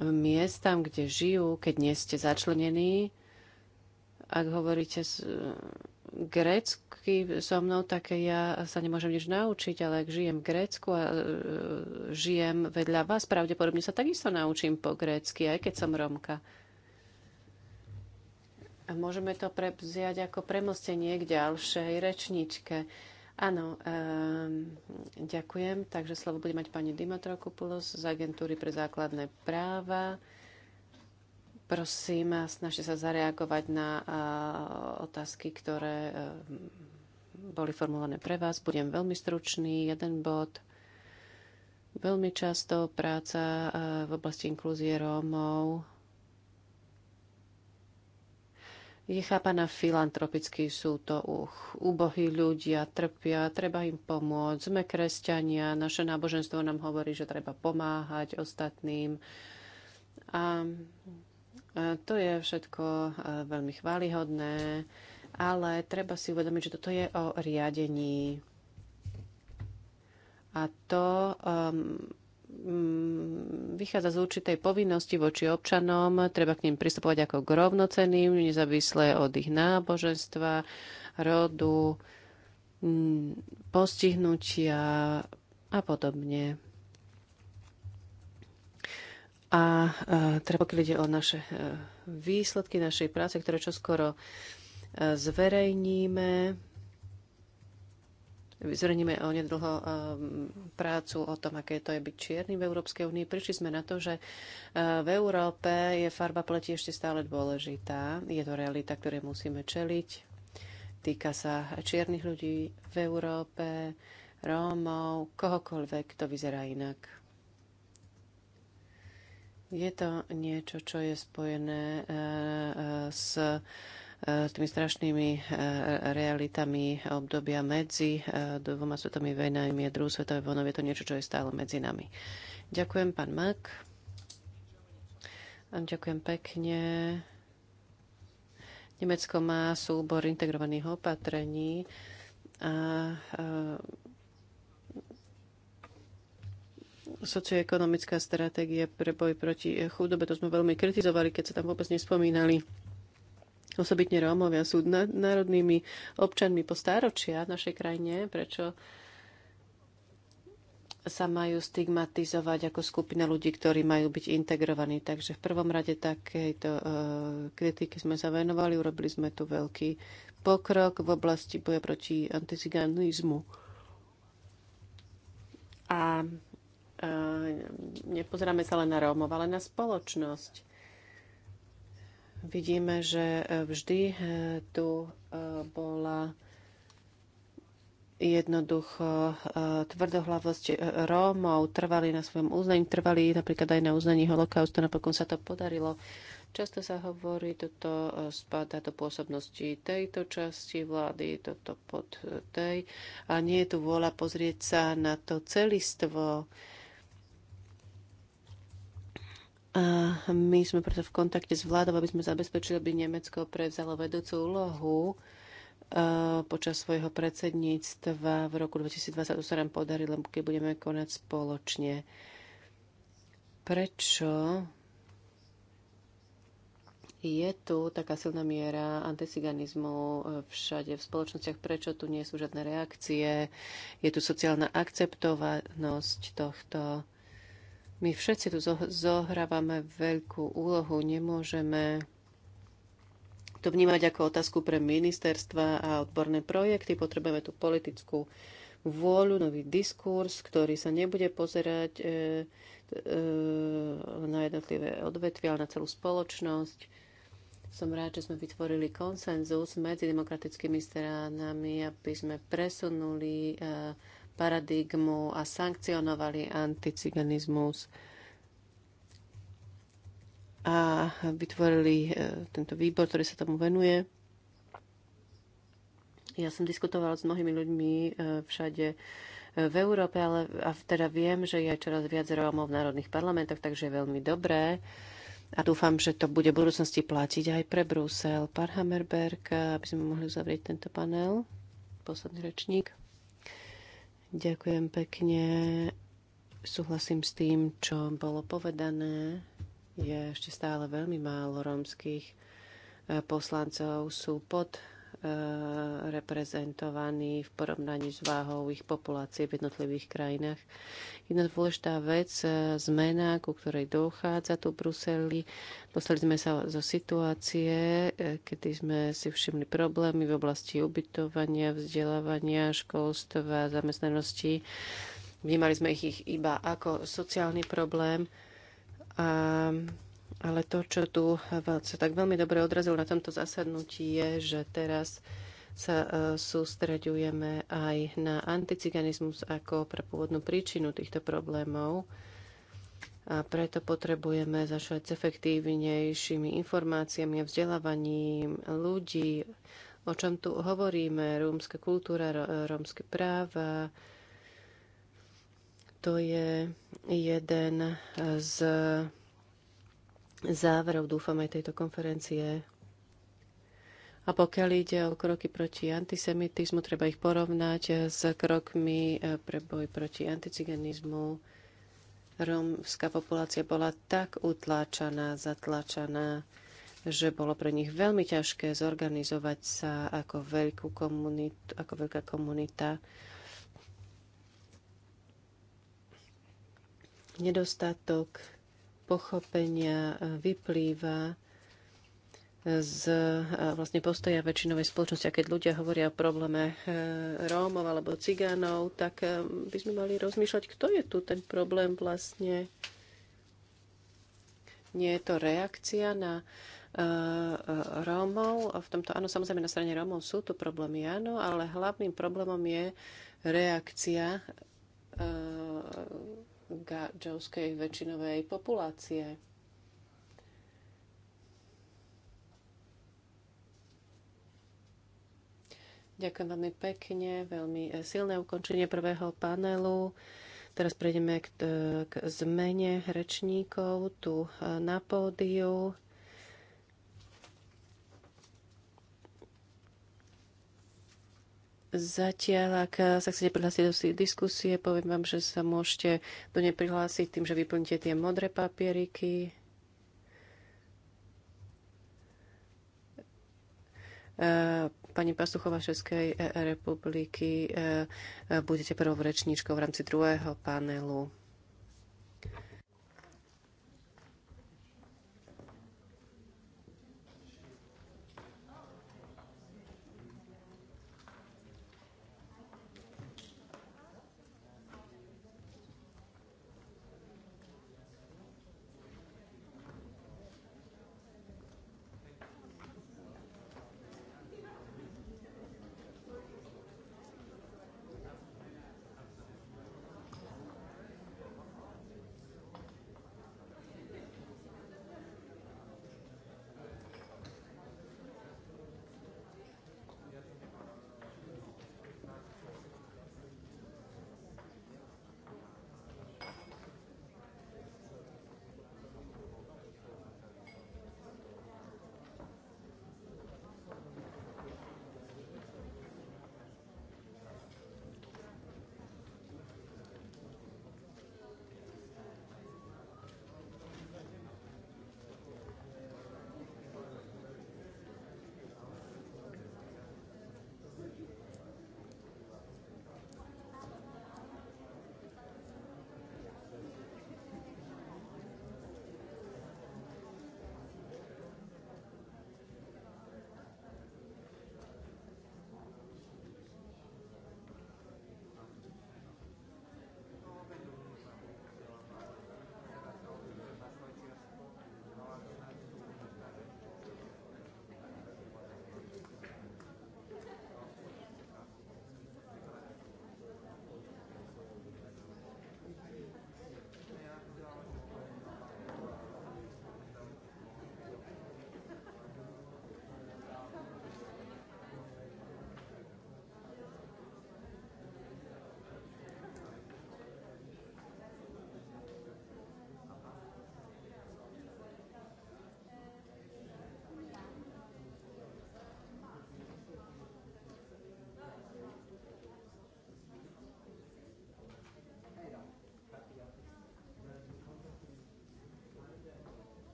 miestam, kde žijú, keď nie ste začlenení. Ak hovoríte z, eh, grécku grécky so mnou, tak ja sa nemôžem nič naučiť, ale ak žijem v Grécku a e, žijem vedľa vás, pravdepodobne sa takisto naučím po grécky, aj keď som romka. A môžeme to prevziať ako premostenie k ďalšej rečničke. Áno, um, ďakujem. Takže slovo bude mať pani Dimatrokopulos z Agentúry pre základné práva. Prosím, snažte sa zareagovať na uh, otázky, ktoré uh, boli formulované pre vás. Budem veľmi stručný. Jeden bod. Veľmi často práca eh, v oblasti inklúzie Rómov je chápaná filantropicky, sú to uh, úbohí ľudia, trpia, treba im pomôcť, sme kresťania, naše náboženstvo nám hovorí, že treba pomáhať ostatným. A eh, to je všetko eh, veľmi chválihodné ale treba si uvedomiť, že toto je o riadení. A to um, mm, vychádza z určitej povinnosti voči občanom, treba k ním pristupovať ako k rovnocenným, nezávisle od ich náboženstva, rodu, mm, postihnutia a podobne. A e, treba, keď ide o naše e, výsledky našej práce, ktoré čoskoro skoro zverejníme Zverejníme o nedlho um, prácu o tom, aké to je byť čierny v Európskej únii. Prišli sme na to, že uh, v Európe je farba pleti ešte stále dôležitá. Je to realita, ktoré musíme čeliť. Týka sa čiernych ľudí v Európe, Rómov, kohokoľvek, kto vyzerá inak. Je to niečo, čo je spojené uh, uh, s s tými strašnými e, realitami obdobia medzi e, dvoma svetovými vojnami a druhou svetovou vojnou. Je to niečo, čo je stále medzi nami. Ďakujem, pán Mak. A ďakujem pekne. Nemecko má súbor integrovaných opatrení a, a e, socioekonomická stratégia pre boj proti chudobe. To sme veľmi kritizovali, keď sa tam vôbec nespomínali osobitne Rómovia, sú národnými občanmi po stáročia v našej krajine, prečo sa majú stigmatizovať ako skupina ľudí, ktorí majú byť integrovaní. Takže v prvom rade takéto uh, e, kritiky sme sa venovali, urobili sme tu veľký pokrok v oblasti boja proti antiziganizmu. A uh, e, nepozeráme sa len na Rómov, ale na spoločnosť Vidíme, že e, vždy e, tu e, bola jednoducho tvrdohlavosť Rómov, trvali na svojom uznaní, trvali napríklad aj na uznaní holokaustu, napokon sa to podarilo. Často sa hovorí, toto spadá do pôsobnosti tejto časti vlády, toto pod tej. A nie je tu vôľa pozrieť sa na to celistvo, a my sme preto v kontakte s vládou, aby sme zabezpečili, aby Nemecko prevzalo vedúcu úlohu e, počas svojho predsedníctva v roku 2020 to sa nám podarí, keď budeme konať spoločne. Prečo je tu taká silná miera anticiganizmu e, všade v spoločnostiach? Prečo tu nie sú žiadne reakcie? Je tu sociálna akceptovanosť tohto? My všetci tu zohrávame veľkú úlohu, nemôžeme to vnímať ako otázku pre ministerstva a odborné projekty. Potrebujeme tú politickú vôľu, nový diskurs, ktorý sa nebude pozerať e, e, na jednotlivé odvetvia, ale na celú spoločnosť. Som rád, že sme vytvorili konsenzus medzi demokratickými stranami, aby sme presunuli e, paradigmu a sankcionovali anticiganizmus a vytvorili e, tento výbor, ktorý sa tomu venuje. Ja som diskutovala s mnohými ľuďmi e, všade e, v Európe, ale a teda viem, že je čoraz viac Rómov v národných parlamentoch, takže je veľmi dobré. A dúfam, že to bude v budúcnosti platiť aj pre Brusel. Pán Hammerberg, aby sme mohli uzavrieť tento panel. Posledný rečník. Ďakujem pekne. Súhlasím s tým, čo bolo povedané. Je ešte stále veľmi málo rómskych eh, poslancov, sú pod Eh, reprezentovaní v porovnaní s váhou ich populácie v jednotlivých krajinách. Jedna dôležitá vec, eh, zmena, ku ktorej dochádza tu v Bruseli. Dostali sme sa zo situácie, eh, kedy sme si všimli problémy v oblasti ubytovania, vzdelávania, školstva, zamestnanosti. Vnímali sme ich iba ako sociálny problém a ale to, čo tu sa tak veľmi dobre odrazilo na tomto zasadnutí, je, že teraz sa e, sústreďujeme aj na anticiganizmus ako pre pôvodnú príčinu týchto problémov. A preto potrebujeme začať s efektívnejšími informáciami a vzdelávaním ľudí, o čom tu hovoríme, rómska kultúra, rómske práva. To je jeden z záverov, dúfam, aj tejto konferencie. A pokiaľ ide o kroky proti antisemitizmu, treba ich porovnať eh, s krokmi eh, pre boj proti anticiganizmu. Rómska populácia bola tak utláčaná, zatláčaná, že bolo pre nich veľmi ťažké zorganizovať sa ako, veľkú komunitu, ako veľká komunita. Nedostatok pochopenia e, vyplýva e, z e, vlastne postoja väčšinovej spoločnosti. A keď ľudia hovoria o probléme Rómov alebo Cigánov, tak by sme mali rozmýšľať, kto je tu ten problém vlastne. Nie je to reakcia na Rómov. V tomto, áno, samozrejme na strane Rómov sú tu problémy, áno, ale hlavným problémom je reakcia gadžovskej väčšinovej populácie. Ďakujem veľmi pekne, veľmi e, silné ukončenie prvého panelu. Teraz prejdeme k, e, k zmene rečníkov tu e, na pódiu. Zatiaľ, ak sa chcete prihlásiť do diskusie, poviem vám, že sa môžete do nej prihlásiť tým, že vyplníte tie modré papieriky. E, pani Pastuchová Českej e, republiky e, budete prvou rečníčkou v rámci druhého panelu.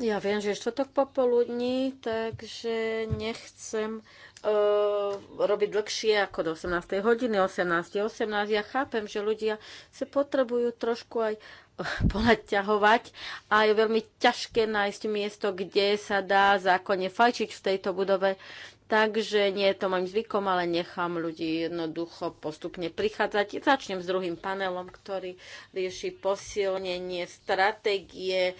Ja viem, že je štvrtok popoludní, takže nechcem uh, robiť dlhšie ako do 18. hodiny, 18. 18. Ja chápem, že ľudia sa potrebujú trošku aj e, ponaťahovať a je veľmi ťažké nájsť miesto, kde sa dá zákonne fajčiť v tejto budove. Takže nie je to môjim zvykom, ale nechám ľudí jednoducho postupne prichádzať. Začnem s druhým panelom, ktorý rieši posilnenie stratégie e,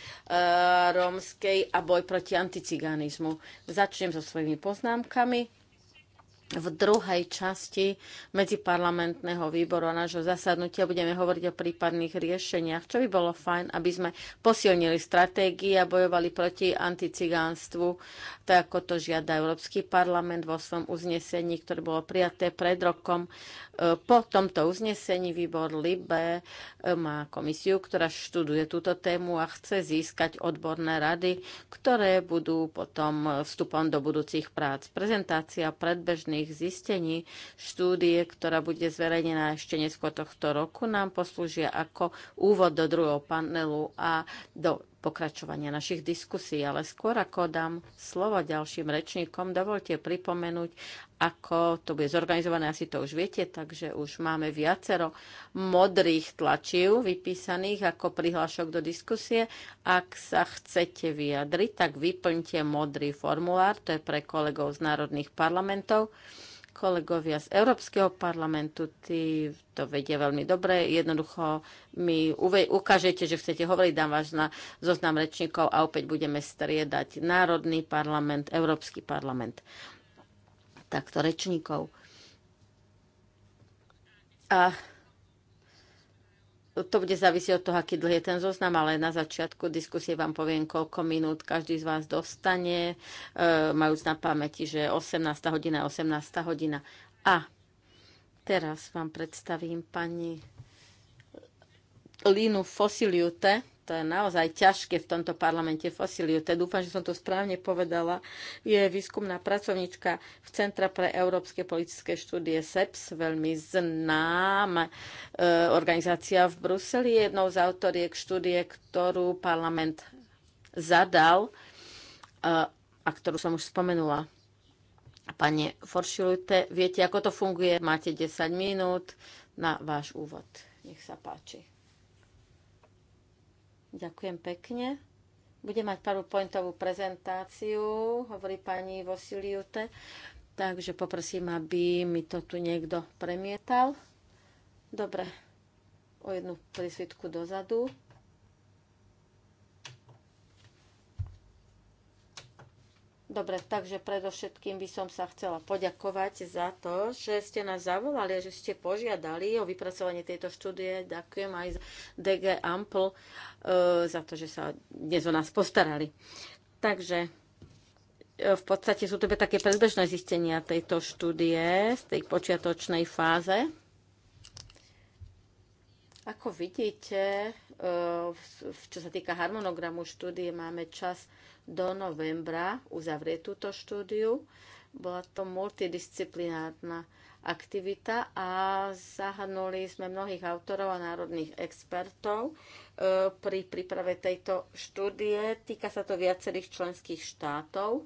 rómskej a boj proti anticiganizmu. Začnem so svojimi poznámkami v druhej časti medziparlamentného výboru a nášho zasadnutia budeme hovoriť o prípadných riešeniach, čo by bolo fajn, aby sme posilnili stratégie a bojovali proti anticigánstvu, tak ako to žiada Európsky parlament vo svojom uznesení, ktoré bolo prijaté pred rokom. E, po tomto uznesení výbor LIBE e, má komisiu, ktorá študuje túto tému a chce získať odborné rady, ktoré budú potom vstupom do budúcich prác. Prezentácia predbežných preliminárnych zistení štúdie, ktorá bude zverejnená ešte neskôr tohto roku, nám poslúžia ako úvod do druhého panelu a do pokračovania našich diskusí, ale skôr ako dám slovo ďalším rečníkom, dovolte pripomenúť, ako to bude zorganizované, asi to už viete, takže už máme viacero modrých tlačiv vypísaných ako prihlášok do diskusie. Ak sa chcete vyjadriť, tak vyplňte modrý formulár, to je pre kolegov z národných parlamentov kolegovia z Európskeho parlamentu, tí to vedia veľmi dobre. Jednoducho mi ukážete, že chcete hovoriť, dám vás na zoznam rečníkov a opäť budeme striedať Národný parlament, Európsky parlament. Takto rečníkov. A to bude závisieť od toho, aký dlhý je ten zoznam, ale na začiatku diskusie vám poviem, koľko minút každý z vás dostane, e, majúc na pamäti, že 18. hodina je 18. hodina. A teraz vám predstavím pani Linu Fosiliute, to je naozaj ťažké v tomto parlamente fosíliu. Teda dúfam, že som to správne povedala. Je výskumná pracovnička v Centra pre európske politické štúdie SEPS, veľmi známa e, organizácia v Bruseli. Je jednou z autoriek štúdie, ktorú parlament zadal e, a ktorú som už spomenula. Pane Foršilujte, viete, ako to funguje? Máte 10 minút na váš úvod. Nech sa páči. Ďakujem pekne. Bude mať PowerPointovú prezentáciu, hovorí pani Vosiliute, takže poprosím, aby mi to tu niekto premietal. Dobre, o jednu prísvitku dozadu. Dobre, takže predovšetkým by som sa chcela poďakovať za to, že ste nás zavolali a že ste požiadali o vypracovanie tejto štúdie. Ďakujem aj DG Ample e, za to, že sa dnes o nás postarali. Takže e, v podstate sú to také predbežné zistenia tejto štúdie z tej počiatočnej fáze. Ako vidíte, e, čo sa týka harmonogramu štúdie, máme čas do novembra uzavrie túto štúdiu. Bola to multidisciplinárna aktivita a zahrnuli sme mnohých autorov a národných expertov e, pri príprave tejto štúdie. Týka sa to viacerých členských štátov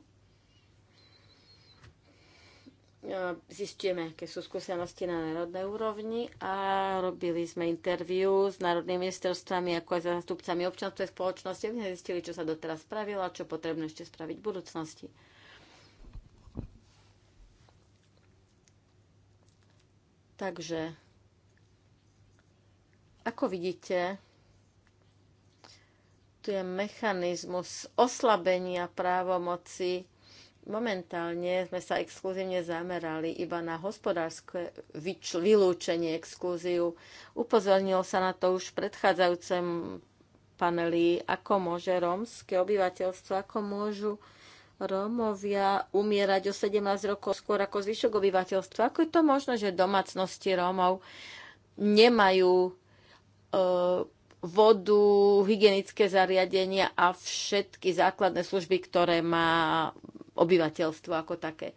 zistíme, aké sú skúsenosti na národnej úrovni a robili sme interviu s národnými ministerstvami ako aj s zastupcami občanskej spoločnosti, aby sme zistili, čo sa doteraz spravilo a čo potrebné ešte spraviť v budúcnosti. Takže, ako vidíte, tu je mechanizmus oslabenia právomoci Momentálne sme sa exkluzívne zamerali iba na hospodárske vylúčenie exkluziu. Upozornil sa na to už v predchádzajúcem paneli, ako môže rómske obyvateľstvo, ako môžu Rómovia umierať o 17 rokov skôr ako zvyšok obyvateľstva. Ako je to možné, že domácnosti Rómov nemajú e, vodu, hygienické zariadenia a všetky základné služby, ktoré má obyvateľstvo ako také.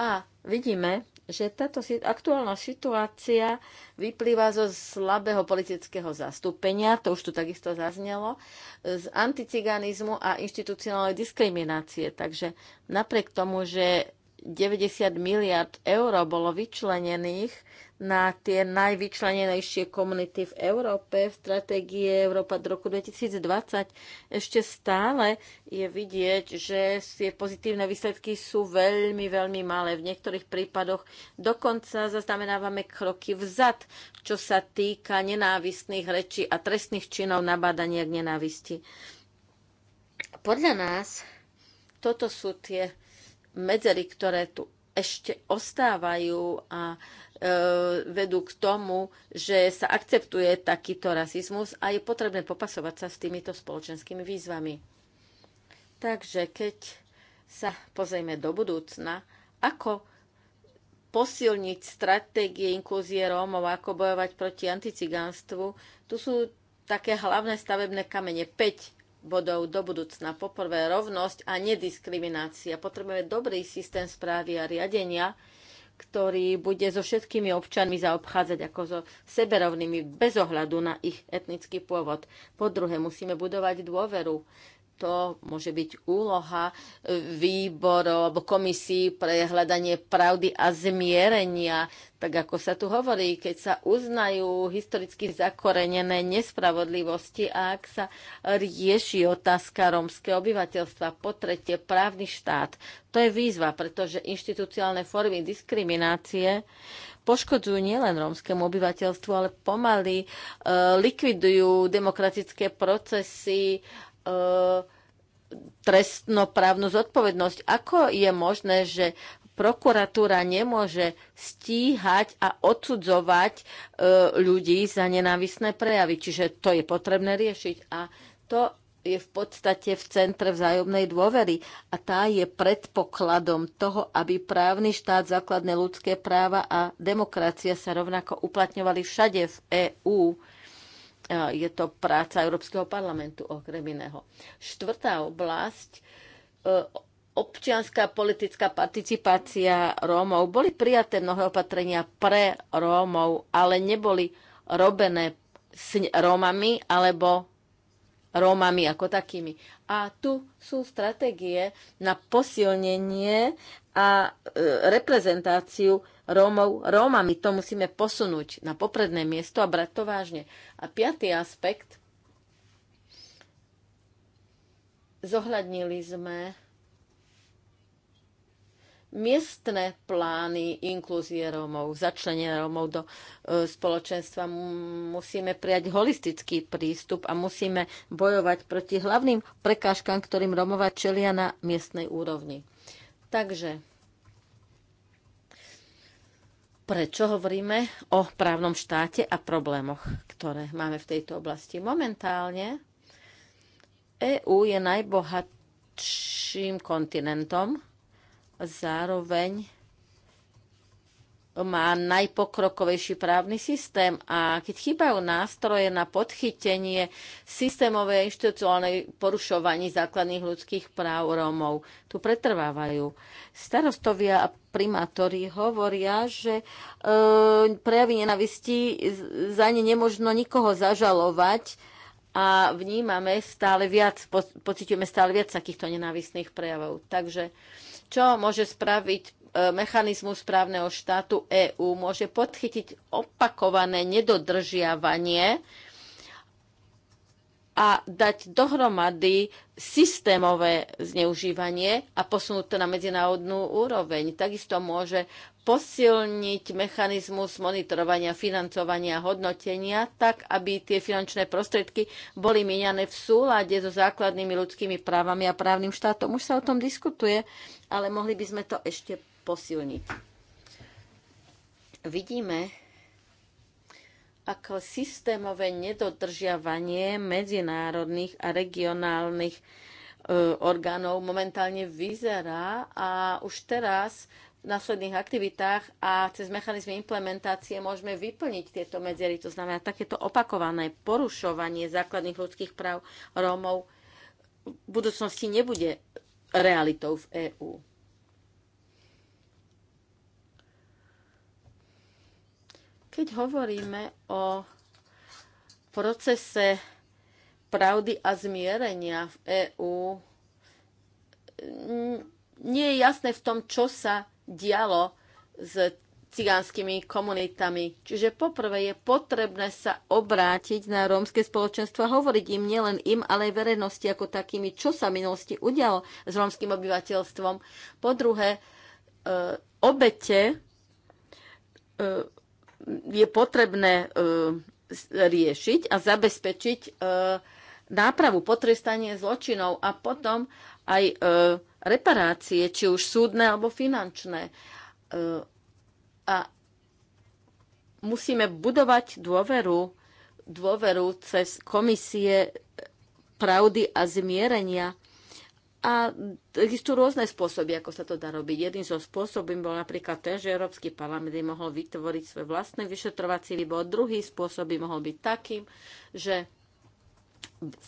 A vidíme, že táto aktuálna situácia vyplýva zo slabého politického zastúpenia, to už tu takisto zaznelo, z anticiganizmu a inštitucionálnej diskriminácie. Takže napriek tomu, že 90 miliard eur bolo vyčlenených na tie najvyčlenenejšie komunity v Európe v stratégie Európa do roku 2020. Ešte stále je vidieť, že tie pozitívne výsledky sú veľmi, veľmi malé. V niektorých prípadoch dokonca zaznamenávame kroky vzad, čo sa týka nenávistných rečí a trestných činov nabádania k nenávisti. Podľa nás toto sú tie medzery, ktoré tu ešte ostávajú a e, vedú k tomu, že sa akceptuje takýto rasizmus a je potrebné popasovať sa s týmito spoločenskými výzvami. Takže keď sa pozrieme do budúcna, ako posilniť stratégie inklúzie Rómov, ako bojovať proti anticigánstvu, tu sú také hlavné stavebné kamene, 5 bodov do budúcna. Poprvé rovnosť a nediskriminácia. Potrebujeme dobrý systém správy a riadenia, ktorý bude so všetkými občanmi zaobchádzať ako so seberovnými bez ohľadu na ich etnický pôvod. Po druhé, musíme budovať dôveru to môže byť úloha e, výborov alebo komisí pre hľadanie pravdy a zmierenia, tak ako sa tu hovorí, keď sa uznajú historicky zakorenené nespravodlivosti a ak sa rieši otázka rómskeho obyvateľstva. Po tretie, právny štát. To je výzva, pretože inštitúciálne formy diskriminácie poškodzujú nielen rómskemu obyvateľstvu, ale pomaly e, likvidujú demokratické procesy, e, E, trestnoprávnu zodpovednosť. Ako je možné, že prokuratúra nemôže stíhať a odsudzovať e, ľudí za nenávisné prejavy. Čiže to je potrebné riešiť. A to je v podstate v centre vzájomnej dôvery a tá je predpokladom toho, aby právny štát, základné ľudské práva a demokracia sa rovnako uplatňovali všade v EÚ. E, je to práca Európskeho parlamentu, okrem iného. Štvrtá oblasť e, občianská politická participácia Rómov. Boli prijaté mnohé opatrenia pre Rómov, ale neboli robené s Rómami alebo Rómami ako takými. A tu sú stratégie na posilnenie a e, reprezentáciu Rómov Rómami. To musíme posunúť na popredné miesto a brať to vážne. A piatý aspekt. Zohľadnili sme miestne plány inklúzie Rómov, začlenie Rómov do e, spoločenstva. Musíme prijať holistický prístup a musíme bojovať proti hlavným prekážkam, ktorým Rómova čelia na miestnej úrovni. Takže prečo hovoríme o právnom štáte a problémoch, ktoré máme v tejto oblasti. Momentálne EÚ je najbohatším kontinentom zároveň má najpokrokovejší právny systém a keď chýbajú nástroje na podchytenie systémovej inštitucionálnej porušovaní základných ľudských práv Rómov, tu pretrvávajú. Starostovia a primátori hovoria, že e, prejavy nenavisti za ne nemožno nikoho zažalovať a vnímame stále viac, po, pociťujeme stále viac takýchto nenávistných prejavov. Takže e, čo môže spraviť e, mechanizmus správneho štátu EÚ môže podchytiť opakované nedodržiavanie a dať dohromady systémové zneužívanie a posunúť to na medzinárodnú úroveň. Takisto môže posilniť mechanizmus monitorovania, financovania, hodnotenia, tak aby tie finančné prostriedky boli mieniané v súlade so základnými ľudskými právami a právnym štátom. Už sa o tom diskutuje, ale mohli by sme to ešte posilniť. Vidíme, ako systémové nedodržiavanie medzinárodných a regionálnych e, orgánov momentálne vyzerá a už teraz v následných aktivitách a cez mechanizmy implementácie môžeme vyplniť tieto medzery. To znamená, takéto opakované porušovanie základných ľudských práv Rómov v budúcnosti nebude realitou v EÚ. Keď hovoríme o procese pravdy a zmierenia v EÚ, nie je jasné v tom, čo sa dialo s cigánskymi komunitami. Čiže poprvé je potrebné sa obrátiť na rómske spoločenstvo a hovoriť im nielen im, ale aj verejnosti ako takými, čo sa v minulosti udialo s rómskym obyvateľstvom. Po druhé, e, obete e, je potrebné e, riešiť a zabezpečiť e, nápravu, potrestanie zločinov a potom aj e, reparácie, či už súdne alebo finančné. A musíme budovať dôveru, dôveru cez komisie pravdy a zmierenia a existujú rôzne spôsoby, ako sa to dá robiť. Jedným zo spôsobov bol napríklad ten, že Európsky parlament by mohol vytvoriť svoj vlastný vyšetrovací výbor. Druhý spôsob by mohol byť takým, že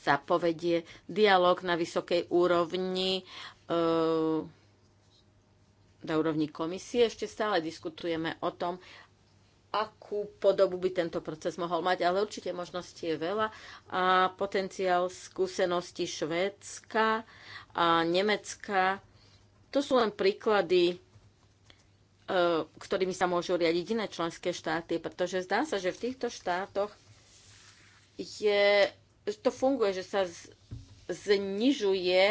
sa povedie dialog na vysokej úrovni. Eh, na úrovni komisie ešte stále diskutujeme o tom, akú podobu by tento proces mohol mať, ale určite možností je veľa a potenciál skúsenosti Švédska a Nemecka, to sú len príklady, e, ktorými sa môžu riadiť iné členské štáty, pretože zdá sa, že v týchto štátoch je, to funguje, že sa znižuje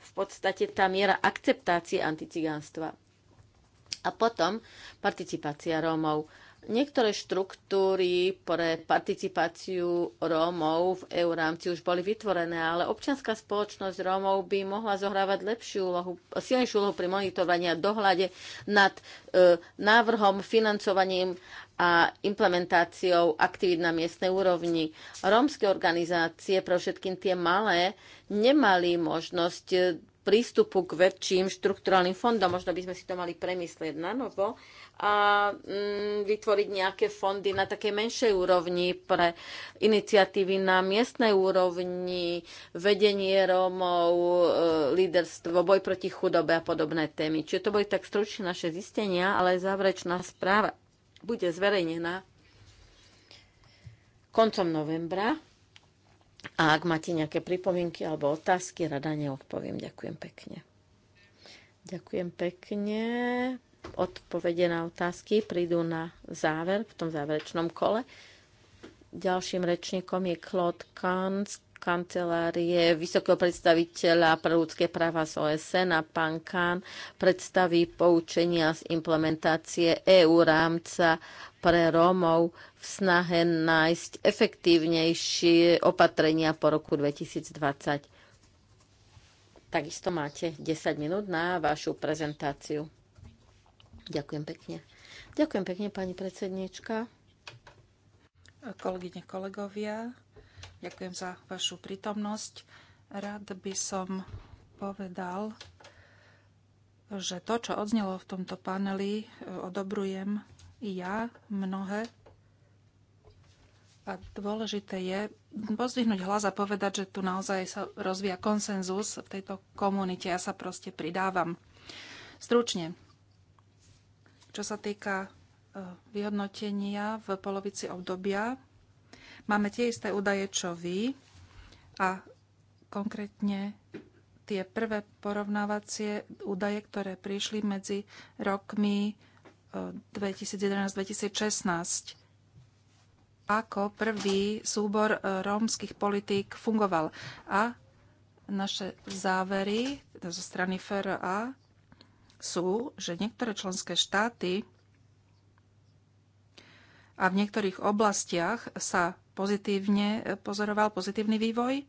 v podstate tá miera akceptácie anticigánstva. A potom participácia Rómov Niektoré štruktúry pre participáciu Rómov v EU rámci už boli vytvorené, ale občianská spoločnosť Rómov by mohla zohrávať lepšiu úlohu, silnejšiu úlohu pri monitorovaní a dohľade nad e, návrhom, financovaním a implementáciou aktivít na miestnej úrovni. Rómske organizácie, pre všetkým tie malé, nemali možnosť e, prístupu k väčším štrukturálnym fondom. Možno by sme si to mali premyslieť na novo a mm, vytvoriť nejaké fondy na takej menšej úrovni pre iniciatívy na miestnej úrovni, vedenie Rómov, e, líderstvo, boj proti chudobe a podobné témy. Čiže to boli tak stručne naše zistenia, ale záverečná správa bude zverejnená koncom novembra. A ak máte nejaké pripomienky alebo otázky, rada neodpoviem. Ďakujem pekne. Ďakujem pekne odpovede na otázky prídu na záver, v tom záverečnom kole. Ďalším rečníkom je Claude Kahn z kancelárie vysokého predstaviteľa pre ľudské práva z OSN a pán Kahn predstaví poučenia z implementácie EU rámca pre Rómov v snahe nájsť efektívnejšie opatrenia po roku 2020. Takisto máte 10 minút na vašu prezentáciu. Ďakujem pekne. Ďakujem pekne, pani predsednička. Kolegyne, kolegovia, ďakujem za vašu prítomnosť. Rád by som povedal, že to, čo odznelo v tomto paneli, e, odobrujem i ja mnohé. A dôležité je pozdvihnúť hlas a povedať, že tu naozaj sa rozvíja konsenzus v tejto komunite. Ja sa proste pridávam. Stručne, čo sa týka e, vyhodnotenia v polovici obdobia, máme tie isté údaje, čo vy a konkrétne tie prvé porovnávacie údaje, ktoré prišli medzi rokmi 2011-2016 e, ako prvý súbor e, rómskych politík fungoval. A naše závery zo strany FRA sú, že niektoré členské štáty a v niektorých oblastiach sa pozitívne eh, pozoroval pozitívny vývoj.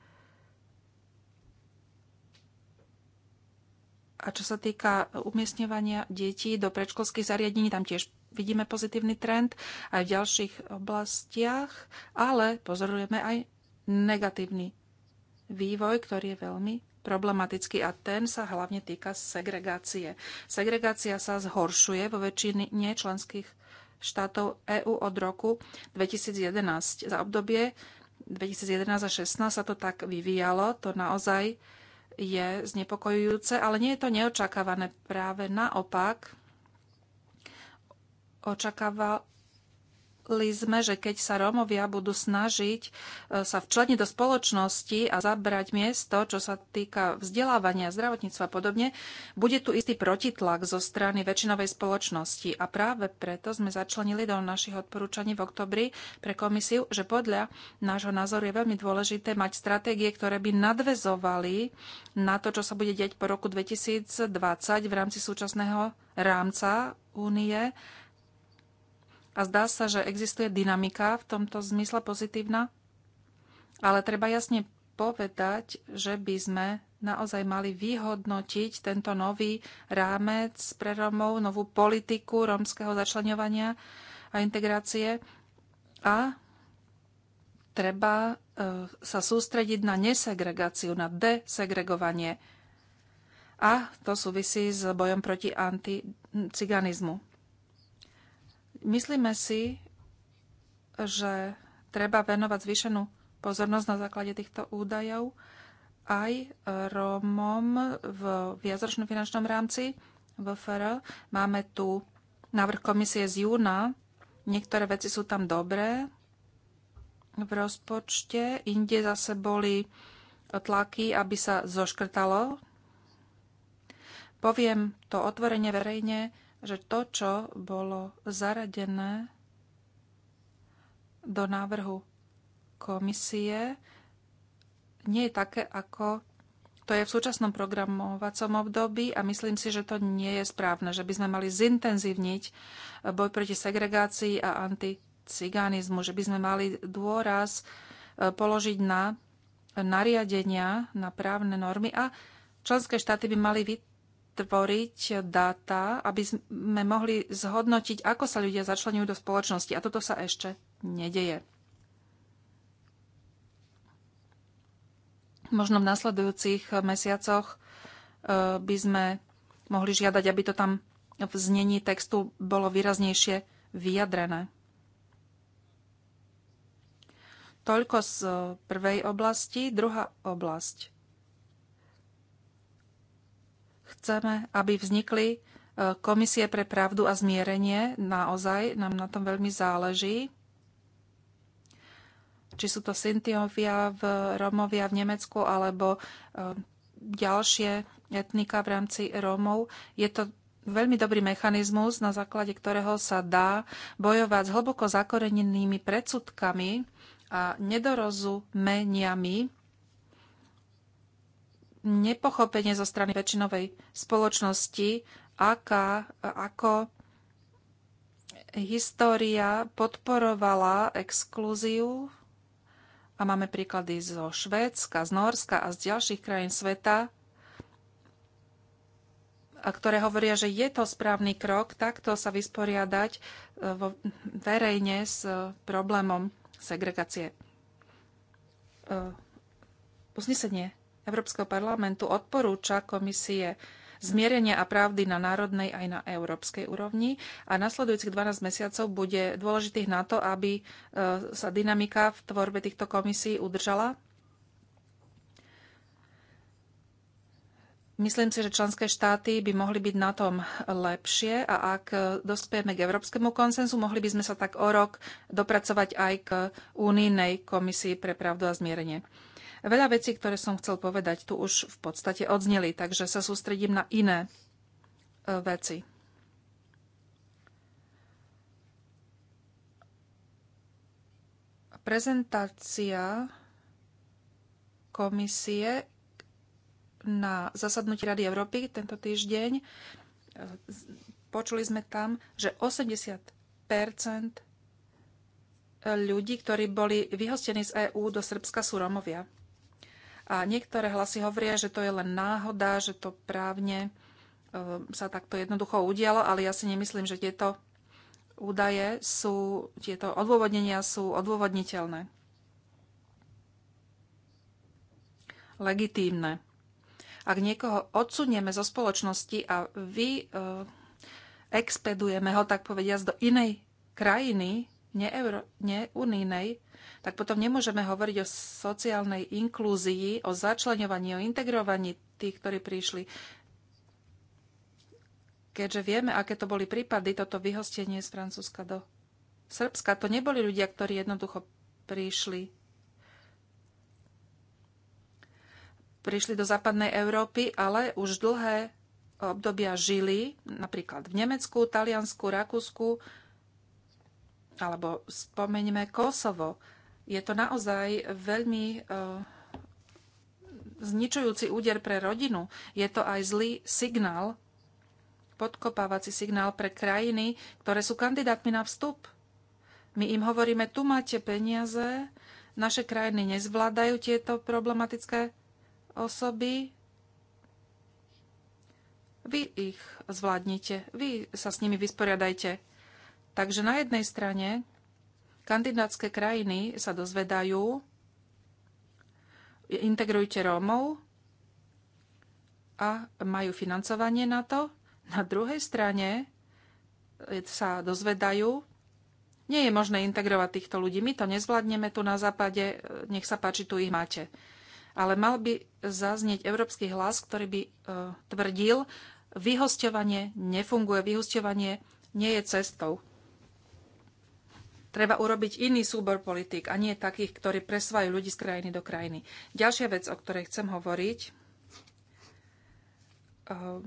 A čo sa týka umiestňovania detí do predškolských zariadení, tam tiež vidíme pozitívny trend aj v ďalších oblastiach, ale pozorujeme aj negatívny vývoj, ktorý je veľmi problematický a ten sa hlavne týka segregácie. Segregácia sa zhoršuje vo väčšine členských štátov EÚ od roku 2011. Za obdobie 2011 a 2016 sa to tak vyvíjalo, to naozaj je znepokojujúce, ale nie je to neočakávané. Práve naopak, očakával. Videli sme, že keď sa Rómovia budú snažiť e, sa včleniť do spoločnosti a zabrať miesto, čo sa týka vzdelávania, zdravotníctva a podobne, bude tu istý protitlak zo strany väčšinovej spoločnosti. A práve preto sme začlenili do našich odporúčaní v oktobri pre komisiu, že podľa nášho názoru je veľmi dôležité mať stratégie, ktoré by nadvezovali na to, čo sa bude deť po roku 2020 v rámci súčasného rámca únie a zdá sa, že existuje dynamika v tomto zmysle pozitívna, ale treba jasne povedať, že by sme naozaj mali vyhodnotiť tento nový rámec pre Romov, novú politiku rómskeho začlenovania a integrácie a treba e, sa sústrediť na nesegregáciu, na desegregovanie. A to súvisí s bojom proti anticiganizmu. Myslíme si, že treba venovať zvýšenú pozornosť na základe týchto údajov aj Rómom v viacročnom finančnom rámci VFR. Máme tu návrh komisie z júna. Niektoré veci sú tam dobré v rozpočte, inde zase boli tlaky, aby sa zoškrtalo. Poviem to otvorene, verejne, že to, čo bolo zaradené do návrhu komisie, nie je také, ako to je v súčasnom programovacom období a myslím si, že to nie je správne, že by sme mali zintenzívniť boj proti segregácii a anticiganizmu, že by sme mali dôraz e, položiť na nariadenia, na právne normy a členské štáty by mali vytvoriť dáta, aby sme mohli zhodnotiť, ako sa ľudia začlenujú do spoločnosti. A toto sa ešte nedeje. Možno v nasledujúcich mesiacoch e, by sme mohli žiadať, aby to tam v znení textu bolo výraznejšie vyjadrené. Toľko z prvej oblasti. Druhá oblasť. Chceme, aby vznikli e, komisie pre pravdu a zmierenie. Naozaj nám na tom veľmi záleží. Či sú to Sintiovia, v Romovia v Nemecku alebo e, ďalšie etnika v rámci Rómov. Je to veľmi dobrý mechanizmus, na základe ktorého sa dá bojovať s hlboko zakorenenými predsudkami a nedorozumeniami nepochopenie zo strany väčšinovej spoločnosti, aká, ako história podporovala exkluziu a máme príklady zo Švédska, z Norska a z ďalších krajín sveta, a ktoré hovoria, že je to správny krok takto sa vysporiadať e, vo, verejne s e, problémom segregácie. E, uznesenie Európskeho parlamentu odporúča komisie zmierenia a pravdy na národnej aj na európskej úrovni a nasledujúcich 12 mesiacov bude dôležitých na to, aby e, sa dynamika v tvorbe týchto komisí udržala. Myslím si, že členské štáty by mohli byť na tom lepšie a ak e, dospieme k európskemu konsenzu, mohli by sme sa tak o rok dopracovať aj k únijnej komisii pre pravdu a zmierenie. Veľa vecí, ktoré som chcel povedať, tu už v podstate odzneli, takže sa sústredím na iné e, veci. Prezentácia komisie na zasadnutí Rady Európy tento týždeň. E, počuli sme tam, že 80 e, ľudí, ktorí boli vyhostení z EÚ do Srbska, sú Romovia. A niektoré hlasy hovoria, že to je len náhoda, že to právne e, sa takto jednoducho udialo, ale ja si nemyslím, že tieto údaje sú, tieto odôvodnenia sú odôvodniteľné. Legitímne. Ak niekoho odsunieme zo spoločnosti a vy e, expedujeme ho, tak povediať, do inej krajiny, neunínej, tak potom nemôžeme hovoriť o sociálnej inklúzii, o začlenovaní, o integrovaní tých, ktorí prišli. Keďže vieme, aké to boli prípady, toto vyhostenie z Francúzska do Srbska, to neboli ľudia, ktorí jednoducho prišli. Prišli do západnej Európy, ale už dlhé obdobia žili, napríklad v Nemecku, Taliansku, Rakúsku, alebo spomeňme Kosovo. Je to naozaj veľmi e, zničujúci úder pre rodinu. Je to aj zlý signál, podkopávací signál pre krajiny, ktoré sú kandidátmi na vstup. My im hovoríme, tu máte peniaze, naše krajiny nezvládajú tieto problematické osoby. Vy ich zvládnite, vy sa s nimi vysporiadajte. Takže na jednej strane kandidátske krajiny sa dozvedajú, integrujte Rómov a majú financovanie na to. Na druhej strane sa dozvedajú, nie je možné integrovať týchto ľudí. My to nezvládneme tu na západe, nech sa páči, tu ich máte. Ale mal by zaznieť európsky hlas, ktorý by e, tvrdil, vyhosťovanie nefunguje, vyhosťovanie nie je cestou. Treba urobiť iný súbor politik a nie takých, ktorí presvajú ľudí z krajiny do krajiny. Ďalšia vec, o ktorej chcem hovoriť, eh,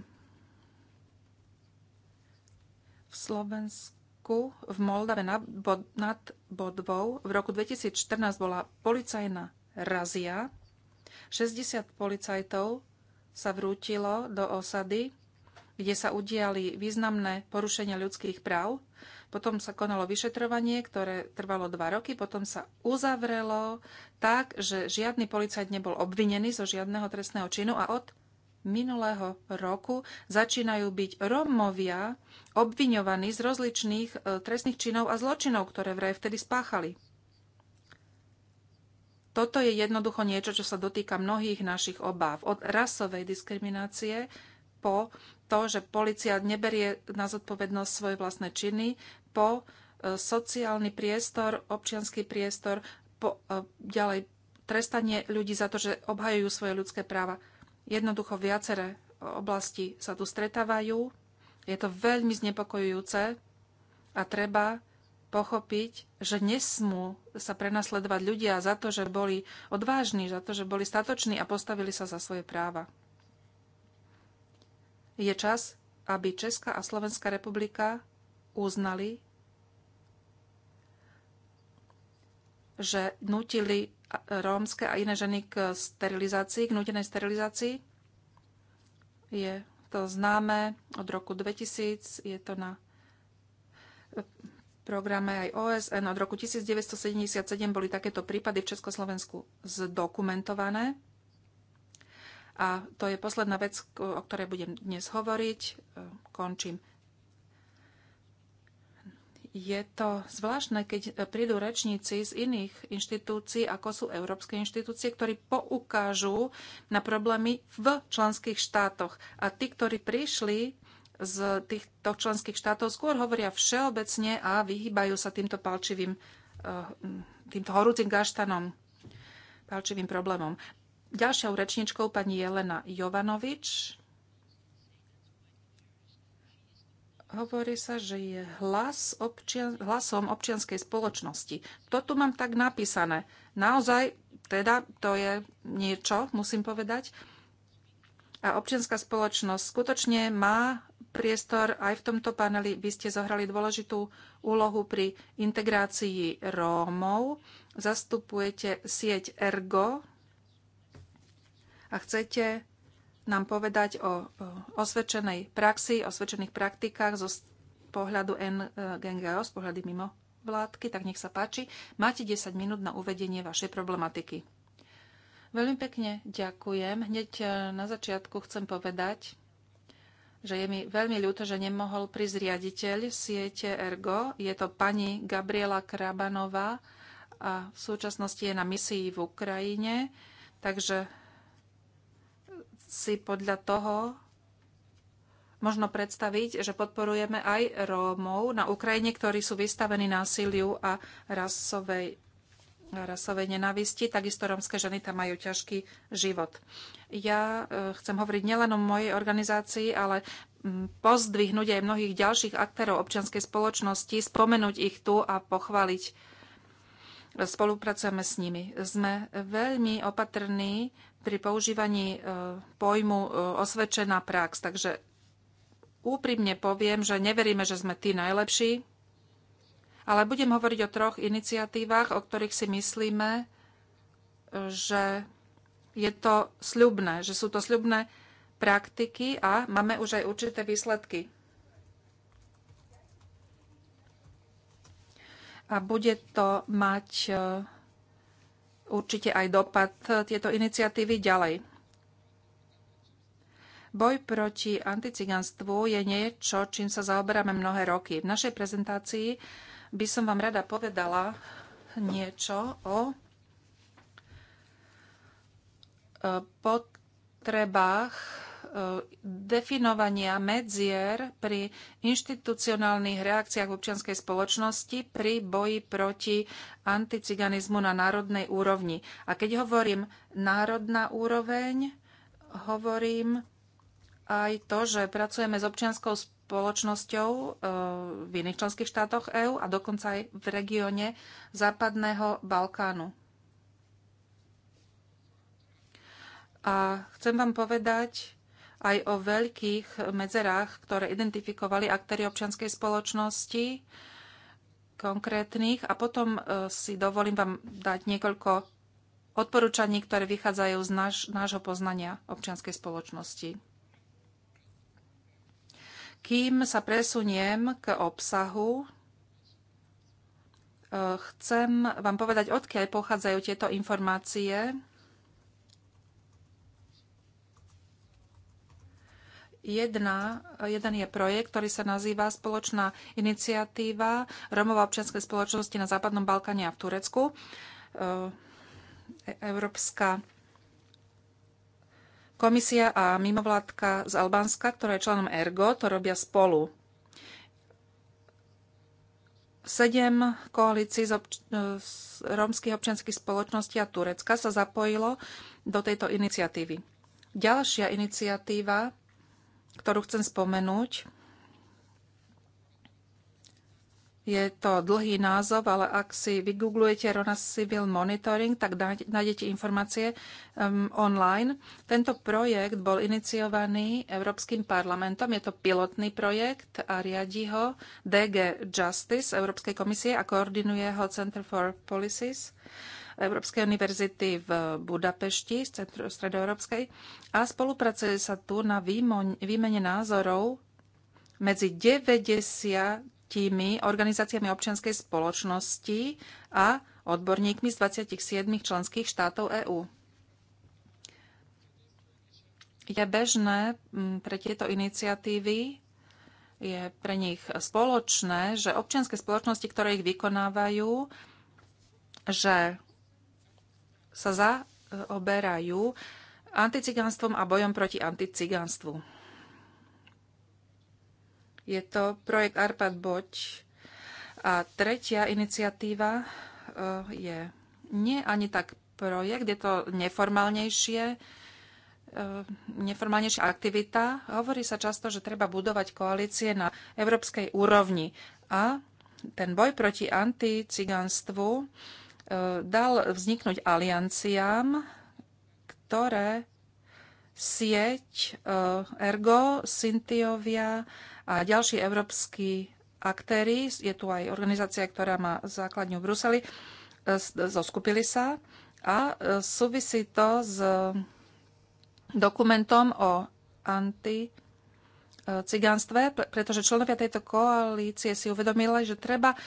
v Slovensku, v Moldave nad, nad Bodvou v roku 2014 bola policajná razia. 60 policajtov sa vrútilo do osady, kde sa udiali významné porušenia ľudských práv. Potom sa konalo vyšetrovanie, ktoré trvalo dva roky, potom sa uzavrelo tak, že žiadny policajt nebol obvinený zo žiadneho trestného činu a od minulého roku začínajú byť romovia obviňovaní z rozličných e, trestných činov a zločinov, ktoré vraj vtedy spáchali. Toto je jednoducho niečo, čo sa dotýka mnohých našich obáv. Od rasovej diskriminácie po to, že policia neberie na zodpovednosť svoje vlastné činy, po e, sociálny priestor, občianský priestor, po, e, ďalej trestanie ľudí za to, že obhajujú svoje ľudské práva. Jednoducho viaceré oblasti sa tu stretávajú. Je to veľmi znepokojujúce a treba pochopiť, že nesmú sa prenasledovať ľudia za to, že boli odvážni, za to, že boli statoční a postavili sa za svoje práva. Je čas, aby Česká a Slovenská republika uznali, že nutili rómske a iné ženy k sterilizácii, k nutenej sterilizácii. Je to známe od roku 2000, je to na programe aj OSN. Od roku 1977 boli takéto prípady v Československu zdokumentované. A to je posledná vec, o ktorej budem dnes hovoriť. Končím je to zvláštne, keď e, prídu rečníci z iných inštitúcií, ako sú európske inštitúcie, ktorí poukážu na problémy v členských štátoch. A tí, ktorí prišli z týchto členských štátov, skôr hovoria všeobecne a vyhýbajú sa týmto palčivým, e, týmto horúcim gaštanom, palčivým problémom. Ďalšou rečničkou pani Jelena Jovanovič. Hovorí sa, že je hlas občian, hlasom občianskej spoločnosti. To tu mám tak napísané. Naozaj, teda to je niečo, musím povedať. A občianská spoločnosť skutočne má priestor aj v tomto paneli. Vy ste zohrali dôležitú úlohu pri integrácii Rómov. Zastupujete sieť Ergo a chcete nám povedať o osvedčenej praxi, osvedčených praktikách zo pohľadu NGO, e, z pohľady mimo vládky, tak nech sa páči. Máte 10 minút na uvedenie vašej problematiky. Veľmi pekne ďakujem. Hneď e, na začiatku chcem povedať, že je mi veľmi ľúto, že nemohol prísť riaditeľ siete Ergo. Je to pani Gabriela Krabanová a v súčasnosti je na misii v Ukrajine. Takže si podľa toho možno predstaviť, že podporujeme aj Rómov na Ukrajine, ktorí sú vystavení násiliu a rasovej, rasovej nenávisti. Takisto rómske ženy tam majú ťažký život. Ja e, chcem hovoriť nielen o mojej organizácii, ale pozdvihnúť aj mnohých ďalších aktérov občianskej spoločnosti, spomenúť ich tu a pochváliť spolupracujeme s nimi. Sme veľmi opatrní pri používaní e, pojmu e, osvedčená prax. Takže úprimne poviem, že neveríme, že sme tí najlepší, ale budem hovoriť o troch iniciatívach, o ktorých si myslíme, e, že je to sľubné, že sú to sľubné praktiky a máme už aj určité výsledky. A bude to mať určite aj dopad tieto iniciatívy ďalej. Boj proti anticiganstvu je niečo, čím sa zaoberáme mnohé roky. V našej prezentácii by som vám rada povedala niečo o e, potrebách definovania medzier pri inštitucionálnych reakciách občianskej spoločnosti pri boji proti anticiganizmu na národnej úrovni. A keď hovorím národná úroveň, hovorím aj to, že pracujeme s občianskou spoločnosťou e, v iných členských štátoch EÚ a dokonca aj v regióne Západného Balkánu. A chcem vám povedať, aj o veľkých medzerách, ktoré identifikovali aktéry občianskej spoločnosti konkrétnych a potom e, si dovolím vám dať niekoľko odporúčaní, ktoré vychádzajú z náš, nášho poznania občianskej spoločnosti. Kým sa presuniem k obsahu, e, chcem vám povedať, odkiaľ pochádzajú tieto informácie Jedna, jeden je projekt, ktorý sa nazýva Spoločná iniciatíva Romova občianskej spoločnosti na Západnom Balkáne a v Turecku. E, Európska komisia a mimovládka z Albánska, ktorá je členom ERGO, to robia spolu. Sedem koalícií z, obč- e, z rómskych občianských spoločností a Turecka sa zapojilo do tejto iniciatívy. Ďalšia iniciatíva ktorú chcem spomenúť. Je to dlhý názov, ale ak si vygooglujete Rona Civil Monitoring, tak nájdete informácie um, online. Tento projekt bol iniciovaný Európskym parlamentom. Je to pilotný projekt a riadi ho DG Justice Európskej komisie a koordinuje ho Center for Policies. Uh, Európskej univerzity v Budapešti, z Centru Stredoeurópskej, a spolupracuje sa tu na výmene názorov medzi 90 organizáciami občianskej spoločnosti a odborníkmi z 27 členských štátov EÚ. Je bežné pre tieto iniciatívy je pre nich spoločné, že občianske spoločnosti, ktoré ich vykonávajú, že sa zaoberajú anticigánstvom a bojom proti anticigánstvu. Je to projekt Arpad Boď. A tretia iniciatíva e, je nie ani tak projekt, je to neformálnejšie, e, neformálnejšia aktivita. Hovorí sa často, že treba budovať koalície na európskej úrovni. A ten boj proti anticigánstvu E, dal vzniknúť alianciám, ktoré sieť e, Ergo, Sintiovia a ďalší európsky aktéry, je tu aj organizácia, ktorá má základňu v Bruseli, e, zoskupili sa a súvisí to s dokumentom o anti Eh, cigánstve, pretože členovia tejto koalície si uvedomili, že treba eh,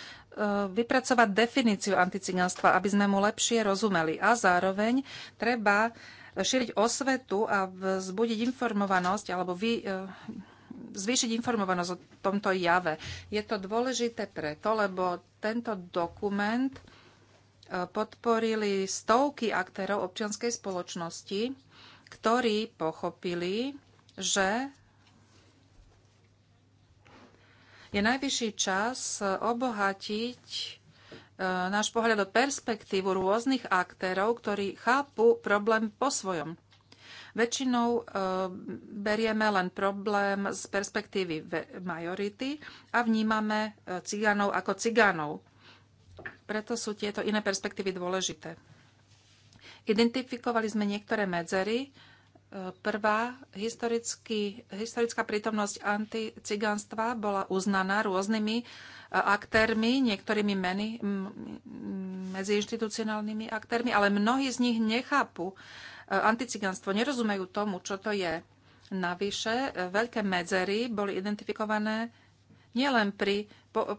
vypracovať definíciu anticigánstva, aby sme mu lepšie rozumeli. A zároveň treba šíriť osvetu a vzbudiť informovanosť alebo vy, eh, zvýšiť informovanosť o tomto jave. Je to dôležité preto, lebo tento dokument podporili stovky aktérov občianskej spoločnosti, ktorí pochopili, že je najvyšší čas eh, obohatiť eh, náš pohľad o perspektívu rôznych aktérov, ktorí chápu problém po svojom. Väčšinou eh, berieme len problém z perspektívy majority a vnímame cigánov ako cigánov. Preto sú tieto iné perspektívy dôležité. Identifikovali sme niektoré medzery, Prvá historická prítomnosť anticiganstva bola uznaná rôznymi e, aktérmi, niektorými meny, medziinstitucionálnymi aktérmi, ale mnohí z nich nechápu e, anticiganstvo, nerozumejú tomu, čo to je. Navyše, e, veľké medzery boli identifikované nielen pri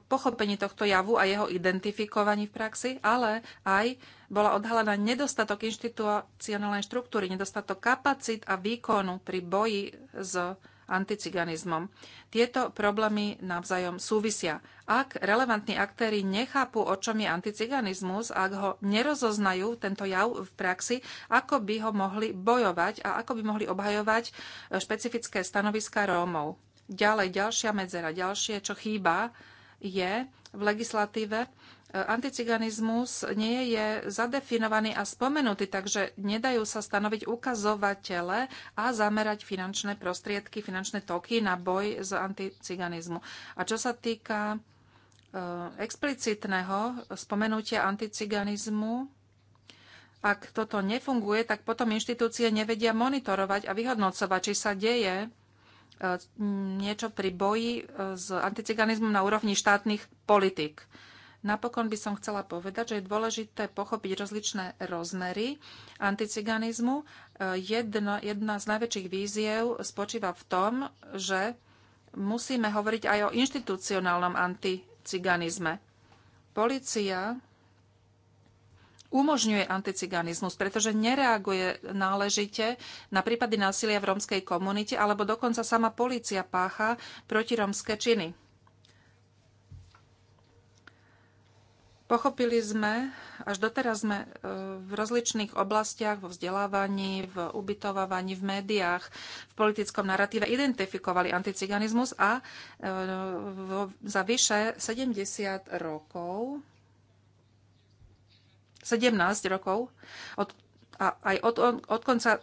pochopení tohto javu a jeho identifikovaní v praxi, ale aj bola odhalená nedostatok inštitucionálnej štruktúry, nedostatok kapacít a výkonu pri boji s anticiganizmom. Tieto problémy navzájom súvisia. Ak relevantní aktéry nechápu, o čom je anticiganizmus, ak ho nerozoznajú, tento jav v praxi, ako by ho mohli bojovať a ako by mohli obhajovať eh, špecifické stanoviska Rómov. Ďalej, ďalšia medzera, ďalšie, čo chýba, je v legislatíve. E, anticiganizmus nie je zadefinovaný a spomenutý, takže nedajú sa stanoviť ukazovatele a zamerať finančné prostriedky, finančné toky na boj z anticiganizmu. A čo sa týka e, explicitného spomenutia anticiganizmu, ak toto nefunguje, tak potom inštitúcie nevedia monitorovať a vyhodnocovať, či sa deje E, niečo pri boji e, s anticiganizmom na úrovni štátnych politik. Napokon by som chcela povedať, že je dôležité pochopiť rozličné rozmery anticiganizmu. E, jedna, jedna z najväčších víziev spočíva v tom, že musíme hovoriť aj o inštitucionálnom anticiganizme. Polícia umožňuje anticiganizmus, pretože nereaguje náležite na prípady násilia v rómskej komunite alebo dokonca sama polícia pácha protiromské činy. Pochopili sme, až doteraz sme e, v rozličných oblastiach, vo vzdelávaní, v ubytovávaní, v médiách, v politickom narratíve identifikovali anticiganizmus a e, za vyše 70 rokov 17 rokov od, a aj od, od konca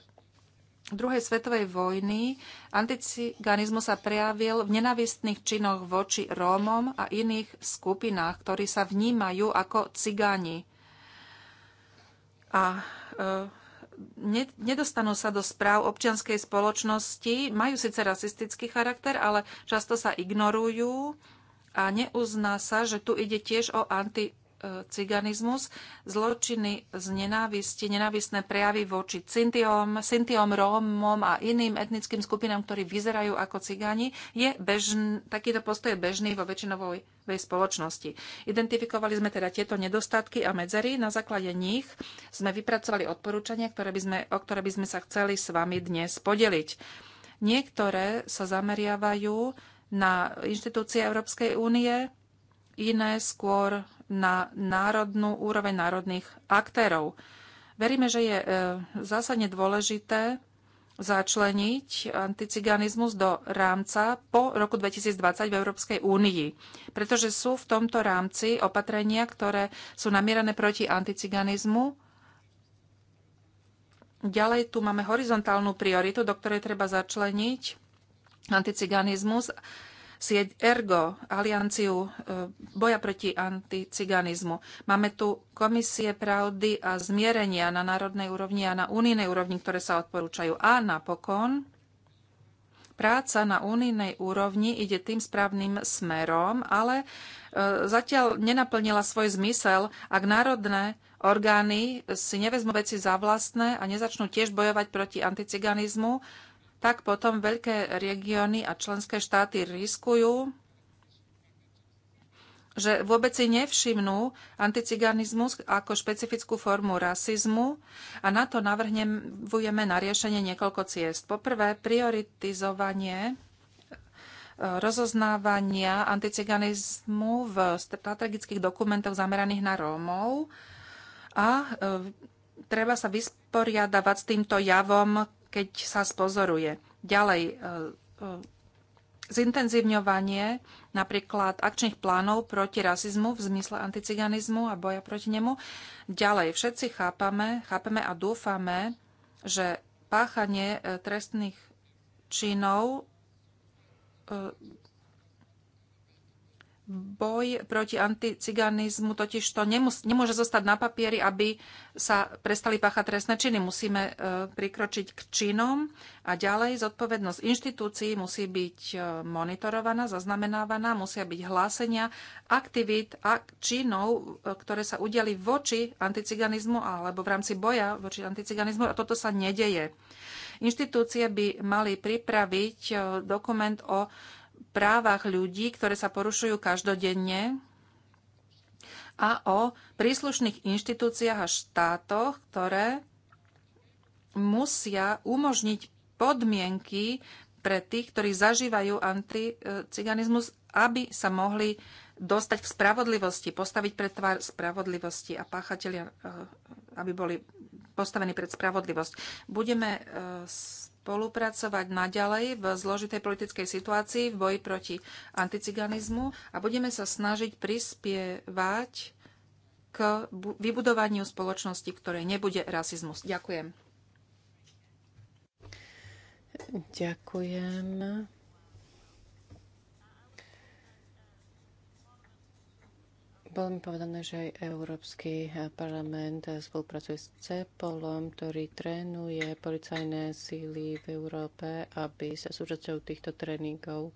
druhej svetovej vojny anticiganizmus sa prejavil v nenavistných činoch voči Rómom a iných skupinách, ktorí sa vnímajú ako cigáni. A e, nedostanú sa do správ občianskej spoločnosti, majú síce rasistický charakter, ale často sa ignorujú a neuzná sa, že tu ide tiež o anti ciganizmus, zločiny z nenávisti, nenávisné prejavy voči Sintiom, cintiom, Rómom a iným etnickým skupinám, ktorí vyzerajú ako cigáni, je bežn, takýto postoj je bežný vo väčšinovej spoločnosti. Identifikovali sme teda tieto nedostatky a medzery. Na základe nich sme vypracovali odporúčania, ktoré by sme, o ktoré by sme sa chceli s vami dnes podeliť. Niektoré sa zameriavajú na inštitúcie Európskej únie, iné skôr na národnú úroveň národných aktérov. Veríme, že je e, zásadne dôležité začleniť anticiganizmus do rámca po roku 2020 v Európskej únii, pretože sú v tomto rámci opatrenia, ktoré sú namierané proti anticiganizmu. Ďalej tu máme horizontálnu prioritu, do ktorej treba začleniť anticiganizmus sieť Ergo, alianciu e, boja proti anticiganizmu. Máme tu komisie pravdy a zmierenia na národnej úrovni a na unijnej úrovni, ktoré sa odporúčajú. A napokon práca na unijnej úrovni ide tým správnym smerom, ale e, zatiaľ nenaplnila svoj zmysel, ak národné orgány si nevezmú veci za vlastné a nezačnú tiež bojovať proti anticiganizmu, tak potom veľké regióny a členské štáty riskujú, že vôbec si nevšimnú anticiganizmus ako špecifickú formu rasizmu a na to navrhnevujeme na riešenie niekoľko ciest. Poprvé, prioritizovanie e, rozoznávania anticiganizmu v strategických dokumentoch zameraných na Rómov a e, treba sa vysporiadavať s týmto javom keď sa spozoruje. Ďalej, e, e, zintenzívňovanie napríklad akčných plánov proti rasizmu v zmysle anticiganizmu a boja proti nemu. Ďalej, všetci chápame, chápeme a dúfame, že páchanie e, trestných činov Boj proti anticiganizmu totiž to nemus- nemôže zostať na papieri, aby sa prestali páchať trestné činy. Musíme e, prikročiť k činom a ďalej zodpovednosť inštitúcií musí byť e, monitorovaná, zaznamenávaná, musia byť hlásenia aktivít a činov, e, ktoré sa udeli voči anticiganizmu alebo v rámci boja voči anticiganizmu a toto sa nedeje. Inštitúcie by mali pripraviť e, dokument o právach ľudí, ktoré sa porušujú každodenne a o príslušných inštitúciách a štátoch, ktoré musia umožniť podmienky pre tých, ktorí zažívajú anticiganizmus, aby sa mohli dostať k spravodlivosti, postaviť pred tvár spravodlivosti a páchatelia, eh, aby boli postavení pred spravodlivosť. Budeme eh, spolupracovať naďalej v zložitej politickej situácii v boji proti anticiganizmu a budeme sa snažiť prispievať k vybudovaniu spoločnosti, ktorej nebude rasizmus. Ďakujem. Ďakujem. Bolo mi povedané, že aj Európsky parlament spolupracuje s CEPOLom, ktorý trénuje policajné síly v Európe, aby sa súčasťou týchto tréningov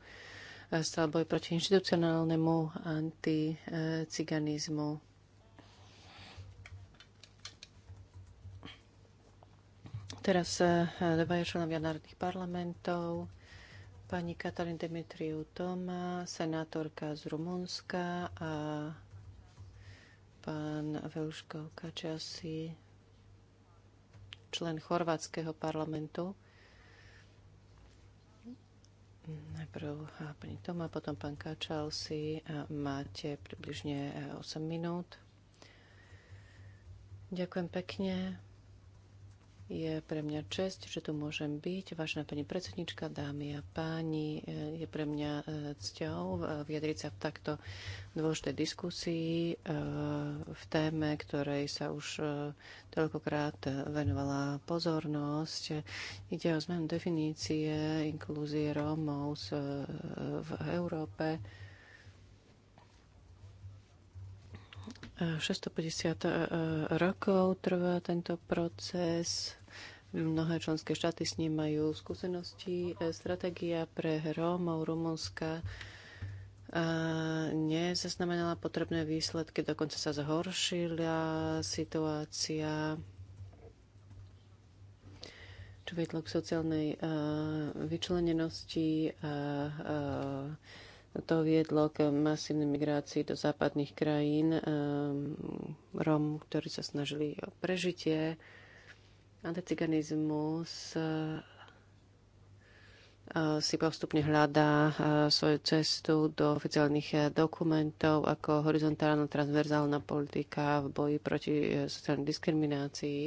stal boj proti inštitucionálnemu anticiganizmu. Teraz eh, dvaja členovia národných parlamentov, pani Katarín Dimitriu Toma, senátorka z Rumunska a Pán Veluško Kačasi, člen chorvátskeho parlamentu. Najprv pani Toma, potom pán Kačalsi. si. Máte približne 8 e, minút. Ďakujem pekne. Je pre mňa čest, že tu môžem byť. Vážená pani predsednička, dámy a páni, je pre mňa e, cťou e, vyjadriť sa v takto dôležitej diskusii e, v téme, ktorej sa už toľkokrát venovala pozornosť. Ide o zmenu definície inklúzie Rómov v Európe 650 e, e, rokov trvá tento proces. Mnohé členské štáty s ním majú skúsenosti. E, stratégia pre Rómov Rumunska nezaznamenala potrebné výsledky, dokonca sa zhoršila situácia čo vedlo k sociálnej vyčlenenosti a to viedlo k masívnej migrácii do západných krajín ehm, Rom, ktorí sa snažili o prežitie. Anticiganizmus ehm, ehm, si postupne hľadá svoju cestu do oficiálnych dokumentov ako horizontálna transverzálna politika v boji proti sociálnej diskriminácii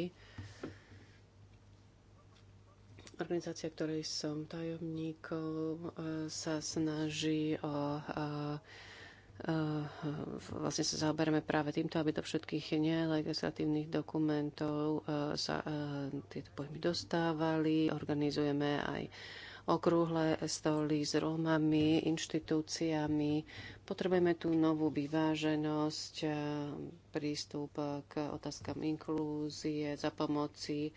Organizácia, ktorej som tajomníkom, e, sa snaží o vlastne sa zaoberáme práve týmto, aby do všetkých nelegislatívnych dokumentov e, sa e, tieto pojmy dostávali. Organizujeme aj okrúhle stoly s Rómami, inštitúciami. Potrebujeme tú novú vyváženosť, prístup k otázkam inklúzie za pomoci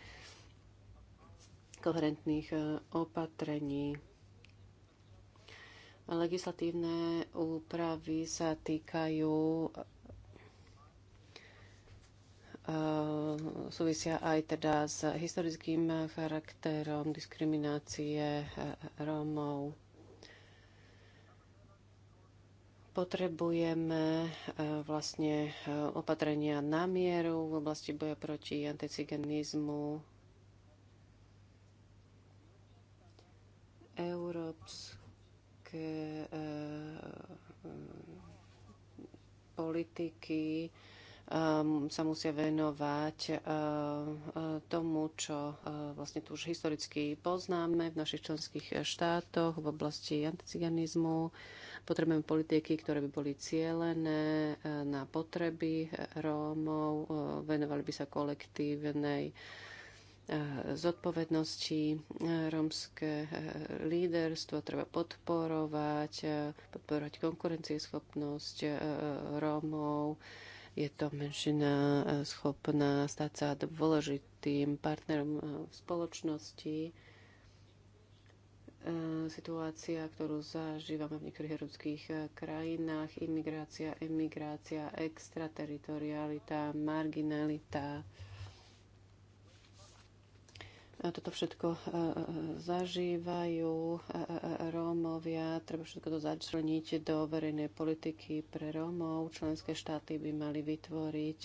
koherentných e, opatrení. Legislatívne úpravy sa týkajú e, súvisia aj teda s historickým charakterom diskriminácie e, Rómov. Potrebujeme vlastne opatrenia na mieru v oblasti boja proti anticiganizmu, európske e, e politiky e, sa musia venovať e, tomu, čo vlastne tu už historicky poznáme v našich členských štátoch v oblasti anticiganizmu. Potrebujeme politiky, ktoré by boli cielené na potreby Rómov, venovali by sa kolektívnej zodpovednosti. Eh, rómske eh, líderstvo treba podporovať, eh, podporovať konkurencieschopnosť Rómov. Je to menšina schopná stať sa dôležitým partnerom v spoločnosti. Situácia, ktorú zažívame v niektorých európskych krajinách, imigrácia, emigrácia, extrateritorialita, marginalita, toto všetko e, e, zažívajú e, Rómovia, treba všetko to začleniť do verejnej politiky pre Rómov. Členské štáty by mali vytvoriť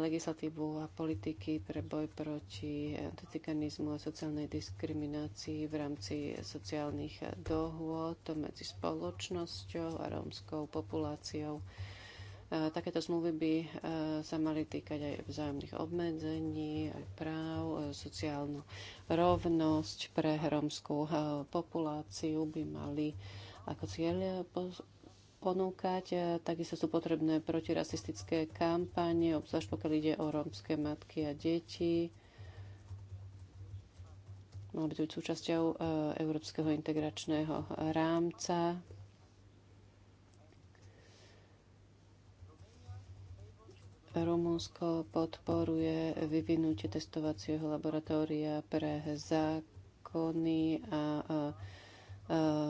legislatívu a politiky pre boj proti anticiganizmu a sociálnej diskriminácii v rámci sociálnych dohôd medzi spoločnosťou a rómskou populáciou. Eh, takéto zmluvy by eh, sa mali týkať aj vzájomných obmedzení, aj práv, eh, sociálnu rovnosť pre romskú populáciu by mali ako cieľ ponúkať. Takisto sú potrebné protirasistické kampanie, obzvlášť pokiaľ ide o romské matky a deti. Mali by to byť súčasťou európskeho integračného rámca Rumunsko podporuje vyvinutie testovacieho laboratória pre zákony a,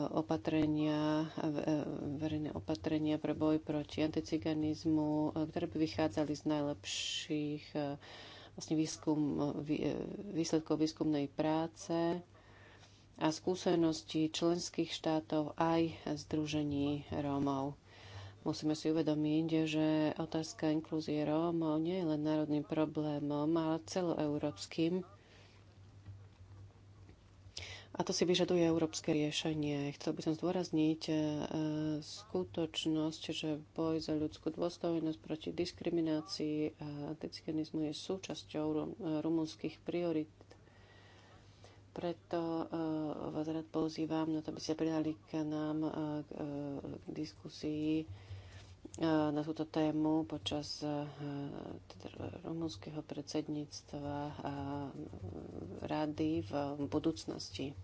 opatrenia, e, verejné opatrenia pre boj proti anticiganizmu, ktoré by vychádzali z najlepších e, vlastne výskum, e, výsledkov výskumnej práce a skúseností členských štátov aj Združení Rómov. Musíme si uvedomiť, že otázka inklúzie Rómov nie je len národným problémom, ale celoeurópskym. A to si vyžaduje európske riešenie. Chcel by som zdôrazniť e, skutočnosť, že boj za ľudskú dôstojnosť proti diskriminácii a anticiganizmu je súčasťou e, rumunských priorit. Preto e, vás rád pozývam na to, aby ste pridali k nám k diskusii E, na túto tému počas e, teda rumúnskeho predsedníctva a e, rady v budúcnosti.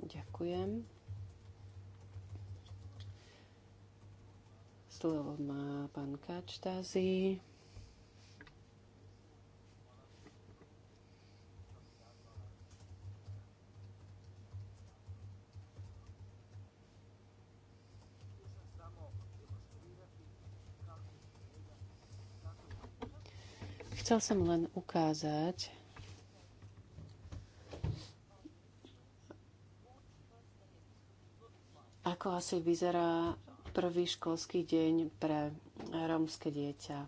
Ďakujem. Slovo má pán Kačtazi. Chcel som len ukázať, ako asi vyzerá prvý školský deň pre rómske dieťa.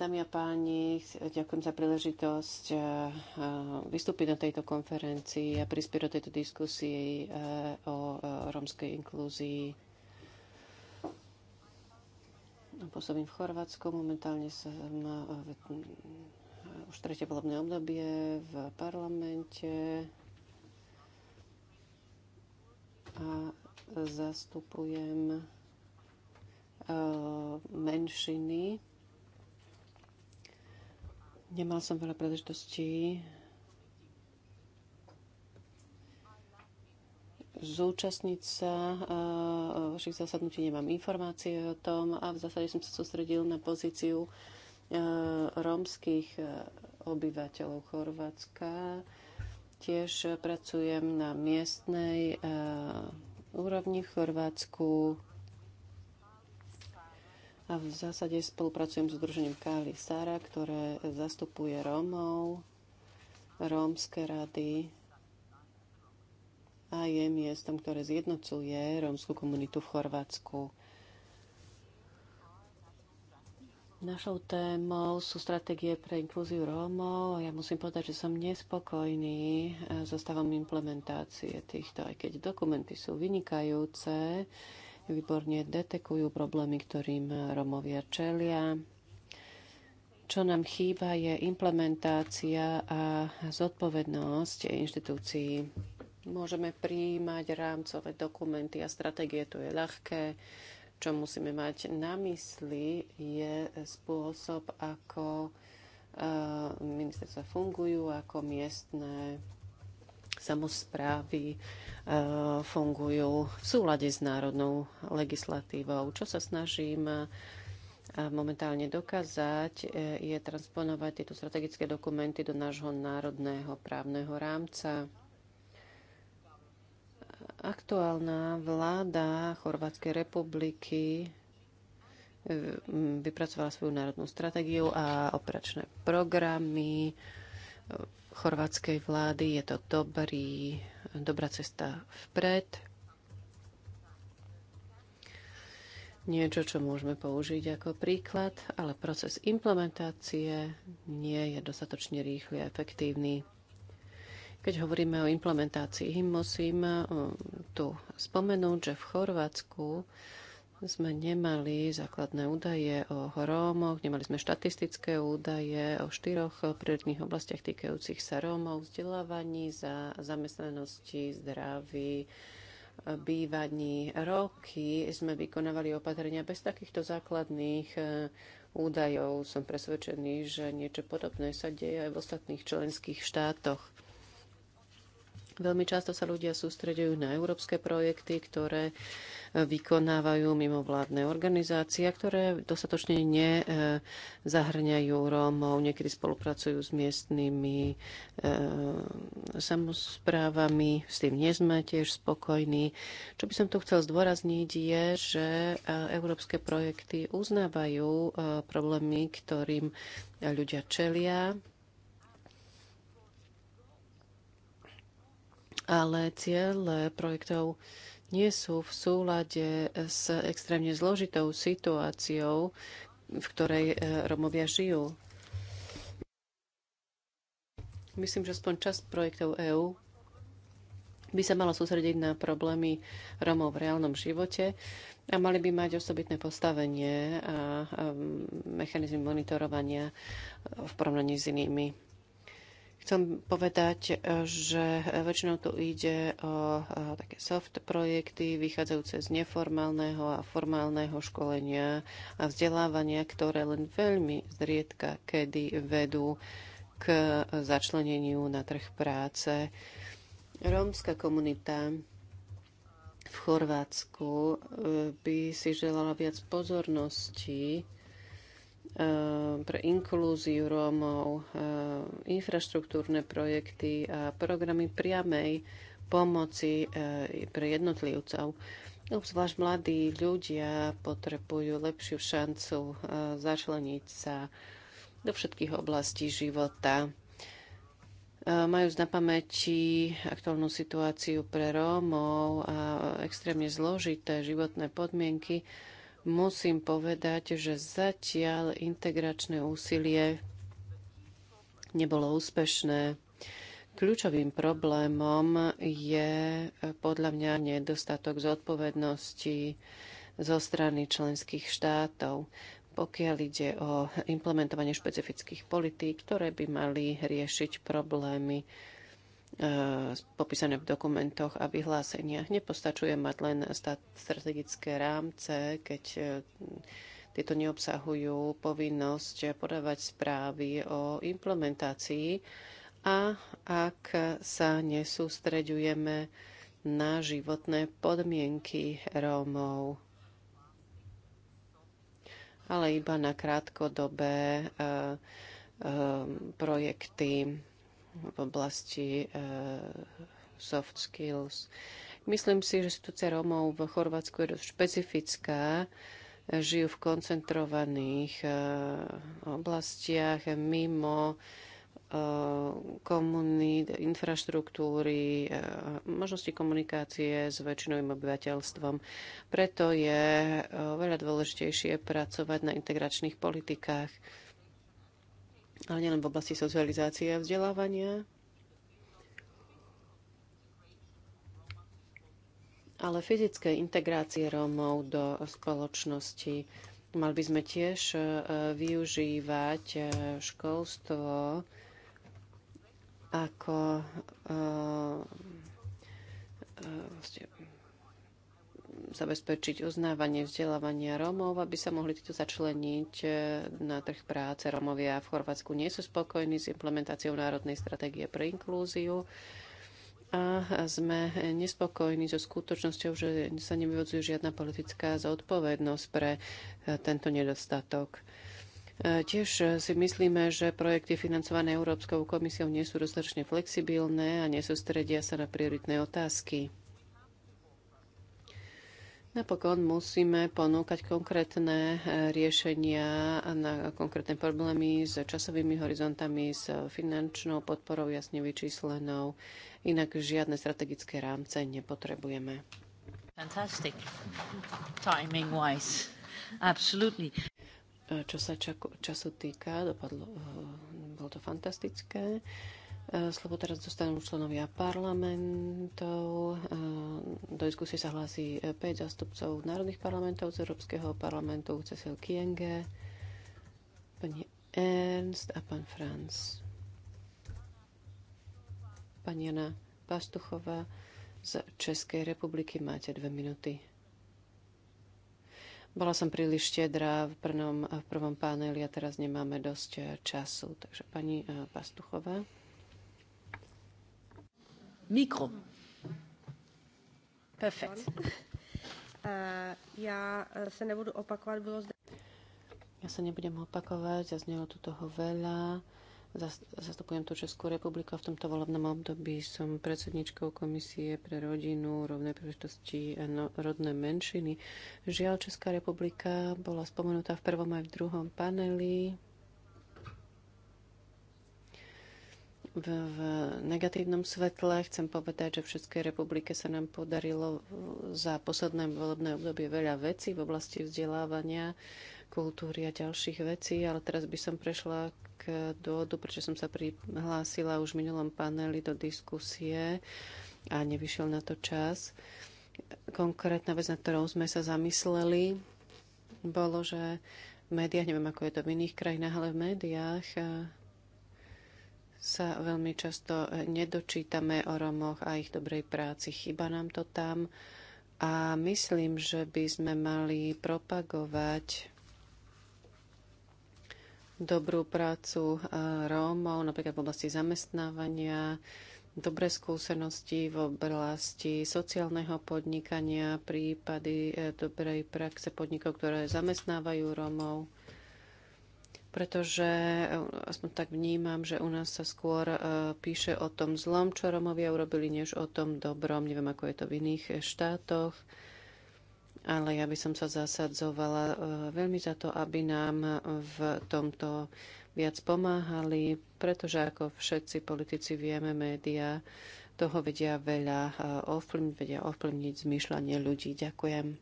Dámy a páni, ďakujem za príležitosť eh, vystúpiť na tejto konferencii a prispieť do tejto diskusii eh, o eh, rómskej inklúzii Pôsobím v Chorvátsku, momentálne som e, e, už tretie volebné obdobie v parlamente a zastupujem e, menšiny. Nemal som veľa príležitostí zúčastniť sa eh, vašich zasadnutí, nemám informácie o tom a v zásade som sa sústredil na pozíciu eh, rómskych eh, obyvateľov Chorvátska. Tiež pracujem na miestnej úrovni v Chorvátsku a v zásade spolupracujem s udružením Káli Sara, ktoré zastupuje Rómov, rómske rady a je miestom, ktoré zjednocuje rómsku komunitu v Chorvátsku. Našou témou sú stratégie pre inkluziu Rómov a ja musím povedať, že som nespokojný e, so stavom implementácie týchto, aj keď dokumenty sú vynikajúce, výborne detekujú problémy, ktorým Rómovia čelia. Čo nám chýba je implementácia a zodpovednosť inštitúcií Môžeme prijímať rámcové dokumenty a stratégie, to je ľahké. Čo musíme mať na mysli je spôsob, ako eh, ministerstva fungujú, ako miestne samozprávy eh, fungujú v súlade s národnou legislatívou. Čo sa snažím eh, momentálne dokázať, je transponovať tieto strategické dokumenty do nášho národného právneho rámca. Aktuálna vláda Chorvátskej republiky e, vypracovala svoju národnú stratégiu a operačné programy e, chorvátskej vlády. Je to dobrý, dobrá cesta vpred. Niečo, čo môžeme použiť ako príklad, ale proces implementácie nie je dostatočne rýchly a efektívny. Keď hovoríme o implementácii, musím eh, tu spomenúť, že v Chorvátsku sme nemali základné údaje o Rómoch, nemali sme štatistické údaje o štyroch prírodných oblastiach týkajúcich sa Rómov, vzdelávaní, za zamestnanosti, zdraví, bývaní. Roky sme vykonávali opatrenia bez takýchto základných eh, údajov. Som presvedčený, že niečo podobné sa deje aj v ostatných členských štátoch. Veľmi často sa ľudia sústredujú na európske projekty, ktoré e, vykonávajú mimovládne organizácie, ktoré dostatočne nezahrňajú Rómov, niekedy spolupracujú s miestnymi e, samozprávami, s tým nie sme tiež spokojní. Čo by som tu chcel zdôrazniť je, že e, európske projekty uznávajú e, problémy, ktorým ľudia čelia ale ciele projektov nie sú v súlade s extrémne zložitou situáciou, v ktorej e, Romovia žijú. Myslím, že aspoň časť projektov EÚ by sa mala sústrediť na problémy Romov v reálnom živote a mali by mať osobitné postavenie a mechanizmy monitorovania v porovnaní s inými Chcem povedať, e, že e, väčšinou tu ide o e, také soft projekty, vychádzajúce z neformálneho a formálneho školenia a vzdelávania, ktoré len veľmi zriedka kedy vedú k začleneniu na trh práce. Rómska komunita v Chorvátsku by si želala viac pozornosti Eh, pre inklúziu Rómov, eh, infraštruktúrne projekty a programy priamej pomoci eh, pre jednotlivcov. Obzvlášť no, mladí ľudia potrebujú lepšiu šancu začleniť sa do všetkých oblastí života. Majú na pamäti aktuálnu situáciu pre Rómov a extrémne zložité životné podmienky, musím povedať, že zatiaľ integračné úsilie nebolo úspešné. Kľúčovým problémom je podľa mňa nedostatok zodpovednosti zo strany členských štátov, pokiaľ ide o implementovanie špecifických politík, ktoré by mali riešiť problémy popísané v dokumentoch a vyhláseniach. Nepostačuje mať len strategické rámce, keď e, tieto neobsahujú povinnosť podávať správy o implementácii a ak sa nesústreďujeme na životné podmienky Rómov, ale iba na krátkodobé e, e, projekty v oblasti e, soft skills. Myslím si, že situácia Rómov v Chorvátsku je dosť špecifická. Žijú v koncentrovaných e, oblastiach mimo e, komunít, infraštruktúry, možnosti komunikácie s väčšinovým obyvateľstvom. Preto je veľa dôležitejšie pracovať na integračných politikách ale nielen v oblasti socializácie a vzdelávania, ale fyzické integrácie Rómov do spoločnosti. Mal by sme tiež e, využívať e, školstvo ako e, vlastne zabezpečiť uznávanie vzdelávania Rómov, aby sa mohli títo začleniť e, na trh práce. Rómovia v Chorvátsku nie sú spokojní s implementáciou Národnej stratégie pre inklúziu a sme nespokojní so skutočnosťou, že sa nevyvodzuje žiadna politická zodpovednosť pre e, tento nedostatok. E, tiež si myslíme, že projekty financované Európskou komisiou nie sú dostatočne flexibilné a nesústredia sa na prioritné otázky. Napokon musíme ponúkať konkrétne eh, riešenia na konkrétne problémy s časovými horizontami, s finančnou podporou jasne vyčíslenou. Inak žiadne strategické rámce nepotrebujeme. Fantastic. Timing wise. Absolutely. Čo sa času týka, dopadlo, eh, bolo to fantastické. E, slovo teraz dostanú členovia parlamentov. E, do diskusie sa hlási 5 e, zástupcov národných parlamentov z Európskeho parlamentu Cecil Kienge, pani Ernst a pán Franz. Pani Jana Pastuchová z Českej republiky máte dve minúty. Bola som príliš štedrá v prvom, v prvom paneli a teraz nemáme dosť času. Takže pani Pastuchová. Mikro. Perfekt. Eh, ja eh, sa nebudu opakovať, bolo zde... Ja sa nebudem opakovať, zaznelo tu toho veľa. Zastupujem tu Českú republiku a v tomto volebnom období som predsedničkou Komisie pre rodinu, rovné príležitosti a no, rodné menšiny. Žiaľ, Česká republika bola spomenutá v prvom aj v druhom paneli v, negatívnom svetle. Chcem povedať, že v Českej republike sa nám podarilo za posledné volebné obdobie veľa vecí v oblasti vzdelávania, kultúry a ďalších vecí, ale teraz by som prešla k dôvodu, prečo som sa prihlásila už v minulom paneli do diskusie a nevyšiel na to čas. Konkrétna vec, na ktorou sme sa zamysleli, bolo, že v médiách, neviem ako je to v iných krajinách, ale v médiách sa veľmi často nedočítame o Romoch a ich dobrej práci. Chyba nám to tam. A myslím, že by sme mali propagovať dobrú prácu eh, Rómov, napríklad v oblasti zamestnávania, dobré skúsenosti v oblasti sociálneho podnikania, prípady eh, dobrej praxe podnikov, ktoré zamestnávajú Rómov pretože e, aspoň tak vnímam, že u nás sa skôr e, píše o tom zlom, čo Romovia urobili, než o tom dobrom. Neviem, ako je to v iných e, štátoch, ale ja by som sa zasadzovala veľmi za to, aby nám v tomto viac pomáhali, pretože ako všetci politici vieme, médiá toho vedia veľa ovplyvniť, vedia ovplyvniť zmýšľanie ľudí. Ďakujem.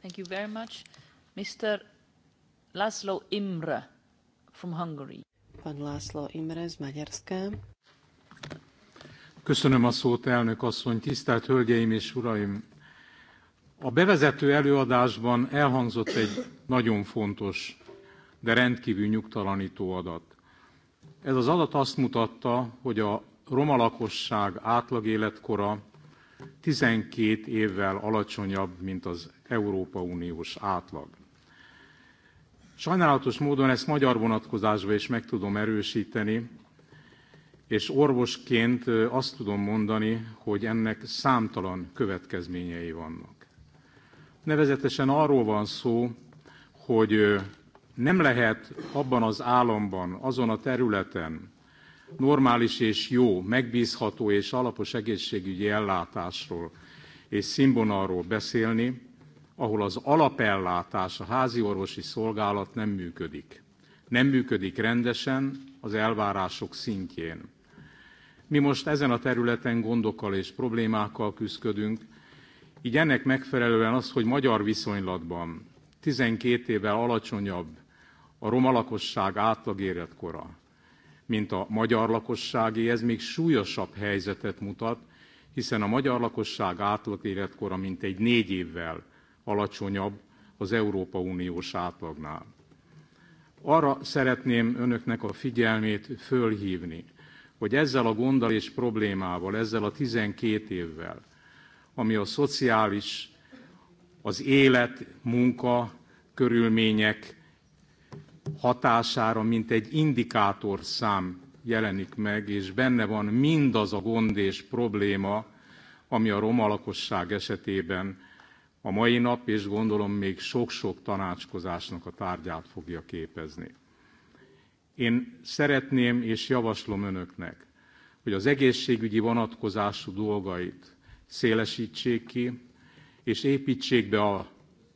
Thank you very much. Mr. Imre from Hungary. Pán László Imre z Maďarska. Köszönöm a szót, elnök asszony, tisztelt hölgyeim és uraim! A bevezető előadásban elhangzott egy nagyon fontos, de rendkívül nyugtalanító adat. Ez az adat azt mutatta, hogy a roma lakosság átlag életkora 12 évvel alacsonyabb, mint az Európa Uniós átlag. Sajnálatos módon ezt magyar vonatkozásban is meg tudom erősíteni, és orvosként azt tudom mondani, hogy ennek számtalan következményei vannak. Nevezetesen arról van szó, hogy nem lehet abban az államban, azon a területen normális és jó, megbízható és alapos egészségügyi ellátásról és színvonalról beszélni, ahol az alapellátás, a házi orvosi szolgálat nem működik. Nem működik rendesen az elvárások szintjén. Mi most ezen a területen gondokkal és problémákkal küzdködünk, így ennek megfelelően az, hogy magyar viszonylatban 12 évvel alacsonyabb a roma lakosság átlagéretkora, mint a magyar lakosságé, ez még súlyosabb helyzetet mutat, hiszen a magyar lakosság átlagéretkora mintegy négy évvel alacsonyabb az Európa Uniós átlagnál. Arra szeretném önöknek a figyelmét fölhívni, hogy ezzel a gonddal és problémával, ezzel a 12 évvel, ami a szociális, az élet, munka, körülmények hatására, mint egy indikátor szám jelenik meg, és benne van mindaz a gond és probléma, ami a roma lakosság esetében a mai nap, és gondolom még sok-sok tanácskozásnak a tárgyát fogja képezni. Én szeretném és javaslom önöknek, hogy az egészségügyi vonatkozású dolgait szélesítsék ki, és építsék be a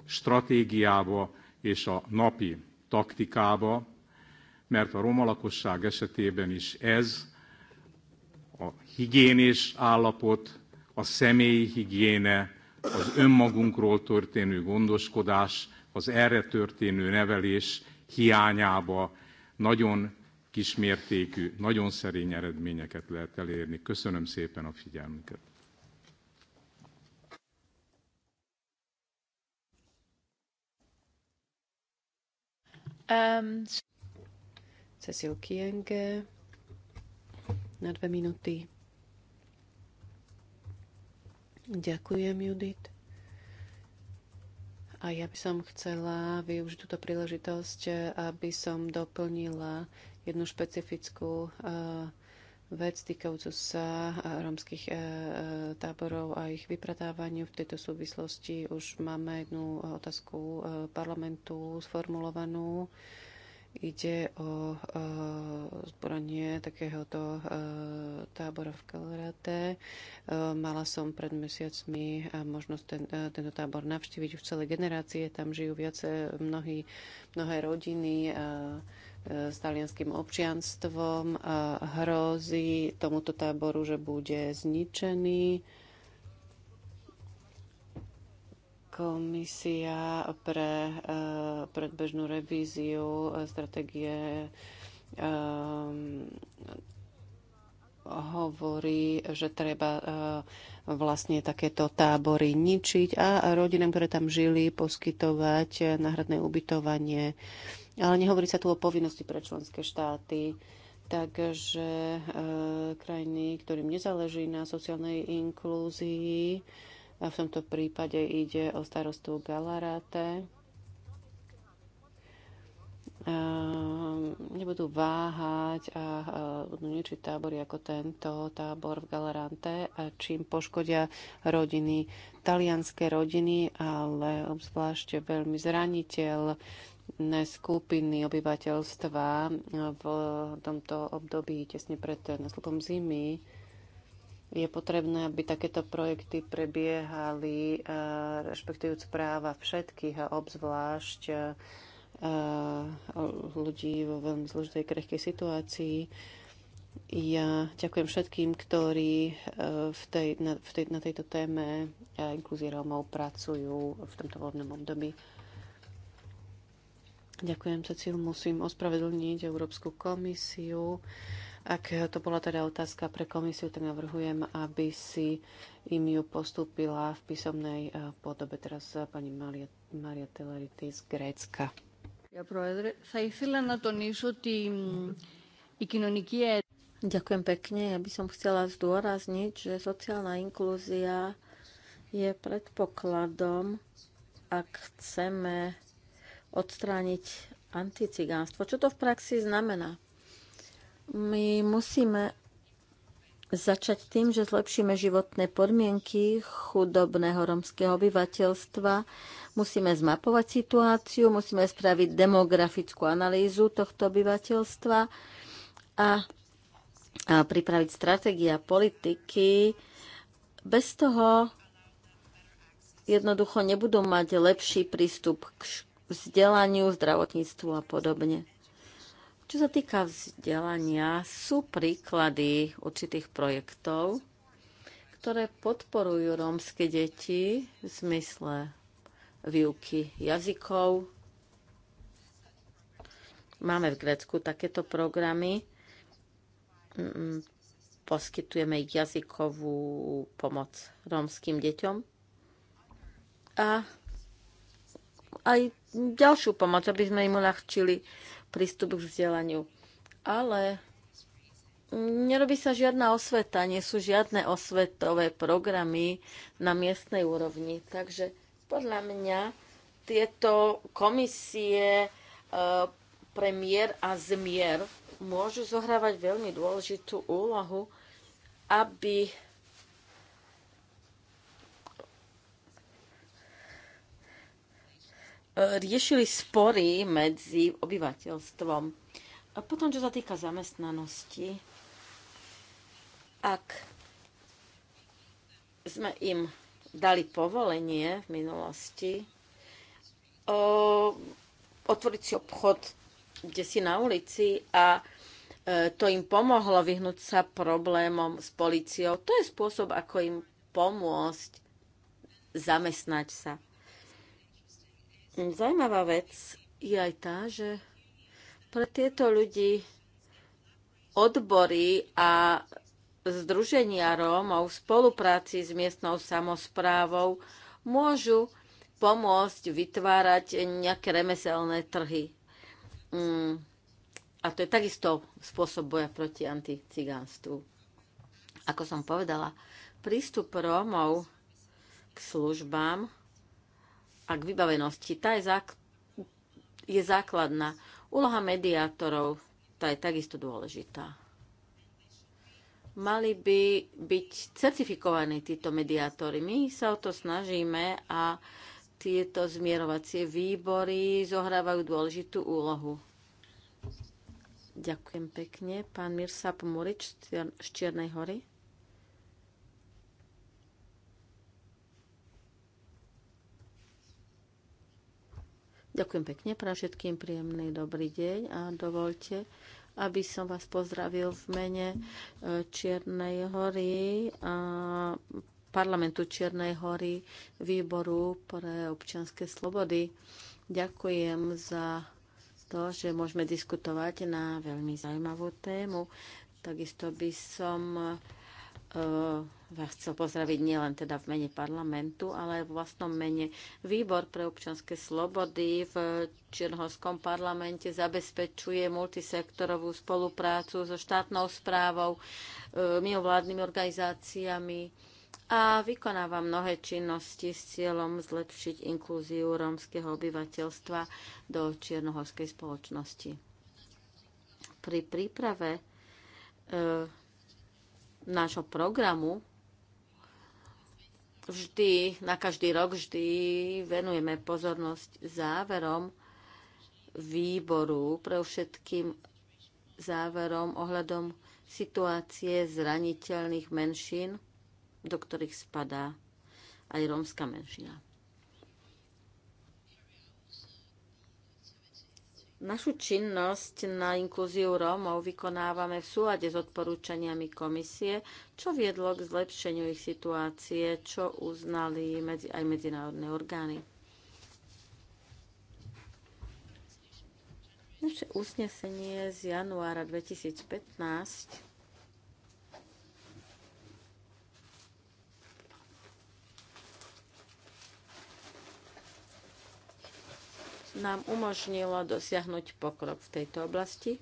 stratégiába és a napi taktikába, mert a roma lakosság esetében is ez a higiénés állapot, a személyi higiéne, az önmagunkról történő gondoskodás, az erre történő nevelés hiányába nagyon kismértékű, nagyon szerény eredményeket lehet elérni. Köszönöm szépen a figyelmüket. Um, Cecil Kienge 40 minuti. Ďakujem, Judit. A ja by som chcela využiť túto príležitosť, eh, aby som doplnila jednu špecifickú eh, vec týkajúcu sa uh, táborov a ich vypratávaniu. V tejto súvislosti už máme jednu otázku parlamentu sformulovanú Ide o e, zboranie takéhoto e, tábora v Kalorate. Mala som pred mesiacmi e, možnosť ten, tento tábor navštíviť. Už celé generácie tam žijú viace mnohí, mnohé rodiny s talianským občianstvom. Hrozí tomuto táboru, že bude zničený komisia pre eh, predbežnú revíziu eh, stratégie eh, hovorí, že treba vlastne takéto tábory ničiť a rodinám, ktoré tam žili, poskytovať náhradné ubytovanie. Ale nehovorí sa tu o povinnosti pre členské štáty. Takže krajiny, ktorým nezáleží na sociálnej inklúzii, a v tomto prípade ide o starostu Galarate. Nebudú váhať a budú ničiť tábory ako tento tábor v Galarante, a čím poškodia rodiny, talianské rodiny, ale obzvlášť veľmi zraniteľ skupiny obyvateľstva v tomto období tesne pred nastupom zimy je potrebné, aby takéto projekty prebiehali eh, rešpektujúc práva všetkých a obzvlášť eh, ľudí vo veľmi zložitej krehkej situácii. Ja ďakujem všetkým, ktorí eh, v tej, na, v tej, na tejto téme inklúzie Rómov pracujú v tomto voľbnom období. Ďakujem, Cecil. Musím ospravedlniť Európsku komisiu. Ak to bola teda otázka pre komisiu, tak navrhujem, aby si im ju postúpila v písomnej eh, podobe. Teraz eh, pani Maria, Maria Telerity z Grécka. Mm, Ďakujem pekne. Ja by som chcela zdôrazniť, že sociálna inklúzia je predpokladom, ak chceme odstrániť anticigánstvo. Čo to v praxi znamená? My musíme začať tým, že zlepšíme životné podmienky chudobného romského obyvateľstva. Musíme zmapovať situáciu, musíme spraviť demografickú analýzu tohto obyvateľstva a, a pripraviť a politiky. Bez toho jednoducho nebudú mať lepší prístup k vzdelaniu, zdravotníctvu a podobne. Čo sa týka vzdelania, sú príklady určitých projektov, ktoré podporujú rómske deti v zmysle výuky jazykov. Máme v Grécku takéto programy. Mm, poskytujeme jazykovú pomoc rómským deťom. A aj ďalšiu pomoc, aby sme im uľahčili prístup k vzdelaniu. Ale nerobí sa žiadna osveta, nie sú žiadne osvetové programy na miestnej úrovni. Takže podľa mňa tieto komisie e, premiér a zmier môžu zohrávať veľmi dôležitú úlohu, aby riešili spory medzi obyvateľstvom. A potom, čo sa týka zamestnanosti, ak sme im dali povolenie v minulosti o, otvoriť si obchod kde si na ulici a e, to im pomohlo vyhnúť sa problémom s policiou. To je spôsob, ako im pomôcť zamestnať sa. Zajímavá vec je aj tá, že pre tieto ľudí odbory a združenia Rómov v spolupráci s miestnou samozprávou môžu pomôcť vytvárať nejaké remeselné trhy. Mm. A to je takisto spôsob boja proti anticigánstvu. Ako som povedala, prístup Rómov k službám a k vybavenosti. Tá je, zák- je základná. Úloha mediátorov, tá je takisto dôležitá. Mali by byť certifikovaní títo mediátory. My sa o to snažíme a tieto zmierovacie výbory zohrávajú dôležitú úlohu. Ďakujem pekne. Pán Mirsap Murič z Čiernej hory. Ďakujem pekne pre všetkým príjemný dobrý deň a dovolte, aby som vás pozdravil v mene e, Čiernej hory a parlamentu Čiernej hory, výboru pre občianske slobody. Ďakujem za to, že môžeme diskutovať na veľmi zaujímavú tému. Takisto by som Eh, vás chcel pozdraviť nielen teda v mene parlamentu, ale v vlastnom mene. Výbor pre občanské slobody v Čiernohorskom parlamente zabezpečuje multisektorovú spoluprácu so štátnou správou, eh, mimovládnymi organizáciami a vykonáva mnohé činnosti s cieľom zlepšiť inklúziu rómskeho obyvateľstva do čiernohorskej spoločnosti. Pri príprave eh, nášho programu vždy, na každý rok vždy venujeme pozornosť záverom výboru, pre všetkým záverom ohľadom situácie zraniteľných menšín, do ktorých spadá aj rómska menšina. Našu činnosť na inkluziu Rómov vykonávame v súlade s odporúčaniami komisie, čo viedlo k zlepšeniu ich situácie, čo uznali medzi, aj medzinárodné orgány. Naše uznesenie z januára 2015 nám umožnilo dosiahnuť pokrok v tejto oblasti.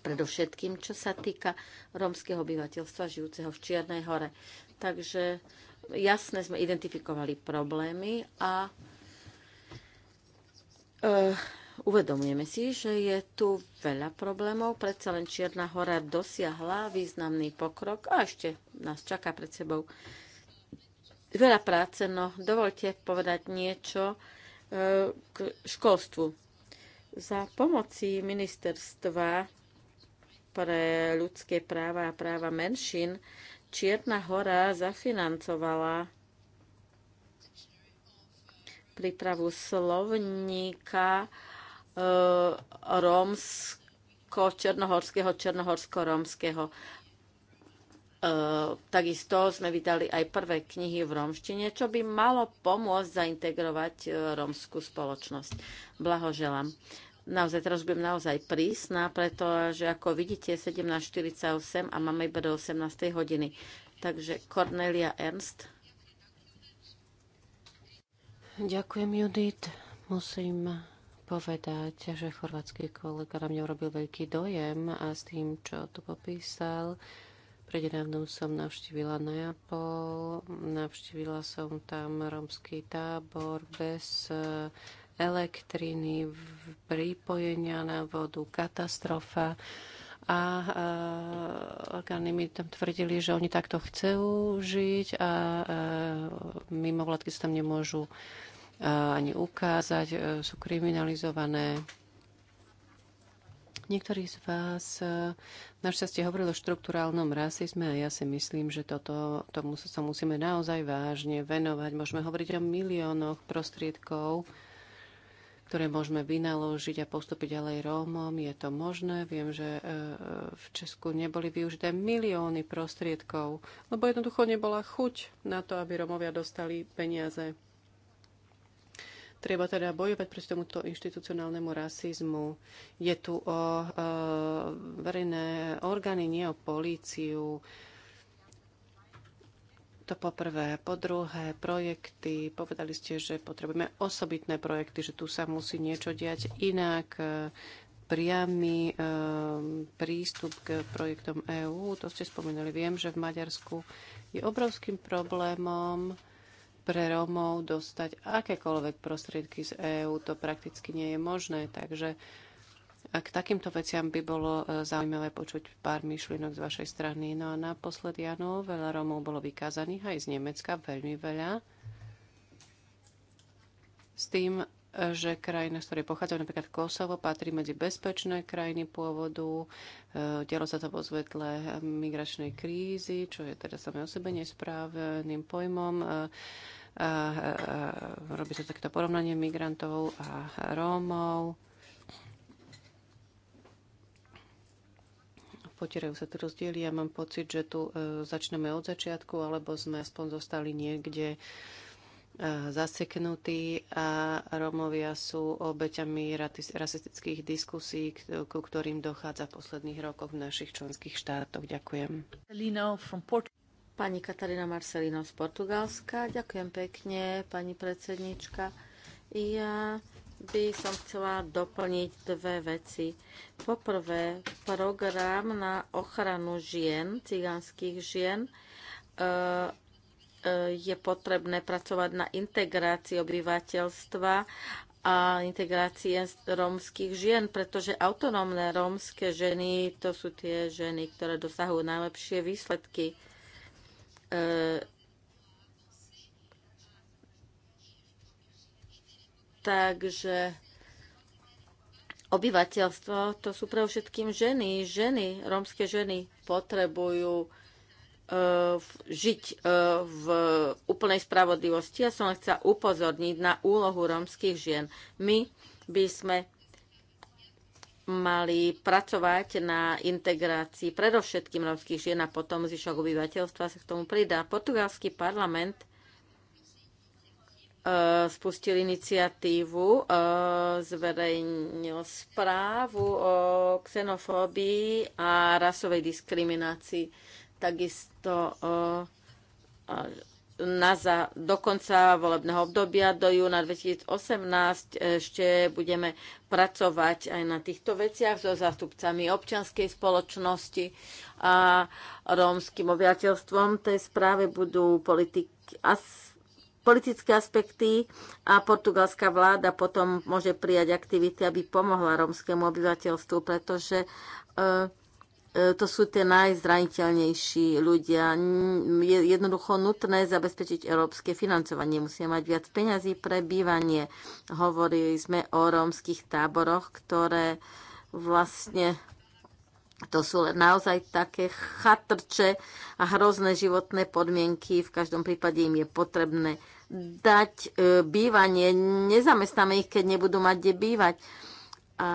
Predovšetkým, čo sa týka rómskeho obyvateľstva žijúceho v Čiernej hore. Takže jasne sme identifikovali problémy a e, Uvedomujeme si, že je tu veľa problémov, predsa len Čierna hora dosiahla významný pokrok a ešte nás čaká pred sebou veľa práce, no dovolte povedať niečo e, k školstvu. Za pomoci ministerstva pre ľudské práva a práva menšín Čierna hora zafinancovala prípravu slovníka e, romsko černohorského černohorsko-rómskeho. E, takisto sme vydali aj prvé knihy v romštine, čo by malo pomôcť zaintegrovať e, romskú spoločnosť. Blahoželám. Naozaj, teraz budem naozaj prísna, pretože ako vidíte, 17.48 a máme iba do 18. hodiny. Takže Cornelia Ernst. Ďakujem, Judith. Musím povedať, že chorvátsky kolega na mňa urobil veľký dojem a s tým, čo tu popísal, Prednedávnom som navštívila Neapol, navštívila som tam romský tábor bez e, elektriny, pripojenia na vodu, katastrofa. A e, orgány mi tam tvrdili, že oni takto chcú žiť a a e, mimovládky sa tam nemôžu ani ukázať, sú kriminalizované Niektorí z vás e, našťastie hovorili o štruktúrálnom rasizme a ja si myslím, že toto, tomu sa musíme naozaj vážne venovať. Môžeme hovoriť o miliónoch prostriedkov, ktoré môžeme vynaložiť a postupiť ďalej Rómom. Je to možné? Viem, že e, e, v Česku neboli využité milióny prostriedkov, lebo jednoducho nebola chuť na to, aby Rómovia dostali peniaze. Treba teda bojovať proti tomuto inštitucionálnemu rasizmu. Je tu o e, verejné orgány, nie o políciu. To poprvé. Po druhé, projekty. Povedali ste, že potrebujeme osobitné projekty, že tu sa musí niečo diať inak. Priamy e, prístup k projektom EÚ, to ste spomenuli. Viem, že v Maďarsku je obrovským problémom pre Rómov dostať akékoľvek prostriedky z EÚ. To prakticky nie je možné, takže k takýmto veciam by bolo e, zaujímavé počuť pár myšlienok z vašej strany. No a naposledy, áno, veľa Rómov bolo vykázaných aj z Nemecka, veľmi veľa. S tým, že krajina, z ktorej pochádzajú, napríklad Kosovo, patrí medzi bezpečné krajiny pôvodu. E, dialo sa to vo zvetle migračnej krízy, čo je teda samé o sebe nesprávnym pojmom. E, a, a, a, robí sa takéto porovnanie migrantov a Rómov. Potierajú sa tu rozdiely. Ja mám pocit, že tu e, začneme od začiatku, alebo sme aspoň zostali niekde e, zaseknutí a Rómovia sú obeťami rasistických diskusí, ku ktorým dochádza v posledných rokoch v našich členských štátoch. Ďakujem. Pani Katarína Marcelino z Portugalska. Ďakujem pekne, pani predsednička. Ja by som chcela doplniť dve veci. Poprvé, program na ochranu žien, cigánskych žien, e, je potrebné pracovať na integrácii obyvateľstva a integrácie rómskych žien, pretože autonómne rómske ženy to sú tie ženy, ktoré dosahujú najlepšie výsledky. E, takže obyvateľstvo to sú pre všetkým ženy. Ženy, rómske ženy potrebujú žiť e, v úplnej spravodlivosti. Ja som chcela upozorniť na úlohu rómskych žien. My by sme mali pracovať na integrácii predovšetkým rómskych žien a potom zvyšok obyvateľstva sa k tomu pridá. Portugalský parlament e, spustil iniciatívu, e, zverejnil správu o xenofóbii a rasovej diskriminácii takisto na za, do konca volebného obdobia, do júna 2018, ešte budeme pracovať aj na týchto veciach so zástupcami občianskej spoločnosti a rómskym obyvateľstvom. Tej správe budú politik, as, politické aspekty a portugalská vláda potom môže prijať aktivity, aby pomohla rómskému obyvateľstvu, pretože e, E, to sú tie najzraniteľnejší ľudia. Je jednoducho nutné zabezpečiť európske financovanie. Musíme mať viac peňazí pre bývanie. Hovorili sme o rómskych táboroch, ktoré vlastne to sú naozaj také chatrče a hrozné životné podmienky. V každom prípade im je potrebné dať e, bývanie. Nezamestnáme ich, keď nebudú mať kde bývať a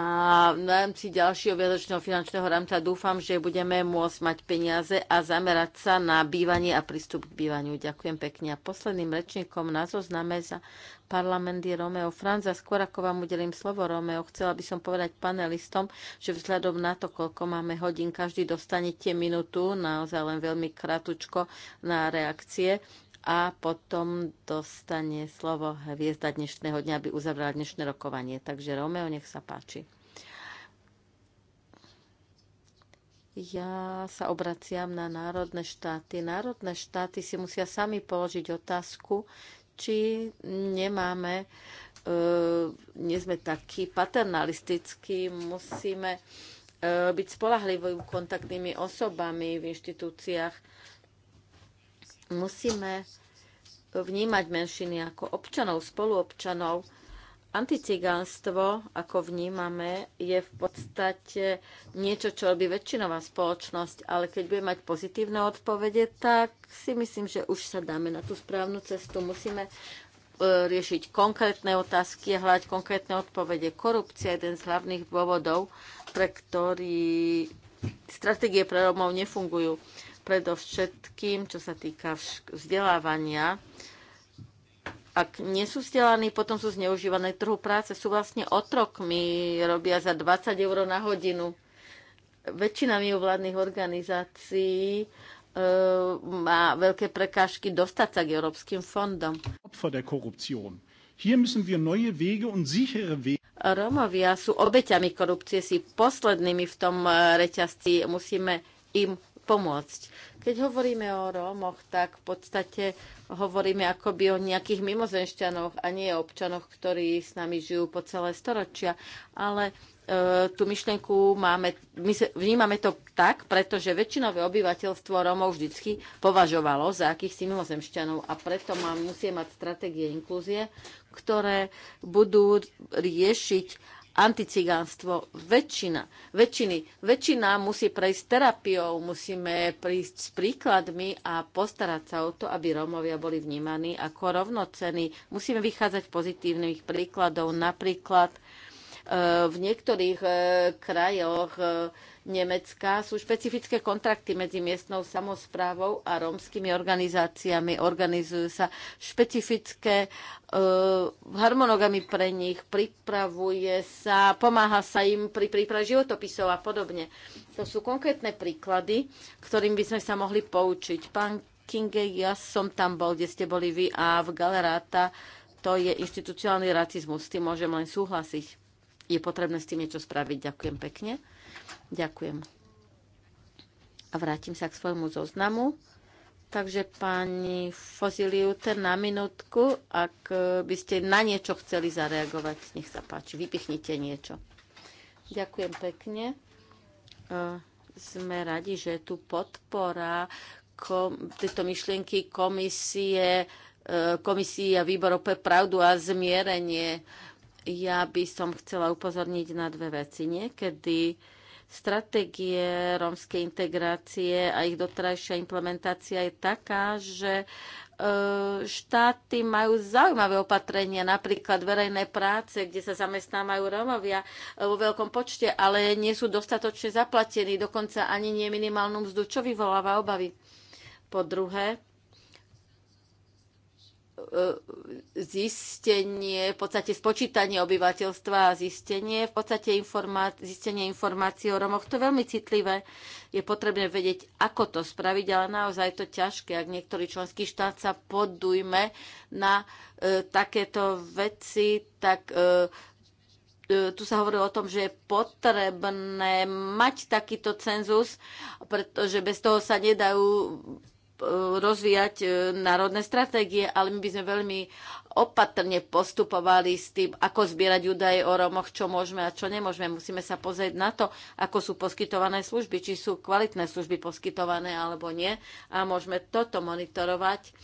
v rámci ďalšieho viadočného finančného rámca dúfam, že budeme môcť mať peniaze a zamerať sa na bývanie a prístup k bývaniu. Ďakujem pekne. A posledným rečníkom na zozname za parlament je Romeo Franza. Skôr ako vám udelím slovo, Romeo, chcela by som povedať panelistom, že vzhľadom na to, koľko máme hodín, každý dostanete minútu, naozaj len veľmi kratučko na reakcie a potom dostane slovo hviezda dnešného dňa, aby uzavrela dnešné rokovanie. Takže Romeo, nech sa páči. Ja sa obraciam na národné štáty. Národné štáty si musia sami položiť otázku, či nemáme, e, nie sme takí paternalistickí, musíme e, byť spolahlivými kontaktnými osobami v inštitúciách Musíme vnímať menšiny ako občanov, spoluobčanov. Anticigánstvo, ako vnímame, je v podstate niečo, čo robí väčšinová spoločnosť, ale keď bude mať pozitívne odpovede, tak si myslím, že už sa dáme na tú správnu cestu. Musíme e, riešiť konkrétne otázky a hľadať konkrétne odpovede. Korupcia je jeden z hlavných dôvodov, pre ktorý stratégie pre Rómov nefungujú predovšetkým, čo sa týka vzdelávania, ak nie sú vzdelaní, potom sú zneužívané trhu práce, sú vlastne otrokmi, robia za 20 eur na hodinu. Väčšina mimovládnych organizácií e, má veľké prekážky dostať sa k európskym fondom. Romovia sú obeťami korupcie, si poslednými v tom e, reťazci. Musíme im pomôcť. Keď hovoríme o Rómoch, tak v podstate hovoríme akoby o nejakých mimozenšťanoch a nie o občanoch, ktorí s nami žijú po celé storočia. Ale e, tú myšlienku máme, my se, vnímame to tak, pretože väčšinové obyvateľstvo Rómov vždycky považovalo za akýchsi mimozemšťanov a preto má, musie mať stratégie inklúzie, ktoré budú riešiť anticigánstvo väčšina, väčšiny. Väčšina musí prejsť terapiou, musíme prísť s príkladmi a postarať sa o to, aby Rómovia boli vnímaní ako rovnocení. Musíme vychádzať pozitívnych príkladov, napríklad E, v niektorých e, krajoch e, Nemecka sú špecifické kontrakty medzi miestnou samozprávou a rómskymi organizáciami. Organizujú sa špecifické uh, harmonogamy pre nich, pripravuje sa, pomáha sa im pri príprave životopisov a podobne. To sú konkrétne príklady, ktorým by sme sa mohli poučiť. Pán Kinge, ja som tam bol, kde ste boli vy a v Galeráta to je institucionálny racizmus. S tým môžem len súhlasiť je potrebné s tým niečo spraviť. Ďakujem pekne. Ďakujem. A vrátim sa k svojmu zoznamu. Takže pani ten na minútku, ak by ste na niečo chceli zareagovať, nech sa páči, vypichnite niečo. Ďakujem pekne. E, sme radi, že je tu podpora kom, tejto myšlienky komisie, e, komisie a výborov pre pravdu a zmierenie ja by som chcela upozorniť na dve veci. Niekedy stratégie rómskej integrácie a ich dotrajšia implementácia je taká, že e, štáty majú zaujímavé opatrenia, napríklad verejné práce, kde sa zamestnávajú Rómovia e, vo veľkom počte, ale nie sú dostatočne zaplatení, dokonca ani nie minimálnu mzdu, čo vyvoláva obavy. Po druhé, E, zistenie, v podstate spočítanie obyvateľstva a zistenie, v podstate informá- zistenie informácií o Romoch. To je veľmi citlivé. Je potrebné vedieť, ako to spraviť, ale naozaj je to ťažké, ak niektorý členský štát sa podujme na e, takéto veci, tak e, e tu sa hovorilo o tom, že je potrebné mať takýto cenzus, pretože bez toho sa nedajú rozvíjať e, národné stratégie, ale my by sme veľmi opatrne postupovali s tým, ako zbierať údaje o Romoch, čo môžeme a čo nemôžeme. Musíme sa pozrieť na to, ako sú poskytované služby, či sú kvalitné služby poskytované alebo nie. A môžeme toto monitorovať.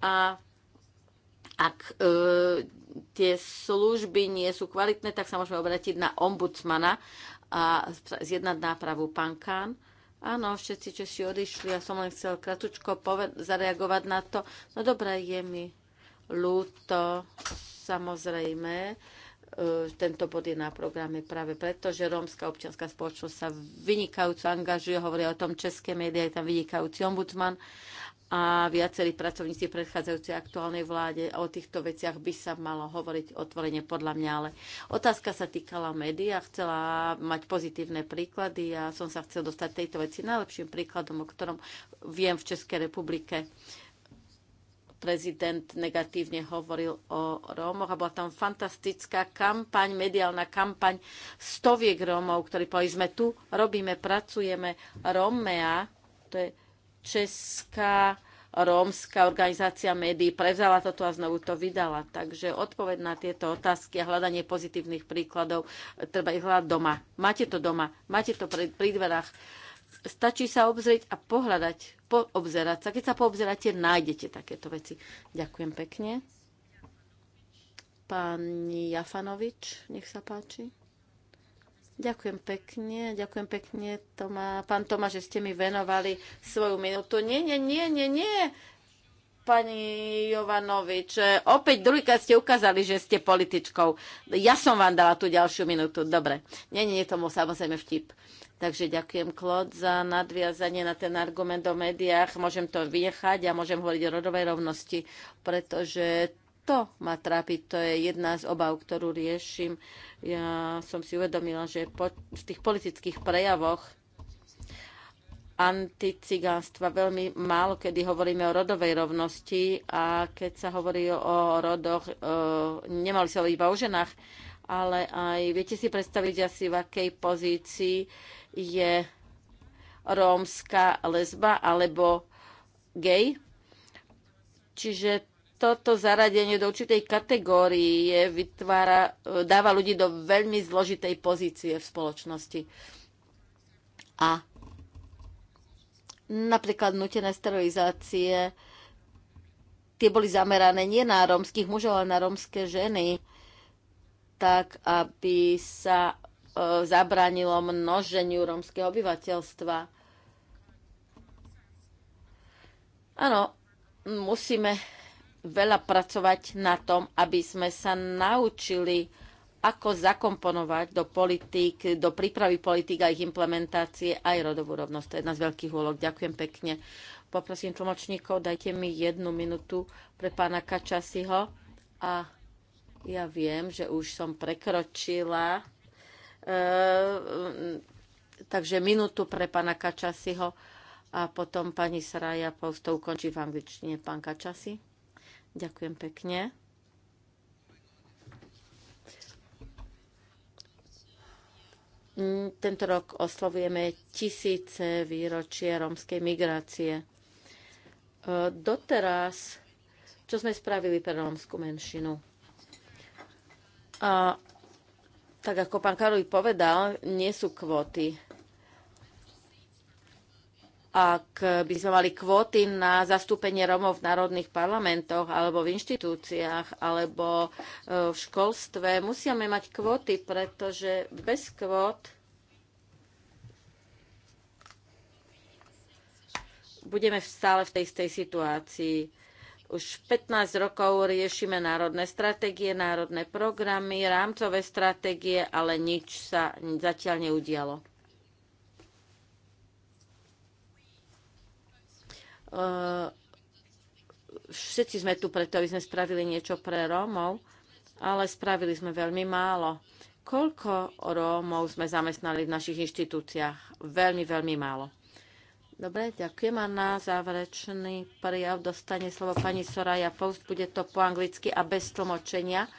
A ak e, tie služby nie sú kvalitné, tak sa môžeme obrátiť na ombudsmana a zjednať nápravu. Pán Kán. Áno, všetci Češi odišli, ja som len chcel kratučko zareagovať na to. No dobré, je mi ľúto, samozrejme e, tento bod je na programe práve preto, že rómska občianská spoločnosť sa vynikajúco angažuje, hovorí o tom české médiá, je tam vynikajúci ombudsman a viacerí pracovníci predchádzajúci aktuálnej vláde o týchto veciach by sa malo hovoriť otvorene podľa mňa, ale otázka sa týkala médií a chcela mať pozitívne príklady a som sa chcel dostať tejto veci najlepším príkladom, o ktorom viem v Českej republike prezident negatívne hovoril o Rómoch a bola tam fantastická kampaň, mediálna kampaň stoviek Rómov, ktorí povedali, sme tu, robíme, pracujeme, Rómea, to je Česká rómska organizácia médií prevzala toto a znovu to vydala. Takže odpoveď na tieto otázky a hľadanie pozitívnych príkladov treba ich hľadať doma. Máte to doma, máte to pri, pri dverách. Stačí sa obzrieť a pohľadať, poobzerať sa. Keď sa poobzeráte, nájdete takéto veci. Ďakujem pekne. Pani Jafanovič, nech sa páči. Ďakujem pekne, ďakujem pekne, Tomá. pán Toma, že ste mi venovali svoju minútu. Nie, nie, nie, nie, nie, pani Jovanovič. Opäť druhýkrát ste ukázali, že ste političkou. Ja som vám dala tú ďalšiu minútu. Dobre. Nie, nie, je tomu samozrejme vtip. Takže ďakujem, Klod, za nadviazanie na ten argument o médiách. Môžem to vyjechať a môžem hovoriť o rodovej rovnosti, pretože to ma trápi, to je jedna z obav, ktorú riešim. Ja som si uvedomila, že po, v tých politických prejavoch anticigánstva veľmi málo kedy hovoríme o rodovej rovnosti a keď sa hovorí o rodoch, e, nemali sa iba o ženách, ale aj viete si predstaviť asi v akej pozícii je rómska lesba alebo gej. Čiže toto zaradenie do určitej je, vytvára, dáva ľudí do veľmi zložitej pozície v spoločnosti. A napríklad nutené sterilizácie, tie boli zamerané nie na rómskych mužov, ale na rómske ženy, tak aby sa e, zabránilo množeniu rómskeho obyvateľstva. Áno, musíme veľa pracovať na tom, aby sme sa naučili, ako zakomponovať do politík, do prípravy politík a ich implementácie aj rodovú rovnosť. To je jedna z veľkých úloh. Ďakujem pekne. Poprosím tlmočníkov, dajte mi jednu minútu pre pána Kačasiho. A ja viem, že už som prekročila. Eh, takže minútu pre pána Kačasiho a potom pani Saraja Pousto ukončí v angličtine. Pán Kačasi. Ďakujem pekne. Mm, tento rok oslovujeme tisíce výročie rómskej migrácie. E, doteraz, čo sme spravili pre romskú menšinu? A tak ako pán Karuj povedal, nie sú kvóty ak by sme mali kvóty na zastúpenie Romov v národných parlamentoch alebo v inštitúciách alebo e, v školstve, musíme mať kvóty, pretože bez kvót budeme stále v tej istej situácii. Už 15 rokov riešime národné stratégie, národné programy, rámcové stratégie, ale nič sa zatiaľ neudialo. Eh, všetci sme tu preto, aby sme spravili niečo pre Rómov, ale spravili sme veľmi málo. Koľko Rómov sme zamestnali v našich inštitúciách? Veľmi, veľmi málo. Dobre, ďakujem. A na záverečný prijav dostane slovo pani Soraya Post. Bude to po anglicky a bez tlmočenia.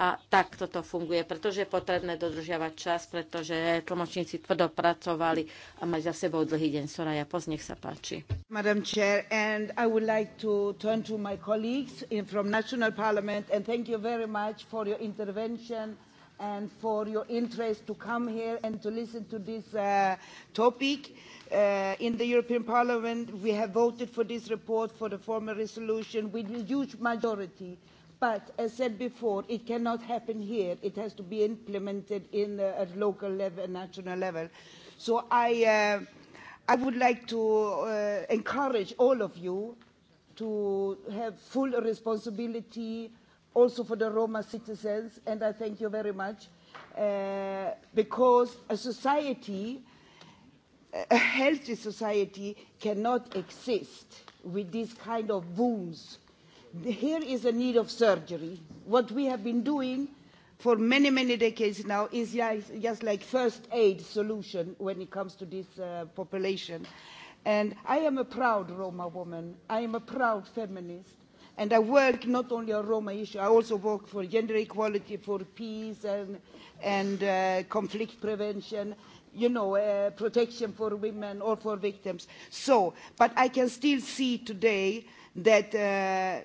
A tak toto funguje, pretože je potrebné dodržiavať čas, pretože tlmočníci tvrdo pracovali a mať za sebou dlhý deň. Soraya, poz, nech sa páči. Madam Chair, and I would like to turn to my colleagues in, from National Parliament and thank you very much for your intervention and for your interest to come here and to listen to this uh, topic. Uh, in the European Parliament, we have voted for this report for the former resolution with a huge majority But as said before, it cannot happen here. It has to be implemented in, at local level, and national level. So I, uh, I would like to uh, encourage all of you to have full responsibility also for the Roma citizens, and I thank you very much, uh, because a society, a healthy society, cannot exist with these kind of wounds here is a need of surgery. What we have been doing for many, many decades now is just like first aid solution when it comes to this uh, population. And I am a proud Roma woman. I am a proud feminist. And I work not only on Roma issue, I also work for gender equality, for peace and, and uh, conflict prevention you know, uh, protection for women or for victims. So, but I can still see today that uh,